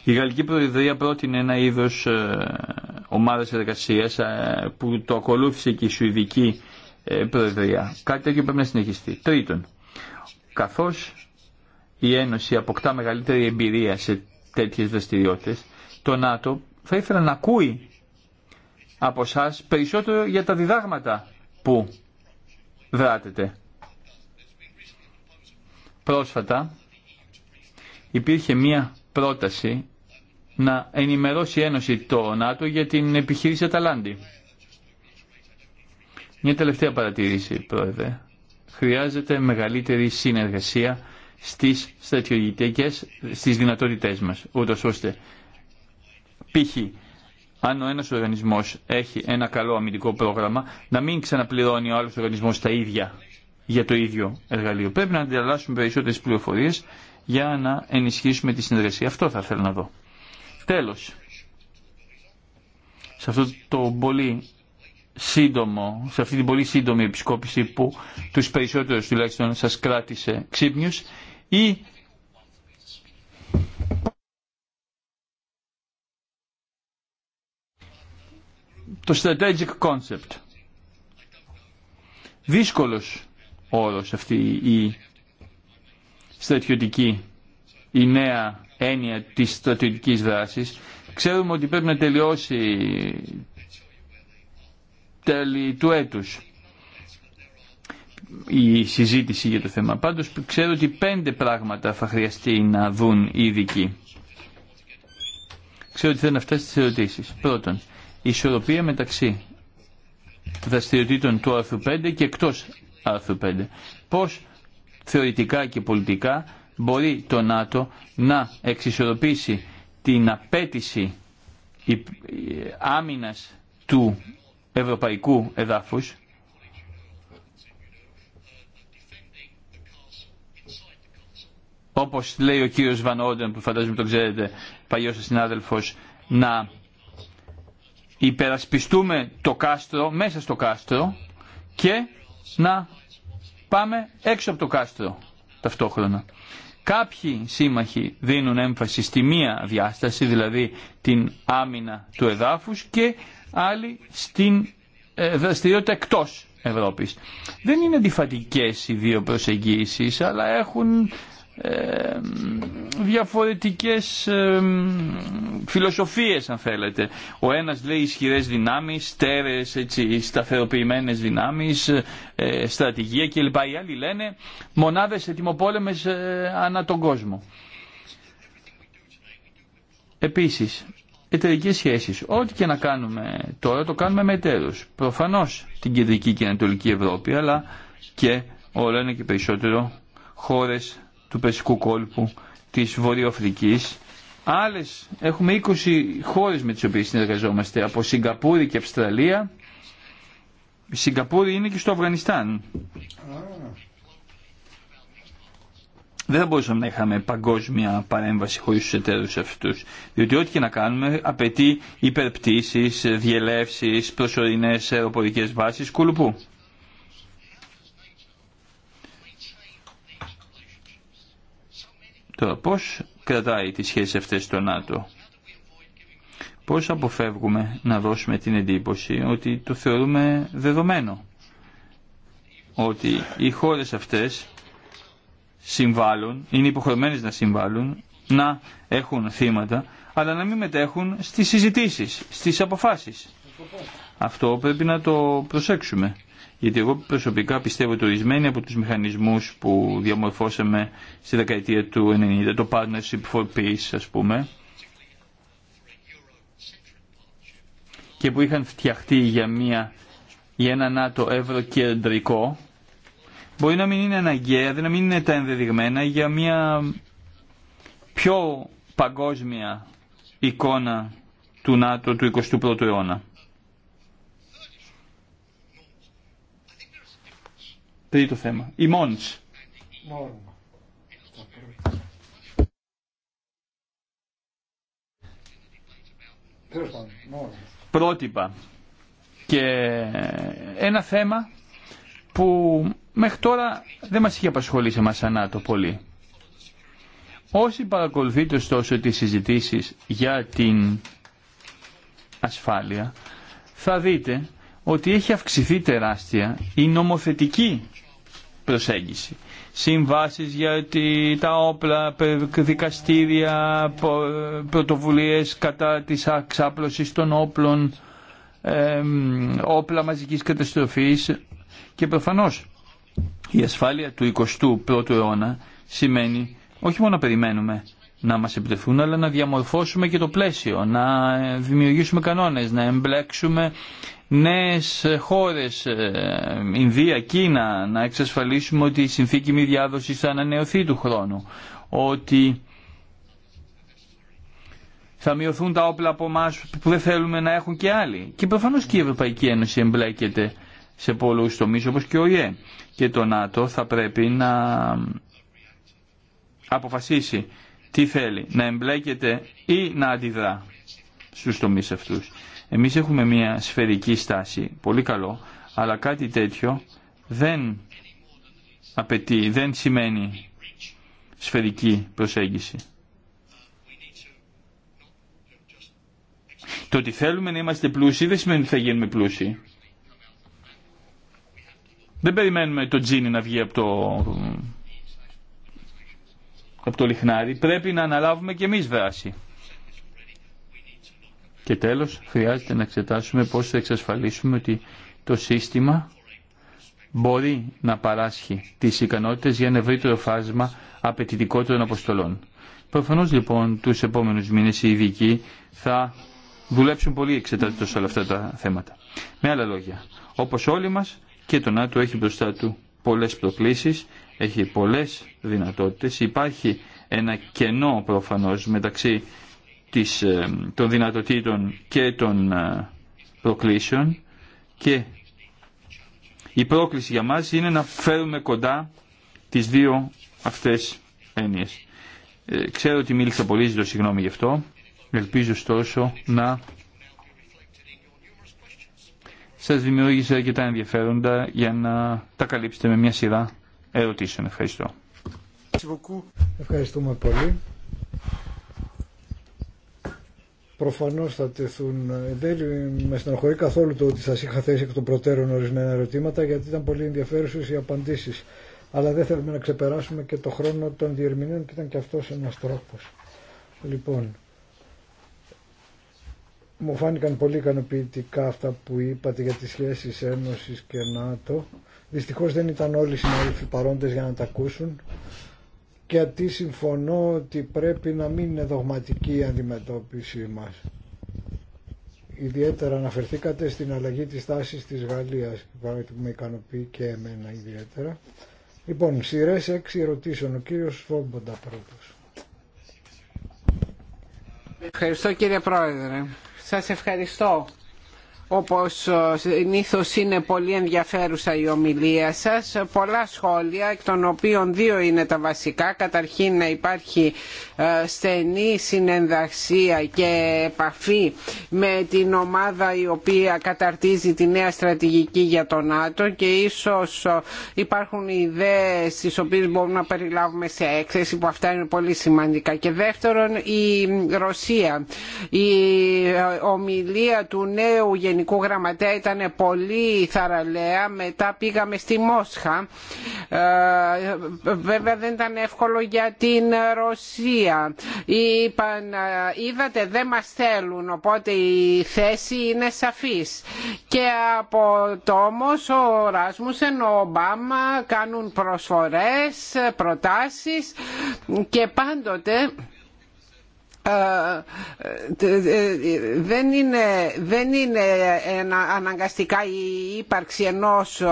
Η Γαλλική Προεδρία πρότεινε ένα είδος ε, ομάδας εργασίας ε, που το ακολούθησε και η Σουηδική ε, Προεδρία. Κάτι τέτοιο πρέπει να συνεχιστεί. Τρίτον, καθώς η Ένωση αποκτά μεγαλύτερη εμπειρία σε τέτοιες δραστηριότητε. το ΝΑΤΟ θα ήθελα να ακούει από εσά περισσότερο για τα διδάγματα που δράτεται. Πρόσφατα υπήρχε μία πρόταση να ενημερώσει η Ένωση το ΝΑΤΟ για την επιχείρηση Αταλάντη. Μια τελευταία παρατηρήση, Πρόεδρε. Χρειάζεται μεγαλύτερη συνεργασία στις στρατιωτικές, στις δυνατότητές μας, ούτως ώστε π.χ. αν ο ένας οργανισμός έχει ένα καλό αμυντικό πρόγραμμα, να μην ξαναπληρώνει ο άλλος οργανισμός τα ίδια για το ίδιο εργαλείο. Πρέπει να ανταλλάσσουμε περισσότερες πληροφορίες για να ενισχύσουμε τη συνεργασία. Αυτό θα θέλω να δω. Τέλος, σε αυτό το πολύ σύντομο, σε αυτή την πολύ σύντομη επισκόπηση που τους περισσότερους τουλάχιστον σας κράτησε ξύπνιους, ή το strategic concept. Δύσκολος όρος αυτή η στρατιωτική, η νέα έννοια της στρατιωτικής δράσης. Ξέρουμε ότι πρέπει να τελειώσει τέλη του έτους η συζήτηση για το θέμα. Πάντως ξέρω ότι πέντε πράγματα θα χρειαστεί να δουν οι ειδικοί. Ξέρω ότι θέλω να φτάσει στις ερωτήσεις. Πρώτον, ισορροπία μεταξύ δραστηριοτήτων του άρθρου 5 και εκτός άρθρου 5. Πώς θεωρητικά και πολιτικά μπορεί το ΝΑΤΟ να εξισορροπήσει την απέτηση άμυνας του ευρωπαϊκού εδάφους όπως λέει ο κύριος Βαν Όντεν που φαντάζομαι τον ξέρετε παλιός συνάδελφος να υπερασπιστούμε το κάστρο μέσα στο κάστρο και να πάμε έξω από το κάστρο ταυτόχρονα. Κάποιοι σύμμαχοι δίνουν έμφαση στη μία διάσταση, δηλαδή την άμυνα του εδάφους και άλλοι στην ε, δραστηριότητα εκτός Ευρώπης. Δεν είναι αντιφατικές οι δύο προσεγγίσεις, αλλά έχουν ε, διαφορετικές ε, φιλοσοφίες αν θέλετε. Ο ένας λέει ισχυρές δυνάμεις, στέρες, έτσι, σταθεροποιημένες δυνάμεις, ε, στρατηγία κλπ. Οι άλλοι λένε μονάδες ετοιμοπόλεμες ανά τον κόσμο. Επίσης, εταιρικές σχέσεις. Ό,τι και να κάνουμε τώρα το κάνουμε με εταίρους. Προφανώς την κεντρική και ανατολική Ευρώπη αλλά και όλο ένα και περισσότερο χώρες του Περσικού κόλπου, της Βορειοαφρικής. Άλλες, έχουμε 20 χώρες με τις οποίες συνεργαζόμαστε, από Σιγκαπούρη και Αυστραλία. Η Σιγκαπούρη είναι και στο Αφγανιστάν. Δεν θα μπορούσαμε να είχαμε παγκόσμια παρέμβαση χωρίς τους εταίρους αυτούς. Διότι ό,τι και να κάνουμε απαιτεί υπερπτήσεις, διελεύσεις, προσωρινές αεροπορικές βάσεις, κουλουπού. Τώρα πώς κρατάει τις σχέσεις αυτές στο ΝΑΤΟ. Πώς αποφεύγουμε να δώσουμε την εντύπωση ότι το θεωρούμε δεδομένο. Ότι οι χώρες αυτές συμβάλλουν, είναι υποχρεωμένες να συμβάλλουν, να έχουν θύματα, αλλά να μην μετέχουν στις συζητήσεις, στις αποφάσεις. Αυτό πρέπει να το προσέξουμε γιατί εγώ προσωπικά πιστεύω ότι ορισμένοι από τους μηχανισμούς που διαμορφώσαμε στη δεκαετία του 90, το Partnership for Peace ας πούμε, και που είχαν φτιαχτεί για, μια, για ένα ΝΑΤΟ ευρωκεντρικό, μπορεί να μην είναι αναγκαία, δεν να μην είναι τα ενδεδειγμένα για μια πιο παγκόσμια εικόνα του ΝΑΤΟ του 21ου αιώνα. Τρίτο θέμα. Η Μόνς. Πρότυπα. Και ένα θέμα που μέχρι τώρα δεν μας είχε απασχολήσει μας σαν το πολύ. Όσοι παρακολουθείτε ωστόσο τις συζητήσεις για την ασφάλεια, θα δείτε ότι έχει αυξηθεί τεράστια η νομοθετική προσέγγιση. Συμβάσεις για τα όπλα, δικαστήρια, πρωτοβουλίες κατά της αξάπλωσης των όπλων, όπλα μαζικής καταστροφής και προφανώς η ασφάλεια του 21ου αιώνα σημαίνει όχι μόνο να περιμένουμε να μας επιτεθούν, αλλά να διαμορφώσουμε και το πλαίσιο, να δημιουργήσουμε κανόνες, να εμπλέξουμε νέες χώρες, ε, Ινδία, Κίνα, να εξασφαλίσουμε ότι η συνθήκη μη διάδοση θα ανανεωθεί του χρόνου, ότι θα μειωθούν τα όπλα από εμά που δεν θέλουμε να έχουν και άλλοι. Και προφανώς και η Ευρωπαϊκή Ένωση εμπλέκεται σε πολλούς τομείς όπως και ο ΙΕ. Και το ΝΑΤΟ θα πρέπει να αποφασίσει τι θέλει, να εμπλέκεται ή να αντιδρά στους τομείς αυτούς. Εμείς έχουμε μια σφαιρική στάση, πολύ καλό, αλλά κάτι τέτοιο δεν απαιτεί, δεν σημαίνει σφαιρική προσέγγιση. Το ότι θέλουμε να είμαστε πλούσιοι δεν σημαίνει ότι θα γίνουμε πλούσιοι. Δεν περιμένουμε το τζίνι να βγει από το από το λιχνάρι, πρέπει να αναλάβουμε και εμείς δράση. Και τέλος, χρειάζεται να εξετάσουμε πώς θα εξασφαλίσουμε ότι το σύστημα μπορεί να παράσχει τις ικανότητες για ένα ευρύτερο φάσμα απαιτητικότερων αποστολών. Προφανώς λοιπόν τους επόμενους μήνες οι ειδικοί θα δουλέψουν πολύ εξετάζοντας όλα αυτά τα θέματα. Με άλλα λόγια, όπως όλοι μας και το ΝΑΤΟ έχει μπροστά του πολλές προκλήσεις έχει πολλές δυνατότητες. Υπάρχει ένα κενό προφανώς μεταξύ της, ε, των δυνατοτήτων και των ε, προκλήσεων και η πρόκληση για μας είναι να φέρουμε κοντά τις δύο αυτές έννοιες. Ε, ξέρω ότι μίλησα πολύ, ζητώ συγγνώμη γι' αυτό. Ελπίζω στόσο να σας δημιούργησε αρκετά ενδιαφέροντα για να τα καλύψετε με μια σειρά ερωτήσεων. Ευχαριστώ. Ευχαριστούμε πολύ. Προφανώ θα τεθούν. Δεν με στενοχωρεί καθόλου το ότι σα είχα θέσει εκ των προτέρων ορισμένα ερωτήματα γιατί ήταν πολύ ενδιαφέρουσε οι απαντήσει. Αλλά δεν θέλουμε να ξεπεράσουμε και το χρόνο των διερμηνών και ήταν και αυτό ένα τρόπο. Λοιπόν, μου φάνηκαν πολύ ικανοποιητικά αυτά που είπατε για τις σχέσεις Ένωσης και ΝΑΤΟ Δυστυχώς δεν ήταν όλοι οι συνάδελφοι παρόντες για να τα ακούσουν γιατί συμφωνώ ότι πρέπει να μην είναι δογματική η αντιμετώπιση μας. Ιδιαίτερα αναφερθήκατε στην αλλαγή της τάσης της Γαλλίας, που με ικανοποιεί και εμένα ιδιαίτερα. Λοιπόν, σειρέ έξι ερωτήσεων. Ο κύριος Φόμποντα πρώτος. Ευχαριστώ κύριε Πρόεδρε. Σας ευχαριστώ όπως ε, συνήθω είναι πολύ ενδιαφέρουσα η ομιλία σας πολλά σχόλια εκ των οποίων δύο είναι τα βασικά καταρχήν να υπάρχει ε, στενή συνενδαξία και επαφή με την ομάδα η οποία καταρτίζει τη νέα στρατηγική για τον ΝΑΤΟ και ίσως ε, υπάρχουν ιδέες τις οποίες μπορούμε να περιλάβουμε σε έκθεση που αυτά είναι πολύ σημαντικά και δεύτερον η Ρωσία η ομιλία του νέου Γενικού Γραμματέα ήταν πολύ θαραλέα. Μετά πήγαμε στη Μόσχα. Ε, βέβαια δεν ήταν εύκολο για την Ρωσία. Είπαν, ε, είδατε δεν μας θέλουν, οπότε η θέση είναι σαφής. Και από το ο Ράσμουσεν, ο Ομπάμα κάνουν προσφορές, προτάσεις και πάντοτε ε, ε, δεν είναι, δεν είναι αναγκαστικά η ύπαρξη ενός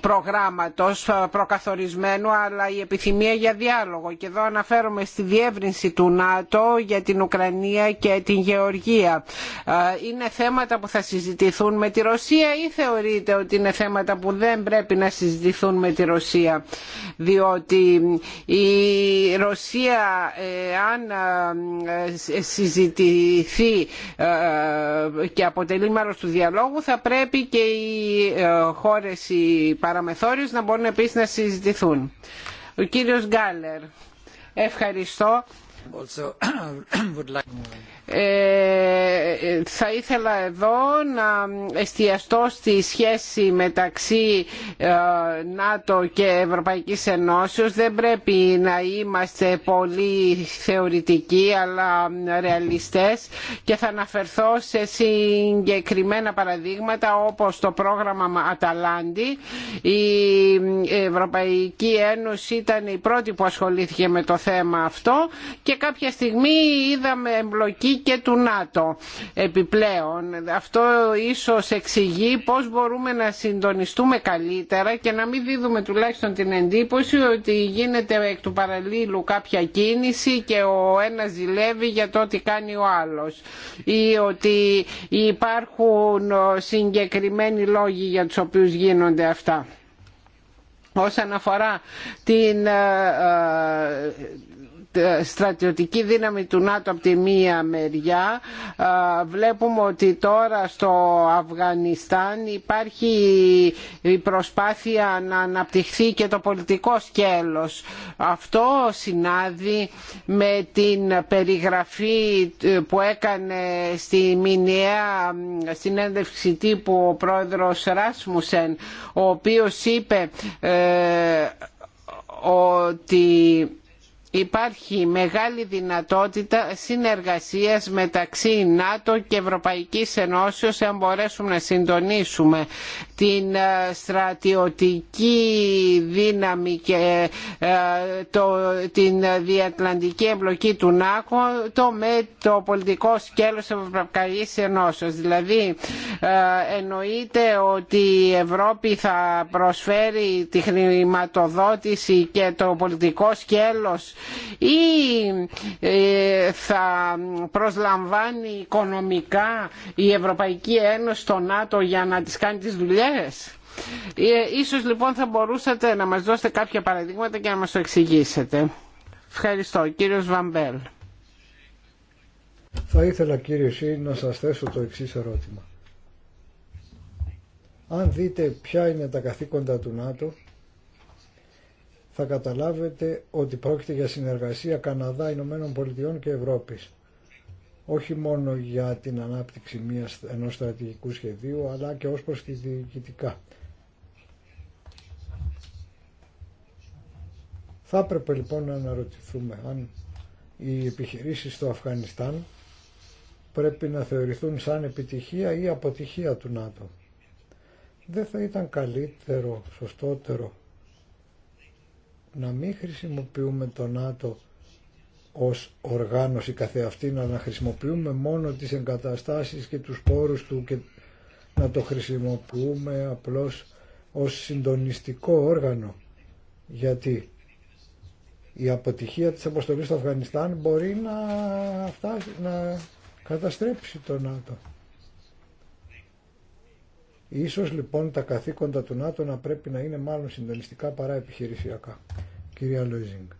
προγράμματος προκαθορισμένου αλλά η επιθυμία για διάλογο και εδώ αναφέρομαι στη διεύρυνση του ΝΑΤΟ για την Ουκρανία και την Γεωργία ε, είναι θέματα που θα συζητηθούν με τη Ρωσία ή θεωρείτε ότι είναι θέματα που δεν πρέπει να συζητηθούν με τη Ρωσία διότι η Ρωσία αν συζητηθεί ε, και αποτελεί μέρος του διαλόγου θα πρέπει και οι ε, χώρες οι παραμεθόριες να μπορούν επίσης να συζητηθούν. Ο κύριος Γκάλερ. Ευχαριστώ. Ε, θα ήθελα εδώ να εστιαστώ στη σχέση μεταξύ ε, ΝΑΤΟ και Ευρωπαϊκής Ενώσεως. Δεν πρέπει να είμαστε πολύ θεωρητικοί αλλά ε, ρεαλιστές και θα αναφερθώ σε συγκεκριμένα παραδείγματα όπως το πρόγραμμα Αταλάντη. Η Ευρωπαϊκή Ένωση ήταν η πρώτη που ασχολήθηκε με το θέμα αυτό και και κάποια στιγμή είδαμε εμπλοκή και του ΝΑΤΟ επιπλέον. Αυτό ίσως εξηγεί πώς μπορούμε να συντονιστούμε καλύτερα και να μην δίδουμε τουλάχιστον την εντύπωση ότι γίνεται εκ του παραλίλου κάποια κίνηση και ο ένας ζηλεύει για το ότι κάνει ο άλλος ή ότι υπάρχουν συγκεκριμένοι λόγοι για τους οποίους γίνονται αυτά. Όσον αφορά την ε, ε, ε, στρατιωτική δύναμη του ΝΑΤΟ από τη μία μεριά ε, βλέπουμε ότι τώρα στο Αφγανιστάν υπάρχει η προσπάθεια να αναπτυχθεί και το πολιτικό σκέλος. Αυτό συνάδει με την περιγραφή ε, που έκανε στη μηνιαία συνέντευξη τύπου ο πρόεδρος Ράσμουσεν ο οποίος είπε ότι υπάρχει μεγάλη δυνατότητα συνεργασίας μεταξύ νατο και ευρωπαϊκής ενώσεως εάν μπορέσουμε να συντονίσουμε την ε, στρατιωτική δύναμη και ε, την διατλαντική εμπλοκή του νατο με το πολιτικό σκέλος της ευρωπαϊκής ενώσεως. δηλαδή ε, εννοείται ότι η ευρώπη θα προσφέρει τη χρηματοδότηση και το πολιτικό σκέλος ή ε, θα προσλαμβάνει οικονομικά η Ευρωπαϊκή Ένωση στο ΝΑΤΟ για να τις κάνει τις δουλειές. Ε, ίσως λοιπόν θα μπορούσατε να μας δώσετε κάποια παραδείγματα και να μας το εξηγήσετε. Ευχαριστώ. Κύριος Βαμπέλ. Θα ήθελα κύριε Σύ να σας θέσω το εξής ερώτημα. Αν δείτε ποια είναι τα καθήκοντα του ΝΑΤΟ, θα καταλάβετε ότι πρόκειται για συνεργασία Καναδά, Ηνωμένων Πολιτειών και Ευρώπης. Όχι μόνο για την ανάπτυξη μιας, ενός στρατηγικού σχεδίου, αλλά και ως προς τη διοικητικά. Θα έπρεπε λοιπόν να αναρωτηθούμε αν οι επιχειρήσεις στο Αφγανιστάν πρέπει να θεωρηθούν σαν επιτυχία ή αποτυχία του ΝΑΤΟ. Δεν θα ήταν καλύτερο, σωστότερο να μην χρησιμοποιούμε τον ΝΑΤΟ ως οργάνωση καθεαυτήν, να χρησιμοποιούμε μόνο τις εγκαταστάσεις και τους πόρους του και να το χρησιμοποιούμε απλώς ως συντονιστικό όργανο. Γιατί η αποτυχία της αποστολής στο Αφγανιστάν μπορεί να, φτάσει, να καταστρέψει τον ΝΑΤΟ. Ίσως λοιπόν τα καθήκοντα του ΝΑΤΟ να πρέπει να είναι μάλλον συντονιστικά παρά επιχειρησιακά. Κυρία Λόιζινγκ.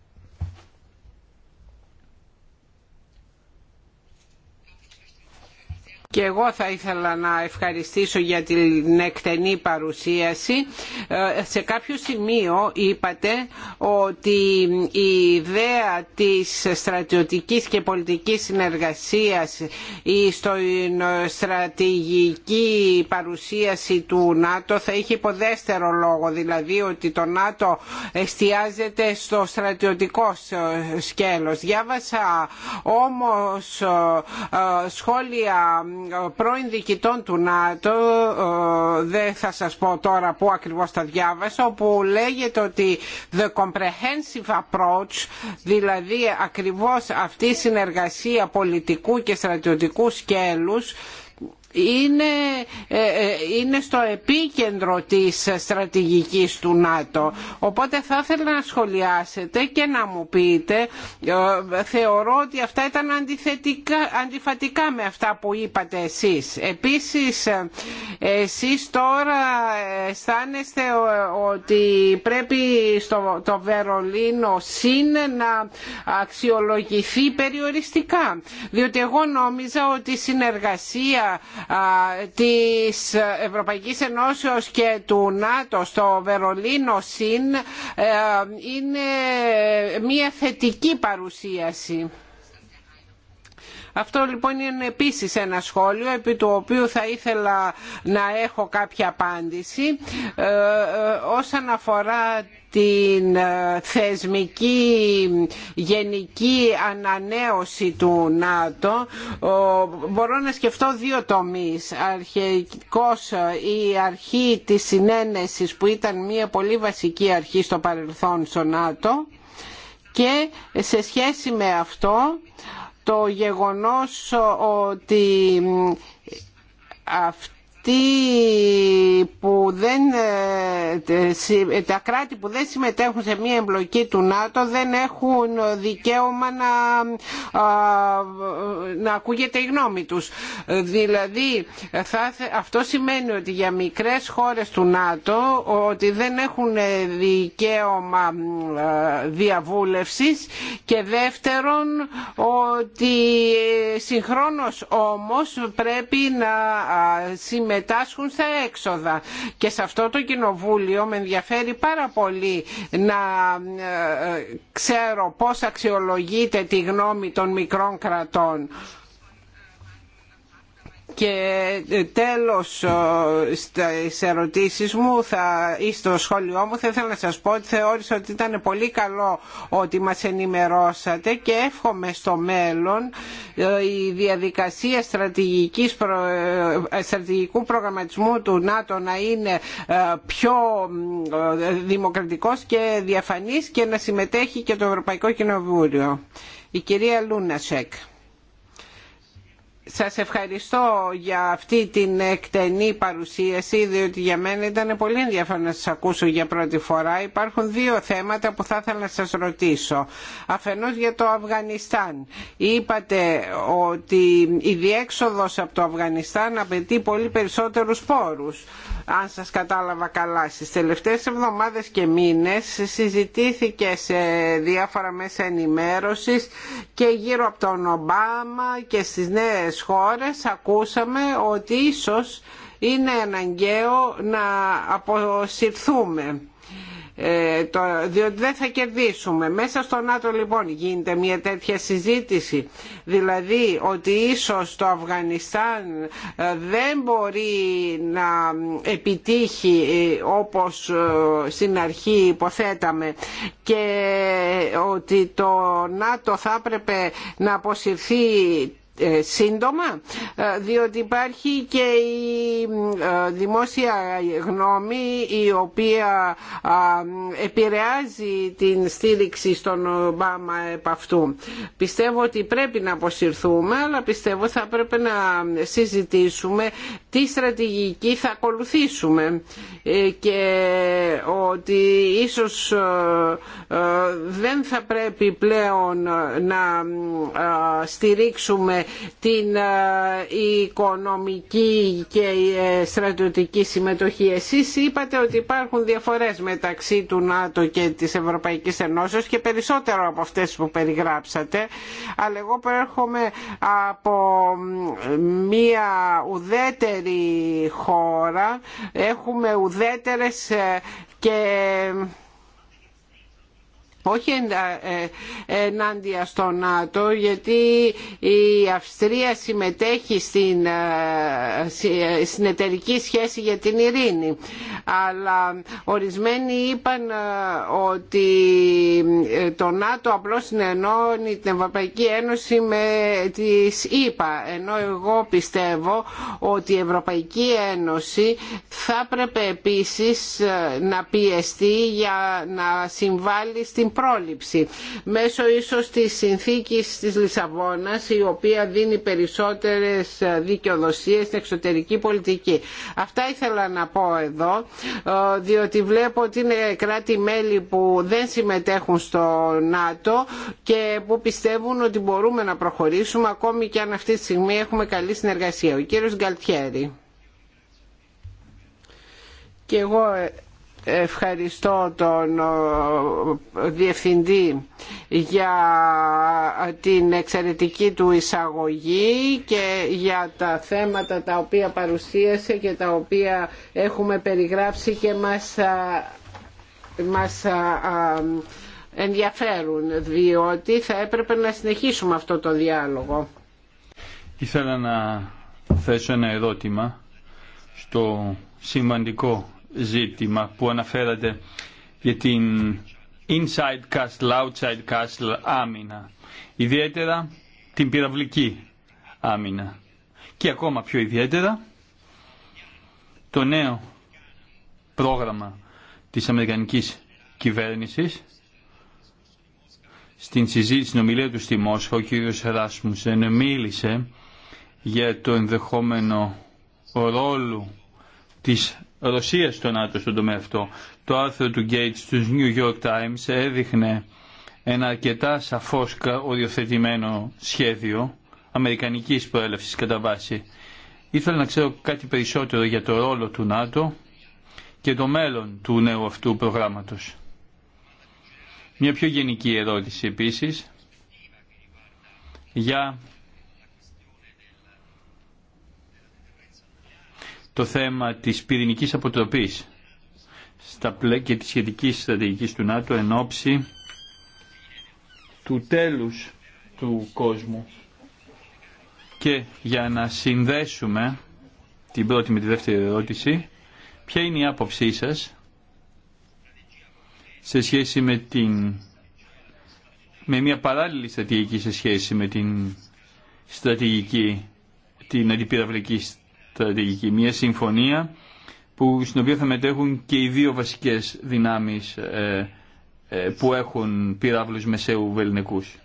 και εγώ θα ήθελα να ευχαριστήσω για την εκτενή παρουσίαση. Ε, σε κάποιο σημείο είπατε ότι η ιδέα της στρατιωτικής και πολιτικής συνεργασίας ή στην στρατηγική παρουσίαση του ΝΑΤΟ θα είχε υποδέστερο λόγο, δηλαδή ότι το ΝΑΤΟ εστιάζεται στο στρατιωτικό σκέλος. Διάβασα όμως ε, σχόλια πρώην διοικητών του ΝΑΤΟ, ε, δεν θα σας πω τώρα πού ακριβώς τα διάβασα, όπου λέγεται ότι the comprehensive approach, δηλαδή ακριβώς αυτή η συνεργασία πολιτικού και στρατιωτικού σκέλους, είναι, ε, ε, είναι στο επίκεντρο της στρατηγικής του ΝΑΤΟ. Οπότε θα ήθελα να σχολιάσετε και να μου πείτε, ε, θεωρώ ότι αυτά ήταν αντιθετικά, αντιφατικά με αυτά που είπατε εσείς. Επίσης, εσείς τώρα αισθάνεστε ότι πρέπει στο το Βερολίνο ΣΥΝ να αξιολογηθεί περιοριστικά. Διότι εγώ νόμιζα ότι η συνεργασία της Ευρωπαϊκής Ενώσεως και του ΝΑΤΟ στο Βερολίνο ΣΥΝ ε, είναι μια θετική παρουσίαση. Αυτό λοιπόν είναι επίσης ένα σχόλιο επί του οποίου θα ήθελα να έχω κάποια απάντηση ε, ε, όσον αφορά την ε, θεσμική γενική ανανέωση του ΝΑΤΟ μπορώ να σκεφτώ δύο τομείς αρχικός η αρχή της συνένεσης που ήταν μια πολύ βασική αρχή στο παρελθόν στο ΝΑΤΟ και σε σχέση με αυτό το γεγονός ότι αυτό που δεν, ε, ε, τα κράτη που δεν συμμετέχουν σε μία εμπλοκή του ΝΑΤΟ δεν έχουν δικαίωμα να, να ακούγεται η γνώμη τους. Δηλαδή αυτό σημαίνει ότι για μικρές χώρες του ΝΑΤΟ ότι δεν έχουν δικαίωμα ε, διαβούλευσης και δεύτερον ότι συγχρόνως όμως πρέπει να συμμετέχουν συμμετάσχουν στα έξοδα. Και σε αυτό το κοινοβούλιο με ενδιαφέρει πάρα πολύ να ε, ε, ξέρω πώς αξιολογείται τη γνώμη των μικρών κρατών. Και ε, τέλος ε, στις ερωτήσεις μου θα, ή στο σχόλιο μου θα ήθελα να σας πω ότι θεώρησα ότι ήταν πολύ καλό ότι μας ενημερώσατε και εύχομαι στο μέλλον ε, η διαδικασία στρατηγικής προ, στρατηγικού προγραμματισμού του ΝΑΤΟ να είναι πιο δημοκρατικός και διαφανής και να συμμετέχει και το Ευρωπαϊκό Κοινοβούλιο. Η κυρία Λούνασεκ σας ευχαριστώ για αυτή την εκτενή παρουσίαση διότι για μένα ήταν πολύ ενδιαφέρον να σας ακούσω για πρώτη φορά. Υπάρχουν δύο θέματα που θα ήθελα να σας ρωτήσω. Αφενός για το Αφγανιστάν. Είπατε ότι η διέξοδος από το Αφγανιστάν απαιτεί πολύ περισσότερους πόρους αν σας κατάλαβα καλά. Στις τελευταίες εβδομάδες και μήνες συζητήθηκε σε διάφορα μέσα ενημέρωσης και γύρω από τον Ομπάμα και στις νέες χώρες ακούσαμε ότι ίσως είναι αναγκαίο να αποσυρθούμε ε, το, διότι δεν θα κερδίσουμε. Μέσα στο ΝΑΤΟ λοιπόν γίνεται μια τέτοια συζήτηση. Δηλαδή ότι ίσως το Αφγανιστάν ε, δεν μπορεί να επιτύχει ε, όπως στην αρχή υποθέταμε και ότι το ΝΑΤΟ θα έπρεπε να αποσυρθεί ε, σύντομα ε, διότι υπάρχει και η ε, δημόσια γνώμη η οποία επηρεάζει την στήριξη στον Ομπάμα επ' αυτού. Πιστεύω ότι πρέπει να αποσυρθούμε αλλά πιστεύω θα πρέπει να συζητήσουμε τι στρατηγική θα ακολουθήσουμε και ότι ίσως δεν θα πρέπει πλέον να στηρίξουμε την ε, οικονομική και ε, στρατιωτική συμμετοχή. Εσείς είπατε ότι υπάρχουν διαφορές μεταξύ του ΝΑΤΟ και της Ευρωπαϊκής Ενώσεως και περισσότερο από αυτές που περιγράψατε, αλλά εγώ προέρχομαι από μία ουδέτερη χώρα, έχουμε ουδέτερες ε, και όχι ε, ενάντια στο ΝΑΤΟ γιατί η Αυστρία συμμετέχει στην, ε, ε, στην σχέση για την ειρήνη αλλά ορισμένοι είπαν ότι το ΝΑΤΟ απλώς συνενώνει την Ευρωπαϊκή Ένωση με τις ΗΠΑ ενώ εγώ πιστεύω ότι η Ευρωπαϊκή Ένωση θα έπρεπε επίσης να πιεστεί για να συμβάλλει στην πρόληψη μέσω ίσως της συνθήκης της Λισαβόνας η οποία δίνει περισσότερες δικαιοδοσίες στην εξωτερική πολιτική. Αυτά ήθελα να πω εδώ ε, διότι βλέπω ότι είναι κράτη-μέλη που δεν συμμετέχουν στο ΝΑΤΟ και που πιστεύουν ότι μπορούμε να προχωρήσουμε ακόμη και αν αυτή τη στιγμή έχουμε καλή συνεργασία. Ο κύριος Γκαλτιέρη. Και εγώ ε, ευχαριστώ τον Διευθυντή για την εξαιρετική του εισαγωγή και για τα θέματα τα οποία παρουσίασε και τα οποία έχουμε περιγράψει και μας, μας ενδιαφέρουν διότι θα έπρεπε να συνεχίσουμε αυτό το διάλογο. Ήθελα να θέσω ένα ερώτημα στο σημαντικό ζήτημα που αναφέρατε για την inside castle, outside castle άμυνα. Ιδιαίτερα την πυραυλική άμυνα. Και ακόμα πιο ιδιαίτερα το νέο πρόγραμμα της Αμερικανικής κυβέρνησης στην συζήτηση, στην ομιλία του στη Μόσχα, ο κ. Ράσμουσεν μίλησε για το ενδεχόμενο ρόλου της Ρωσία στο ΝΑΤΟ στον τομέα αυτό. Το άρθρο του Gates του New York Times έδειχνε ένα αρκετά σαφώς οριοθετημένο σχέδιο αμερικανικής προέλευσης κατά βάση. Ήθελα να ξέρω κάτι περισσότερο για το ρόλο του ΝΑΤΟ και το μέλλον του νέου αυτού προγράμματος. Μια πιο γενική ερώτηση επίσης για το θέμα της πυρηνικής αποτροπής στα πλέ και της σχετικής στρατηγικής του ΝΑΤΟ εν ώψη του τέλους του κόσμου και για να συνδέσουμε την πρώτη με τη δεύτερη ερώτηση ποια είναι η άποψή σας σε σχέση με την με μια παράλληλη στρατηγική σε σχέση με την στρατηγική την αντιπυραυλική στρατηγική, μια συμφωνία που, στην οποία θα μετέχουν και οι δύο βασικές δυνάμεις ε, ε, που έχουν πυράβλους μεσαίου βελνικούς.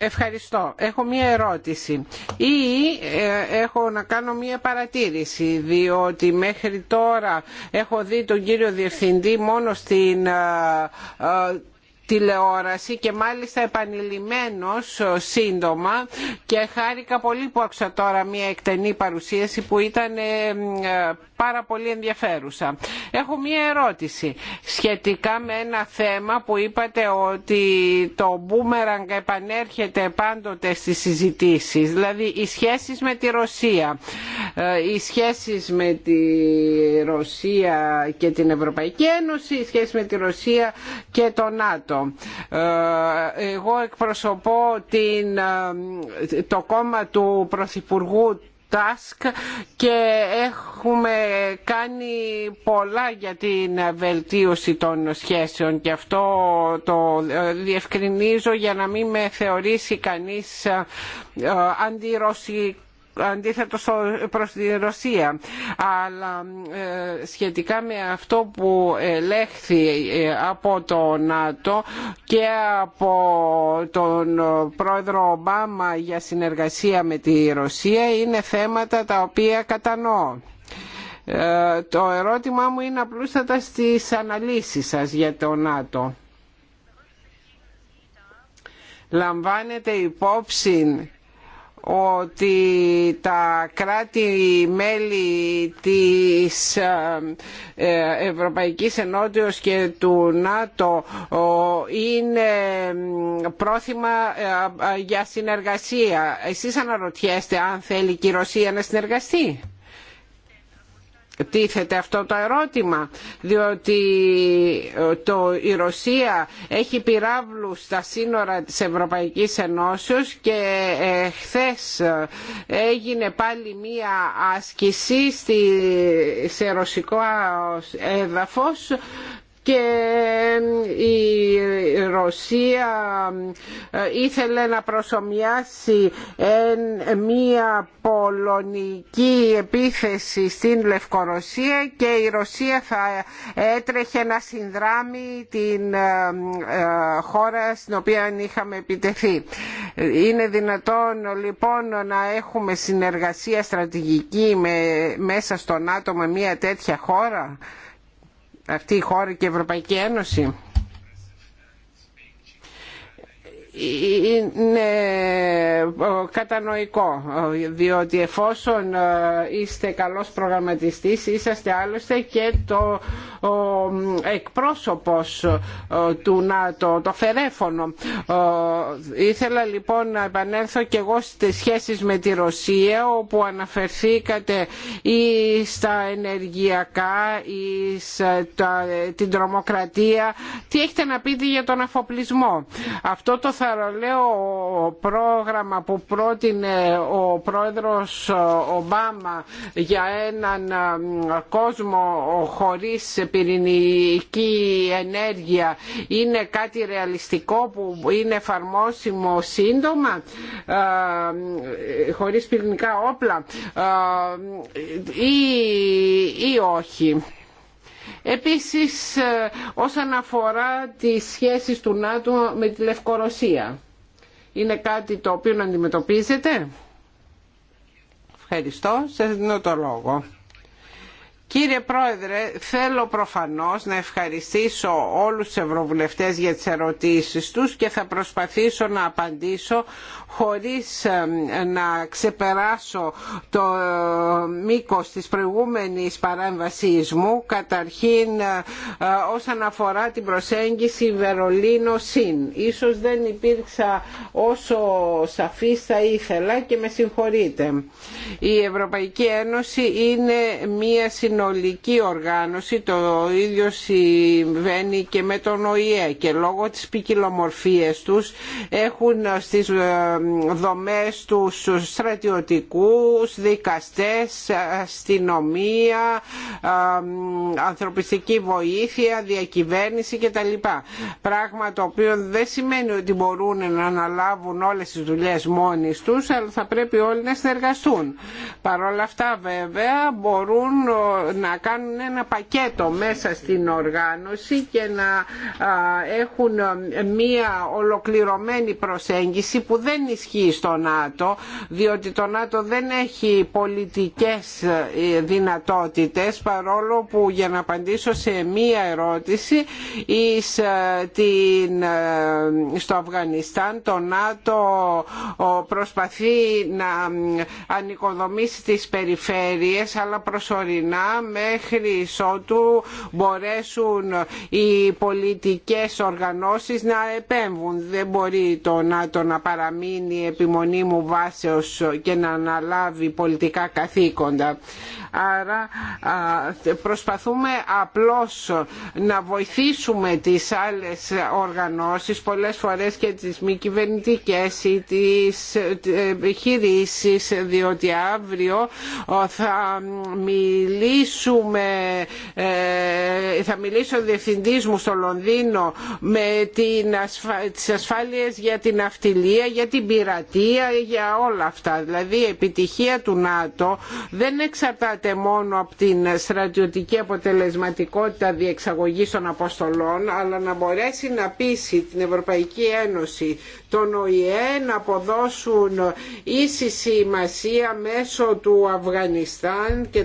Ευχαριστώ. Έχω μία ερώτηση ή ε, έχω να κάνω μία παρατήρηση διότι μέχρι τώρα έχω δει τον κύριο Διευθυντή μόνο στην ε, ε, τηλεόραση και μάλιστα επανειλημμένος ε, σύντομα και χάρηκα πολύ που άκουσα τώρα μια εκτενή παρουσίαση που ήταν ε, ε, πάρα πολύ ενδιαφέρουσα. Έχω μια ερώτηση σχετικά με ένα θέμα που είπατε ότι το μπούμεραγκ επανέρχεται πάντοτε στις συζητήσεις, δηλαδή οι σχέσεις με τη Ρωσία. Οι σχέσεις με τη Ρωσία και την Ευρωπαϊκή Ένωση, οι σχέσεις με τη Ρωσία και το ΝΑΤΟ ε, εγώ εκπροσωπώ την, ε, το κόμμα του Πρωθυπουργού ΤΑΣΚ και έχουμε κάνει πολλά για την βελτίωση των σχέσεων και αυτό το διευκρινίζω για να μην με θεωρήσει κανείς ε, αντιρωσικό αντίθετο προς τη Ρωσία. Αλλά ε, σχετικά με αυτό που ελέγχθη ε, από το ΝΑΤΟ και από τον πρόεδρο Ομπάμα για συνεργασία με τη Ρωσία είναι θέματα τα οποία κατανοώ. Ε, το ερώτημά μου είναι απλούστατα στις αναλύσεις σας για το ΝΑΤΟ. Λαμβάνετε υπόψη ότι τα κράτη-μέλη της ε, Ευρωπαϊκής Ενότητας και του ΝΑΤΟ είναι πρόθυμα ε, για συνεργασία. Εσείς αναρωτιέστε αν θέλει και η Ρωσία να συνεργαστεί τίθεται αυτό το ερώτημα διότι ε, το, η Ρωσία έχει πυράβλους στα σύνορα της Ευρωπαϊκής Ενώσεως και ε, χθες ε, έγινε πάλι μία άσκηση στη, σε ρωσικό έδαφος και ε, η Ρωσία ε, ήθελε να προσωμιάσει ε, μία πολωνική επίθεση στην Λευκορωσία και η Ρωσία θα έτρεχε να συνδράμει την χώρα στην οποία είχαμε επιτεθεί. Είναι δυνατόν λοιπόν να έχουμε συνεργασία στρατηγική με, μέσα στον Άτομο μια τέτοια χώρα αυτή η χώρα και η Ευρωπαϊκή Ένωση. είναι ε, κατανοικό διότι εφόσον ε, είστε καλός προγραμματιστής είσαστε άλλωστε και το εκπρόσωπος ε, του ΝΑΤΟ, το φερέφωνο. Ήθελα λοιπόν να επανέλθω και εγώ στις σχέσεις με τη Ρωσία όπου αναφερθήκατε ή στα ενεργειακά ή την τρομοκρατία. Τι έχετε να πείτε για τον αφοπλισμό. Αυτό το θα ο πρόγραμμα που πρότεινε ο πρόεδρος Ομπάμα για έναν κόσμο χωρίς πυρηνική ενέργεια είναι κάτι ρεαλιστικό που είναι εφαρμόσιμο σύντομα ε, χωρίς πυρηνικά όπλα ε, ή, ή όχι. Επίσης ε, όσον αφορά τις σχέσεις του ΝΑΤΟ με τη Λευκορωσία. Είναι κάτι το οποίο αντιμετωπίζετε. Ευχαριστώ. Σας δίνω το λόγο. Κύριε Πρόεδρε, θέλω προφανώς να ευχαριστήσω όλους τους ευρωβουλευτές για τις ερωτήσεις τους και θα προσπαθήσω να απαντήσω χωρίς να ξεπεράσω το μήκος της προηγούμενης παρέμβασής μου, καταρχήν ε, ε, όσον αφορά την προσέγγιση Βερολίνο-Συν. Ίσως δεν υπήρξα όσο σαφής θα ήθελα και με συγχωρείτε. Η Ευρωπαϊκή Ένωση είναι μία συνολική οργάνωση, το ίδιο συμβαίνει και με τον ΟΗΕ και λόγω της ποικιλομορφία τους έχουν στις ε, δομές τους στρατιωτικούς, δικαστές, αστυνομία, ε, ανθρωπιστική βοήθεια, διακυβέρνηση κτλ. Πράγμα το οποίο δεν σημαίνει ότι μπορούν να αναλάβουν όλες τις δουλειές μόνοι τους, αλλά θα πρέπει όλοι να συνεργαστούν. Παρ' όλα αυτά βέβαια μπορούν ε, να κάνουν ένα πακέτο μέσα στην οργάνωση και να έχουν μία ολοκληρωμένη προσέγγιση που δεν ισχύει στο ΝΑΤΟ διότι το ΝΑΤΟ δεν έχει πολιτικές ε, δυνατότητες παρόλο που για να απαντήσω σε μία ερώτηση εις, ε, την, ε, στο Αφγανιστάν το ΝΑΤΟ προσπαθεί να ανοικοδομήσει τις περιφέρειες αλλά προσωρινά μέχρι ότου μπορέσουν οι πολιτικές οργανώσεις να επέμβουν. Δεν μπορεί το ΝΑΤΟ να παραμείνει επιμονή μου βάσεως και να αναλάβει πολιτικά καθήκοντα. Άρα προσπαθούμε απλώς να βοηθήσουμε τις άλλες οργανώσεις πολλές φορές και τις μη κυβερνητικέ ή τις επιχειρήσεις διότι αύριο θα μιλήσουμε ε, θα μιλήσω ο διευθυντή μου στο Λονδίνο με τι τις ασφάλειες για την αυτιλία, για την πειρατεία, για όλα αυτά. Δηλαδή η επιτυχία του ΝΑΤΟ δεν εξαρτάται μόνο από την στρατιωτική αποτελεσματικότητα διεξαγωγής των αποστολών, αλλά να μπορέσει να πείσει την Ευρωπαϊκή Ένωση, τον ΟΗΕ να αποδώσουν ίση σημασία μέσω του Αφγανιστάν και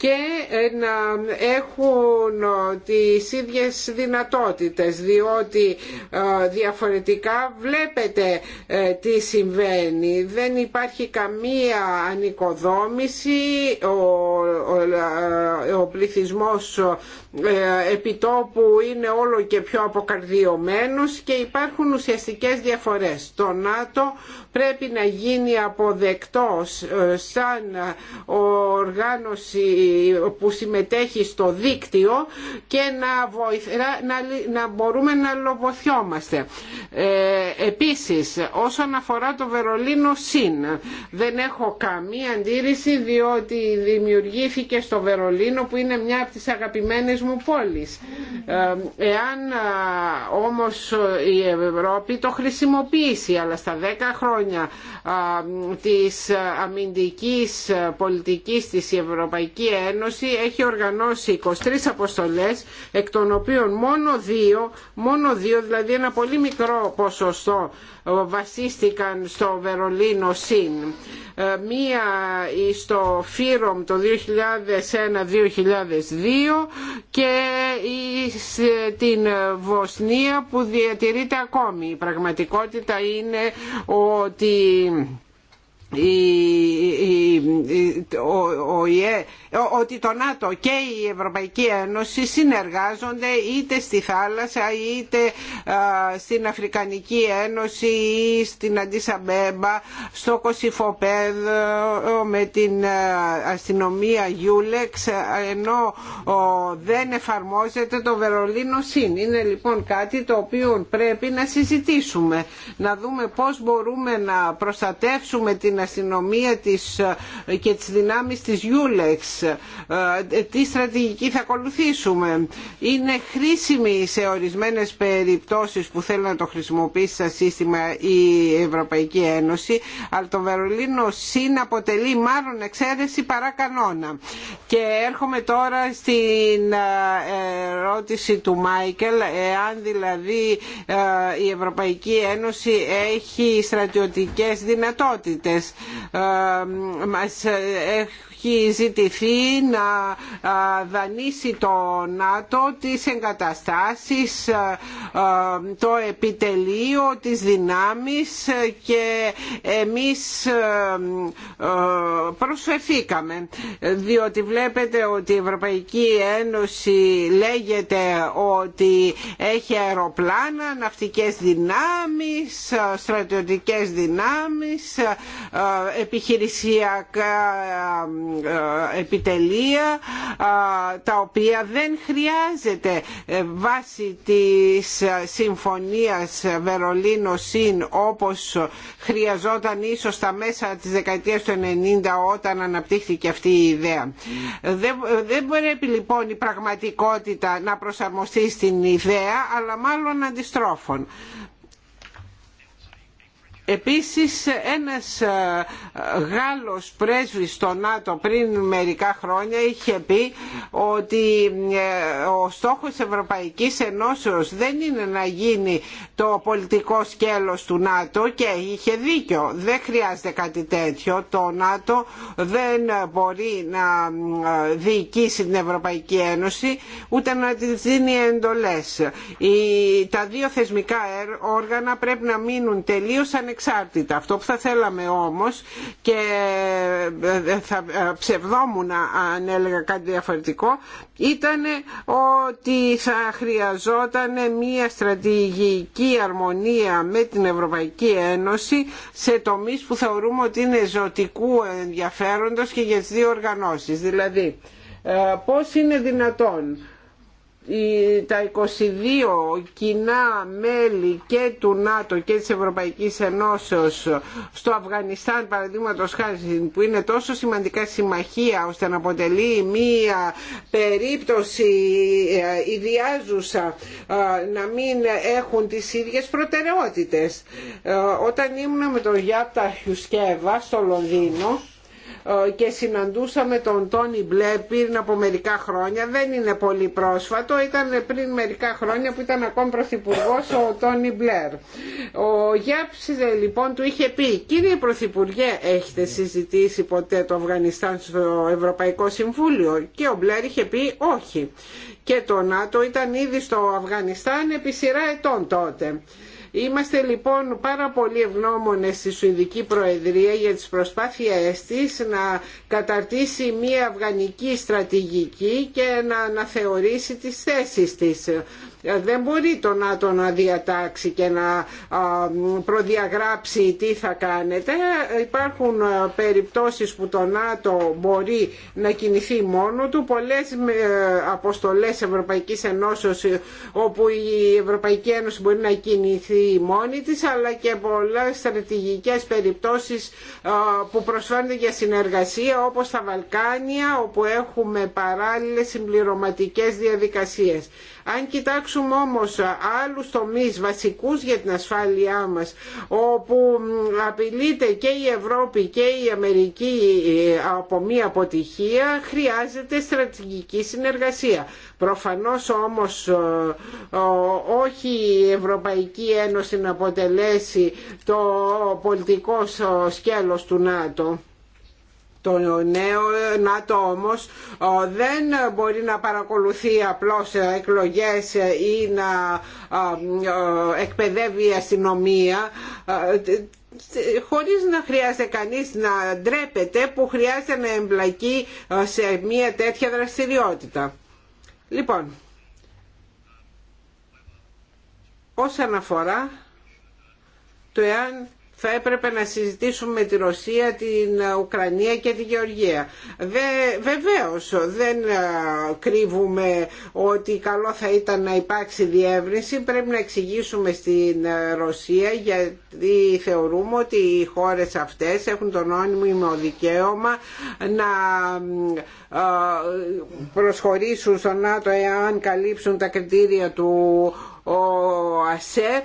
και ε, να έχουν ε, τις ίδιες δυνατότητες διότι ε, διαφορετικά βλέπετε τι συμβαίνει δεν υπάρχει καμία ανοικοδόμηση ο πληθυσμός επιτόπου είναι όλο και πιο αποκαρδιωμένος και υπάρχουν ουσιαστικές διαφορές. Το ΝΑΤΟ πρέπει να γίνει αποδεκτός σαν οργάνωση που συμμετέχει στο δίκτυο και να, μπορούμε να λογοθιόμαστε. Ε, επίσης, όσον αφορά το Βερολίνο ΣΥΝ, δεν έχω καμία αντίρρηση διότι δημιουργήθηκε στο Βερολίνο που είναι μια από τις αγαπημένες μου πόλεις. Ε, εάν όμως η Ευρώπη το χρησιμοποιήσει, αλλά στα 10 χρόνια της αμυντικής πολιτικής της η Ευρωπαϊκή Ένωση έχει οργανώσει 23 αποστολές εκ των οποίων μόνο δύο, μόνο δύο δηλαδή ένα πολύ μικρό ποσοστό ε, βασίστηκαν στο Βερολίνο ΣΥΝ. Ε, μία στο ΦΥΡΟΜ το 2001-2002 και στην Βοσνία που διατηρείται ακόμη. Η πραγματικότητα είναι ότι ότι το ΝΑΤΟ και η Ευρωπαϊκή Ένωση συνεργάζονται είτε στη θάλασσα είτε στην Αφρικανική Ένωση ή στην Αντισαμπέμπα στο Κωσυφοπέδ με την αστυνομία Γιούλεξ ενώ δεν εφαρμόζεται το Βερολίνο ΣΥΝ. Είναι λοιπόν κάτι το οποίο πρέπει να συζητήσουμε να δούμε πώς μπορούμε να προστατεύσουμε την αστυνομία της ε, και τις δυνάμεις της Ιούλεξ. Ε, τι στρατηγική θα ακολουθήσουμε. Είναι χρήσιμη σε ορισμένες περιπτώσεις που θέλει να το χρησιμοποιήσει σαν σύστημα η Ευρωπαϊκή Ένωση, αλλά το Βερολίνο συν αποτελεί μάλλον εξαίρεση παρά κανόνα. Και έρχομαι τώρα στην ε, ερώτηση του Μάικελ, εάν δηλαδή η Ευρωπαϊκή Ένωση έχει στρατιωτικές δυνατότητες. Ε, μας ε, έχει ζητηθεί να δανείσει το ΝΑΤΟ τις εγκαταστάσεις, το επιτελείο, τις δυνάμεις και εμείς προσφεθήκαμε διότι βλέπετε ότι η Ευρωπαϊκή Ένωση λέγεται ότι έχει αεροπλάνα, ναυτικές δυνάμεις, στρατιωτικές δυνάμεις, επιχειρησιακά ε, επιτελεία τα οποία δεν χρειάζεται ε, βάσει της ε, συμφωνίας Βερολίνο ΣΥΝ όπως χρειαζόταν ίσως στα μέσα της δεκαετίας του 90 όταν αναπτύχθηκε αυτή η ιδέα. Δεν, δεν λοιπόν η πραγματικότητα να προσαρμοστεί στην ιδέα αλλά μάλλον αντιστρόφων. Επίσης ένας ε, Γάλλος πρέσβης στο ΝΑΤΟ πριν μερικά χρόνια είχε πει ότι ε, ο στόχος Ευρωπαϊκής Ενώσεως δεν είναι να γίνει το πολιτικό σκέλος του ΝΑΤΟ και είχε δίκιο. Δεν χρειάζεται κάτι τέτοιο. Το ΝΑΤΟ δεν μπορεί να ε, διοικήσει την Ευρωπαϊκή Ένωση ούτε να της δίνει εντολές. Τα δύο θεσμικά όργανα πρέπει να μείνουν τελείως ανεξάρτητα. Αυτό που θα θέλαμε όμως και ε, ε, θα ε, ψευδόμουν αν έλεγα κάτι διαφορετικό ήταν ότι θα χρειαζόταν μια στρατηγική αρμονία με την Ευρωπαϊκή Ένωση σε τομείς που θεωρούμε ότι είναι ζωτικού ενδιαφέροντος και για τις δύο οργανώσεις. Δηλαδή, πώς είναι δυνατόν τα 22 κοινά μέλη και του ΝΑΤΟ και της Ευρωπαϊκής Ενώσεως στο Αφγανιστάν παραδείγματο χάρη που είναι τόσο σημαντικά συμμαχία ώστε να αποτελεί μία περίπτωση ε, ιδιάζουσα ε, να μην έχουν τις ίδιες προτεραιότητες. Ε, όταν ήμουν με τον Γιάπτα Χιουσκέβα στο Λονδίνο ε, και συναντούσαμε τον Τόνι Μπλε πριν από μερικά χρόνια, δεν είναι πολύ πρόσφατο, ήταν πριν μερικά χρόνια που ήταν ακόμη Πρωθυπουργό ο Τόνι Μπλερ. Ο Γιάψη λοιπόν του είχε πει, κύριε Πρωθυπουργέ, έχετε συζητήσει ποτέ το Αφγανιστάν στο Ευρωπαϊκό Συμβούλιο και ο Μπλερ είχε πει όχι. Και το ΝΑΤΟ ήταν ήδη στο Αφγανιστάν επί σειρά ετών τότε. Είμαστε λοιπόν πάρα πολύ ευγνώμονες στη Σουηδική Προεδρία για τις προσπάθειές της να καταρτήσει μία αυγανική στρατηγική και να αναθεωρήσει τις θέσεις της ε, δεν μπορεί το ΝΑΤΟ να διατάξει και να προδιαγράψει τι θα κάνετε. Υπάρχουν ε, περιπτώσεις που το ΝΑΤΟ μπορεί να κινηθεί μόνο του. Πολλές ε, αποστολές Ευρωπαϊκής Ενώσεως όπου η Ευρωπαϊκή Ένωση μπορεί να κινηθεί μόνη της αλλά και πολλές στρατηγικές περιπτώσεις που προσφέρονται για συνεργασία όπως τα Βαλκάνια όπου έχουμε παράλληλες συμπληρωματικές διαδικασίες. Αν κοιτάξουμε όμως άλλους τομείς βασικούς για την ασφάλειά μας όπου απειλείται και η Ευρώπη και η Αμερική από μία αποτυχία χρειάζεται στρατηγική συνεργασία. Προφανώς όμως ε, όχι η Ευρωπαϊκή Ένωση να αποτελέσει το πολιτικό σκέλος του ΝΑΤΟ. Το νέο ΝΑΤΟ όμως δεν μπορεί να παρακολουθεί απλώς εκλογές ή να εκπαιδεύει η αστυνομία χωρίς να χρειάζεται κανείς να ντρέπεται που χρειάζεται να εμπλακεί σε μια τέτοια δραστηριότητα. Λοιπόν, όσον αφορά το εάν θα έπρεπε να συζητήσουμε με τη Ρωσία, την Ουκρανία και τη Γεωργία. Βε, βεβαίως δεν κρύβουμε ότι καλό θα ήταν να υπάρξει διεύρυνση. Πρέπει να εξηγήσουμε στην Ρωσία γιατί θεωρούμε ότι οι χώρες αυτές έχουν τον όνειμο δικαίωμα να προσχωρήσουν στον ΝΑΤΟ εάν καλύψουν τα κριτήρια του ο ΑΣΕ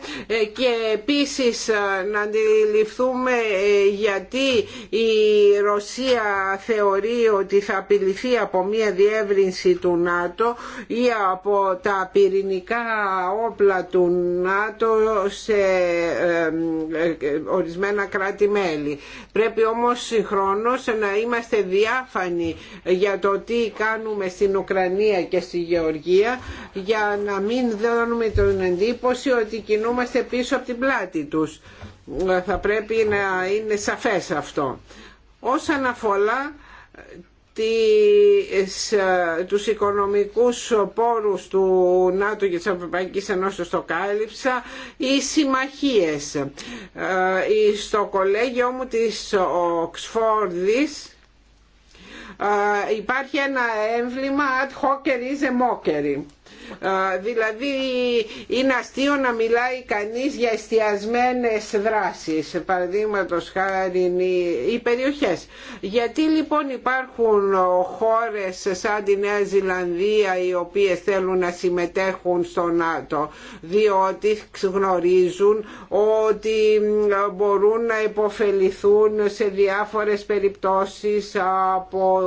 και επίσης να αντιληφθούμε ε, γιατί η Ρωσία θεωρεί ότι θα απειληθεί από μια διεύρυνση του ΝΑΤΟ ή από τα πυρηνικά όπλα του ΝΑΤΟ σε ε, ε, ορισμένα κράτη-μέλη. Πρέπει όμως συγχρόνως να είμαστε διάφανοι για το τι κάνουμε στην Ουκρανία και στη Γεωργία για να μην δώνουμε τον εντύπωση ότι κινούμαστε πίσω από την πλάτη τους. Ε, θα πρέπει να είναι σαφές αυτό. Όσον αφορά ε, ε, τους οικονομικούς πόρους του ΝΑΤΟ και της Ευρωπαϊκής Ενώσης το κάλυψα οι συμμαχίες. στο κολέγιο μου της Οξφόρδης υπάρχει ένα έμβλημα ad hoc is a mockery. Δηλαδή είναι αστείο να μιλάει κανείς για εστιασμένες δράσεις, Παραδείγματο χάρη οι περιοχές. Γιατί λοιπόν υπάρχουν χώρες σαν τη Νέα Ζηλανδία οι οποίες θέλουν να συμμετέχουν στο ΝΑΤΟ, διότι γνωρίζουν ότι μπορούν να υποφεληθούν σε διάφορες περιπτώσεις από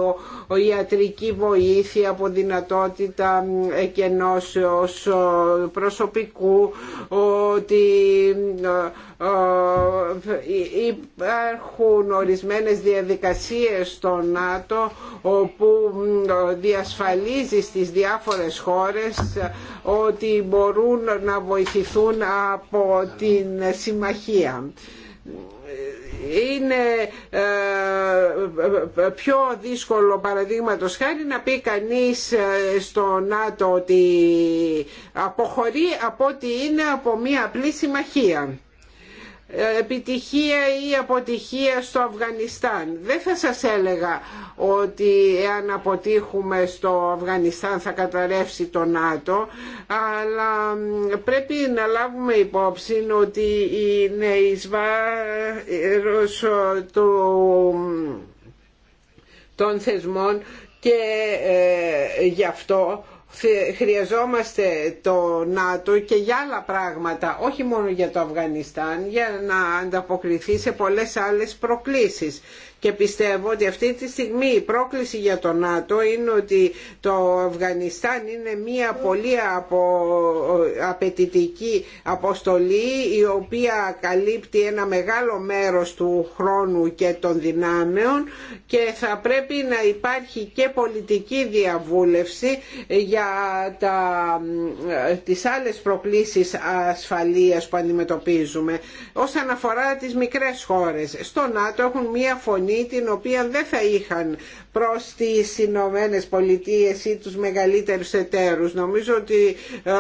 ιατρική βοήθεια, από δυνατότητα κενών Ω προσωπικού ότι υπάρχουν ορισμένες διαδικασίες στο ΝΑΤΟ όπου διασφαλίζει στις διάφορες χώρες ότι μπορούν να βοηθηθούν από την συμμαχία είναι ε, ε, ε, πιο δύσκολο παραδείγματο χάρη να πει κανείς στο ΝΑΤΟ ότι αποχωρεί από ότι είναι από μια απλή συμμαχία. Ε, επιτυχία ή αποτυχία στο Αφγανιστάν. Δεν θα σας έλεγα ότι εάν αποτύχουμε στο Αφγανιστάν θα καταρρεύσει το ΝΑΤΟ, αλλά πρέπει να λάβουμε υπόψη ότι η Νέισβα ε, των θεσμών και ε, γι' αυτό χρειαζόμαστε το ΝΑΤΟ και για άλλα πράγματα, όχι μόνο για το Αφγανιστάν, για να ανταποκριθεί σε πολλές άλλες προκλήσεις και πιστεύω ότι αυτή τη στιγμή η πρόκληση για το ΝΑΤΟ είναι ότι το Αφγανιστάν είναι μια πολύ απαιτητική αποστολή η οποία καλύπτει ένα μεγάλο μέρος του χρόνου και των δυνάμεων και θα πρέπει να υπάρχει και πολιτική διαβούλευση για τα, τις άλλες προκλήσεις ασφαλείας που αντιμετωπίζουμε όσον αφορά τις μικρές χώρες. Στο ΝΑΤΟ έχουν μια φωνή την οποία δεν θα είχαν προς τις Ηνωμένε Πολιτείε ή τους μεγαλύτερους εταίρους. Νομίζω ότι ε,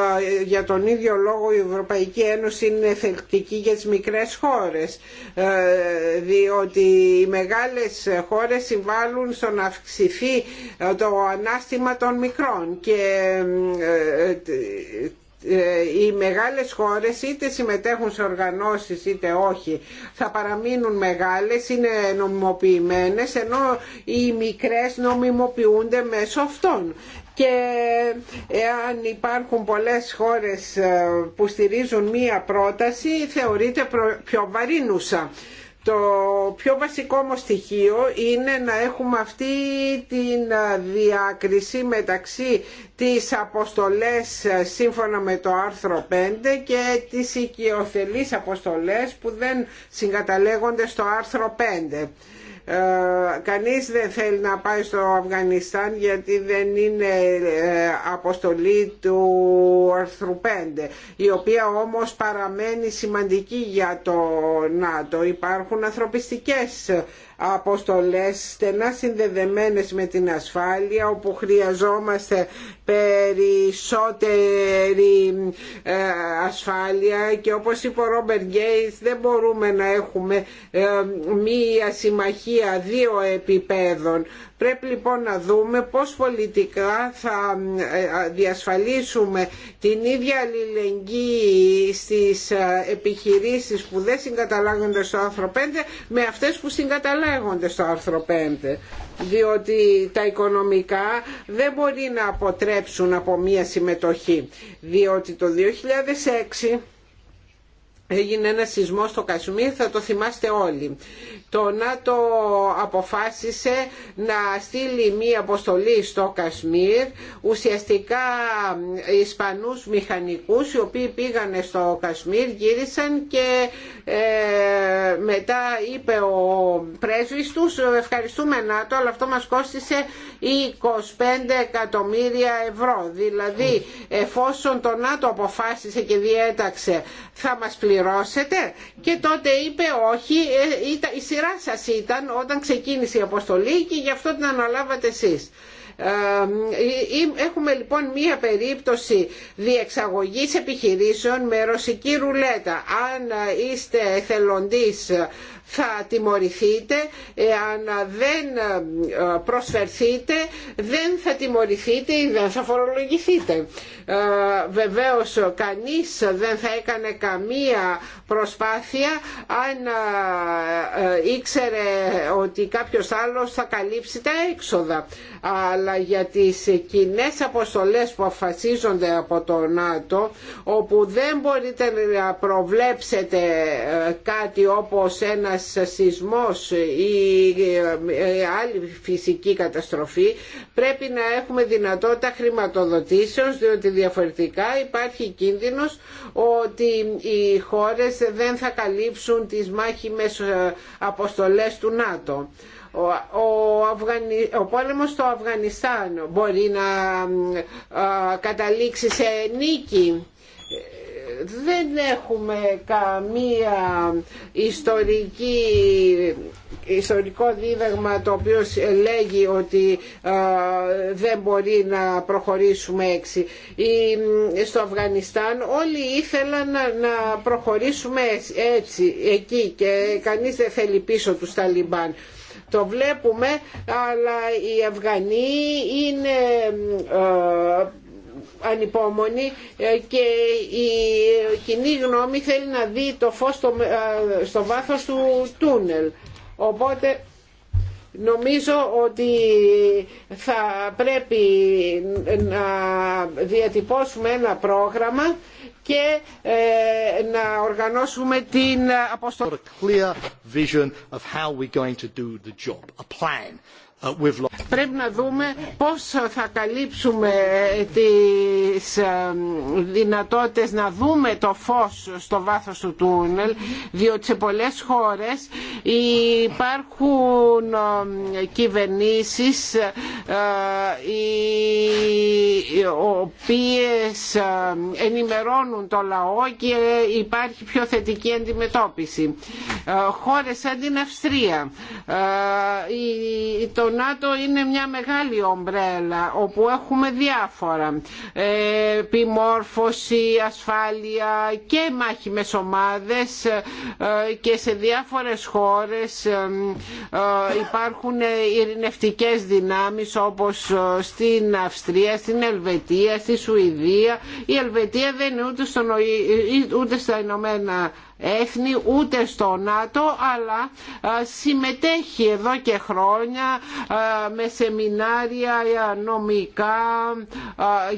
για τον ίδιο λόγο η Ευρωπαϊκή Ένωση είναι εφεκτική για τις μικρές χώρες ε, διότι οι μεγάλες χώρες συμβάλλουν στο να αυξηθεί το ανάστημα των μικρών και ε, ε, οι μεγάλες χώρες είτε συμμετέχουν σε οργανώσεις είτε όχι θα παραμείνουν μεγάλες, είναι νομιμοποιημένες ενώ οι μικρές νομιμοποιούνται μέσω αυτών και εάν υπάρχουν πολλές χώρες ε, που στηρίζουν μία πρόταση θεωρείται πιο βαρύνουσα. Το πιο βασικό όμω στοιχείο είναι να έχουμε αυτή την διάκριση μεταξύ της αποστολές σύμφωνα με το άρθρο 5 και τις οικειοθελείς αποστολές που δεν συγκαταλέγονται στο άρθρο 5. Ε, κανείς δεν θέλει να πάει στο Αφγανιστάν γιατί δεν είναι ε, αποστολή του άρθρου 5 η οποία όμως παραμένει σημαντική για το ΝΑΤΟ υπάρχουν ανθρωπιστικές αποστολές στενά συνδεδεμένες με την ασφάλεια όπου χρειαζόμαστε περισσότερη ε, ασφάλεια και όπως είπε ο Ρόμπερ Γκέις δεν μπορούμε να έχουμε ε, μία συμμαχία δύο επιπέδων. Πρέπει λοιπόν να δούμε πώς πολιτικά θα ε, διασφαλίσουμε την ίδια αλληλεγγύη στις επιχειρήσεις που δεν συγκαταλάγονται στο άνθρωπο 5 με αυτές που συγκαταλάγονται λέγονται στο άρθρο 5 διότι τα οικονομικά δεν μπορεί να αποτρέψουν από μία συμμετοχή διότι το 2006 έγινε ένα σεισμό στο Κασμίρ, θα το θυμάστε όλοι. Το ΝΑΤΟ αποφάσισε να στείλει μία αποστολή στο Κασμίρ, ουσιαστικά Ισπανούς μηχανικούς οι οποίοι πήγαν στο Κασμίρ, γύρισαν και ε, μετά είπε ο πρέσβης τους ευχαριστούμε ΝΑΤΟ αλλά αυτό μας κόστισε 25 εκατομμύρια ευρώ. Δηλαδή εφόσον το ΝΑΤΟ αποφάσισε και διέταξε θα μας πληρώσει πληρώσετε και τότε είπε όχι, ε, η σειρά σας ήταν όταν ξεκίνησε η αποστολή και γι' αυτό την αναλάβατε εσείς. Ε, ε, έχουμε λοιπόν μία περίπτωση διεξαγωγής επιχειρήσεων με ρωσική ρουλέτα. Αν είστε εθελοντής θα τιμωρηθείτε, εάν δεν ε, προσφερθείτε δεν θα τιμωρηθείτε ή δεν θα φορολογηθείτε. Ε, βεβαίως κανείς δεν θα έκανε καμία προσπάθεια αν ε, ήξερε ότι κάποιος άλλος θα καλύψει τα έξοδα. Αλλά για τις κοινέ αποστολές που αφασίζονται από το ΝΑΤΟ όπου δεν μπορείτε να προβλέψετε κάτι όπως ένα ένας ή ε, ε, άλλη φυσική καταστροφή πρέπει να έχουμε δυνατότητα χρηματοδοτήσεως διότι διαφορετικά υπάρχει κίνδυνος ότι οι χώρες δεν θα καλύψουν τις μάχημες ε, αποστολές του ΝΑΤΟ. Ο, ο, ο πόλεμος στο Αφγανιστάν μπορεί να καταλήξει σε νίκη δεν έχουμε καμία ιστορική ιστορικό δίδαγμα το οποίο λέγει ότι δεν μπορεί να προχωρήσουμε έξι. στο Αφγανιστάν όλοι ήθελαν να, να προχωρήσουμε έτσι εκεί και κανείς δεν θέλει πίσω τους Ταλιμπάν. Το βλέπουμε αλλά οι Αφγανοί είναι ανυπόμονη ε, και η κοινή γνώμη θέλει να δει το φως στο, ε, στο βάθος του τούνελ. Οπότε νομίζω ότι θα πρέπει να διατυπώσουμε ένα πρόγραμμα και ε, να οργανώσουμε την αποστολή. Uh, Πρέπει να δούμε πώς θα καλύψουμε τις ε, δυνατότητες να δούμε το φως στο βάθος του τούνελ διότι σε πολλές χώρες υπάρχουν ε, κυβερνήσεις ε, οι οποίες ενημερώνουν το λαό και υπάρχει πιο θετική αντιμετώπιση. Χώρες σαν την Αυστρία το το ΝΑΤΟ είναι μια μεγάλη ομπρέλα όπου έχουμε διάφορα ε, επιμόρφωση, ασφάλεια και μάχη με ομάδες ε, και σε διάφορες χώρες ε, υπάρχουν ειρηνευτικές δυνάμεις όπως στην Αυστρία, στην Ελβετία, στη Σουηδία. Η Ελβετία δεν είναι ούτε, στον, ούτε στα Ηνωμένα έθνη ούτε στο ΝΑΤΟ αλλά συμμετέχει εδώ και χρόνια με σεμινάρια νομικά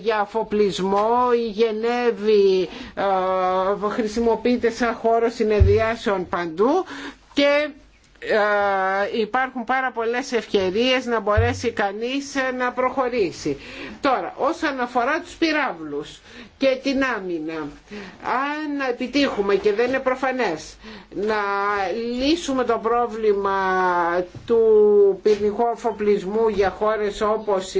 για αφοπλισμό η Γενέβη χρησιμοποιείται σαν χώρο συνεδριάσεων παντού και ε, υπάρχουν πάρα πολλές ευκαιρίες να μπορέσει κανείς ε, να προχωρήσει. Τώρα, όσον αφορά τους πυράβλους και την άμυνα, αν επιτύχουμε και δεν είναι προφανές να λύσουμε το πρόβλημα του πυρηνικού αφοπλισμού για χώρες όπως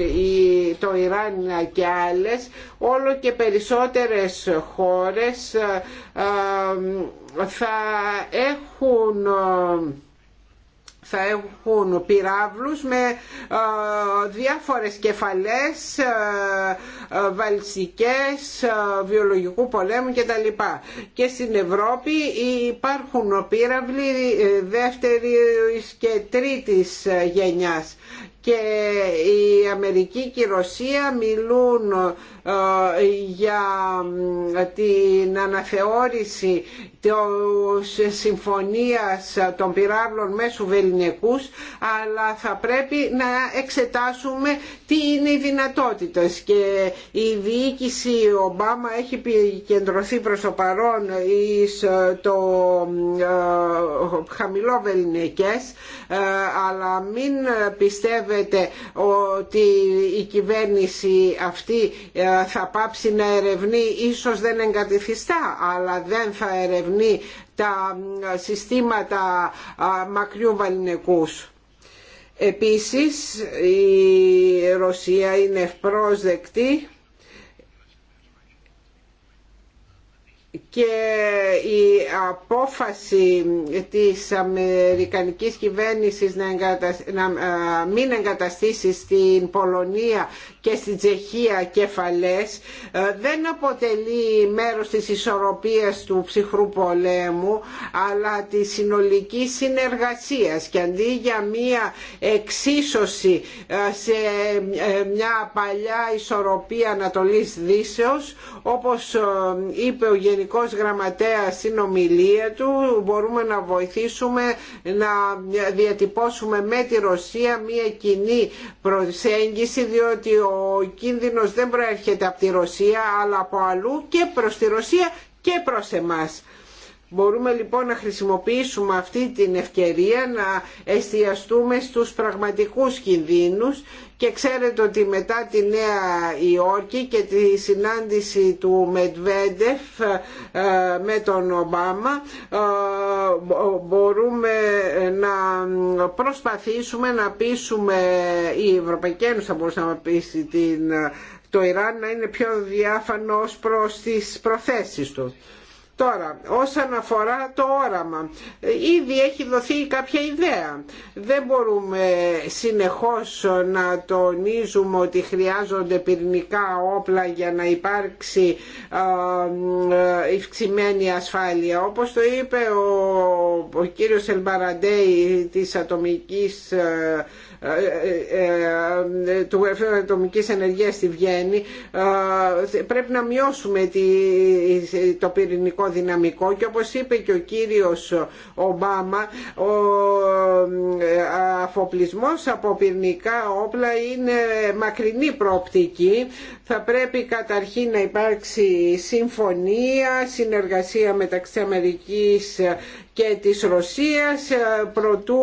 το Ιράν και άλλες, όλο και περισσότερες χώρες ε, θα έχουν θα έχουν πυράβλους με ε, διάφορες κεφαλές ε, ε, βαλσικές, βιολογικού πολέμου κτλ. Και στην Ευρώπη υπάρχουν πύραυλοι δεύτερης και τρίτης γενιάς και η Αμερική και η Ρωσία μιλούν ε, για την αναθεώρηση της συμφωνίας των πυράβλων μέσου βεληνικούς αλλά θα πρέπει να εξετάσουμε τι είναι οι δυνατότητες και η διοίκηση Ομπάμα έχει επικεντρωθεί προς το παρόν εις ε, το ε, χαμηλό βεληνικές αλλά μην πιστεύετε ότι η κυβέρνηση αυτή θα πάψει να ερευνεί, ίσως δεν εγκατηθιστά, αλλά δεν θα ερευνεί τα συστήματα μακριού βαλινεκούς. Επίσης η Ρωσία είναι ευπρόσδεκτη και η απόφαση της Αμερικανικής κυβέρνησης να, να μην εγκαταστήσει στην Πολωνία και στην Τσεχία κεφαλές ε, δεν αποτελεί μέρος της ισορροπίας του ψυχρού πολέμου αλλά της συνολικής συνεργασίας και αντί για μία εξίσωση ε, σε ε, μια παλιά ισορροπία Ανατολής Δύσεως όπως είπε ο Γενικός Γραμματέας στην ομιλία του μπορούμε να βοηθήσουμε να διατυπώσουμε με τη Ρωσία μια κοινή προσέγγιση διότι ο κίνδυνος δεν προέρχεται από τη Ρωσία αλλά από αλλού και προς τη Ρωσία και προς εμάς. Μπορούμε λοιπόν να χρησιμοποιήσουμε αυτή την ευκαιρία να εστιαστούμε στους πραγματικούς κινδύνους και ξέρετε ότι μετά τη Νέα Υόρκη και τη συνάντηση του Μετβέντεφ ε, με τον Ομπάμα ε, μπορούμε να προσπαθήσουμε να πείσουμε η Ευρωπαϊκή Ένωση θα μπορούσε να πείσει την, το Ιράν να είναι πιο διάφανο προς τις προθέσεις του. Τώρα, όσον αφορά το όραμα, ήδη έχει δοθεί κάποια ιδέα. Δεν μπορούμε συνεχώς να τονίζουμε ότι χρειάζονται πυρηνικά όπλα για να υπάρξει ευξημένη ασφάλεια. Όπως το είπε ο, ο κύριος Ελμπαραντέη της ατομικής του Γραφείου Ατομική Ενεργείας στη Βιέννη ε, πρέπει να μειώσουμε το πυρηνικό δυναμικό και όπως είπε και ο κύριος Ομπάμα ο ε, αφοπλισμός από πυρηνικά όπλα είναι μακρινή προοπτική θα πρέπει καταρχήν να υπάρξει συμφωνία συνεργασία μεταξύ Αμερικής και της Ρωσίας ε, προτού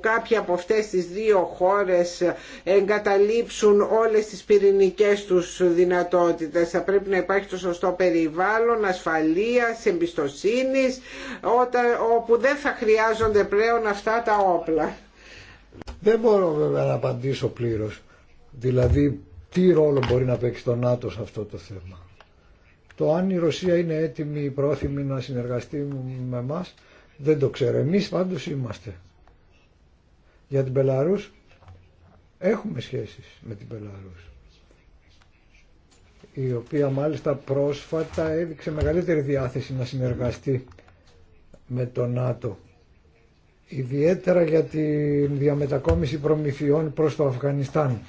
κάποια από αυτές τις δύο χώρες εγκαταλείψουν όλες τις πυρηνικές τους δυνατότητες. Θα πρέπει να υπάρχει το σωστό περιβάλλον, ασφαλεία, εμπιστοσύνης, όπου δεν θα χρειάζονται πλέον αυτά τα όπλα. Δεν μπορώ βέβαια να απαντήσω πλήρως. Δηλαδή τι ρόλο μπορεί να παίξει το ΝΑΤΟ σε αυτό το θέμα. Το αν η Ρωσία είναι έτοιμη ή πρόθυμη να συνεργαστεί με εμάς δεν το ξέρω. Εμείς πάντως είμαστε. Για την Πελαρούς έχουμε σχέσεις με την Πελαρούς η οποία μάλιστα πρόσφατα έδειξε μεγαλύτερη διάθεση να συνεργαστεί με το ΝΑΤΟ. Ιδιαίτερα για τη διαμετακόμιση προμηθειών προς το Αφγανιστάν.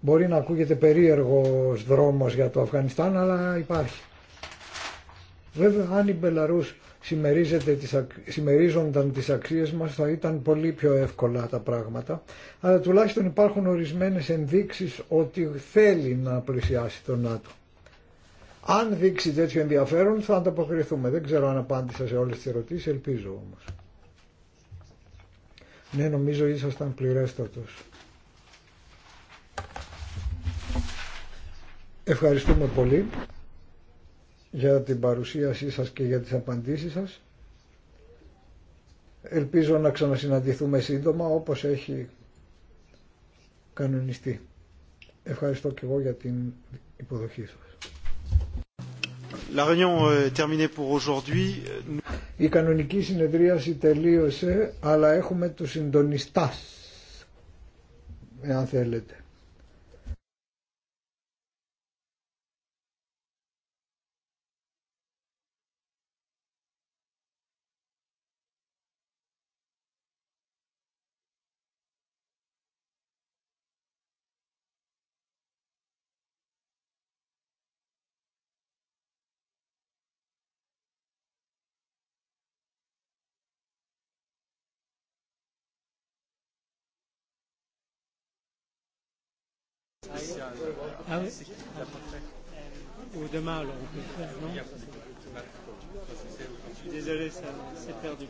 Μπορεί να ακούγεται περίεργος δρόμος για το Αφγανιστάν, αλλά υπάρχει. Βέβαια, αν η Μπελαρούς συμμερίζονταν τις αξίες μας θα ήταν πολύ πιο εύκολα τα πράγματα, αλλά τουλάχιστον υπάρχουν ορισμένες ενδείξεις ότι θέλει να πλησιάσει τον ΝΑΤΟ. Αν δείξει τέτοιο ενδιαφέρον θα ανταποκριθούμε. Δεν ξέρω αν απάντησα σε όλες τις ερωτήσεις, ελπίζω όμως. Ναι, νομίζω ήσασταν πληρέστατος. Ευχαριστούμε πολύ για την παρουσίασή σας και για τις απαντήσεις σας. Ελπίζω να ξανασυναντηθούμε σύντομα όπως έχει κανονιστεί. Ευχαριστώ και εγώ για την υποδοχή σας. La réunion euh, terminée pour aujourd'hui. Η κανονική συνεδρίαση τελείωσε, αλλά έχουμε τους συντονιστάς, εάν θέλετε. Ah oui Ou demain, désolé, ça perdu.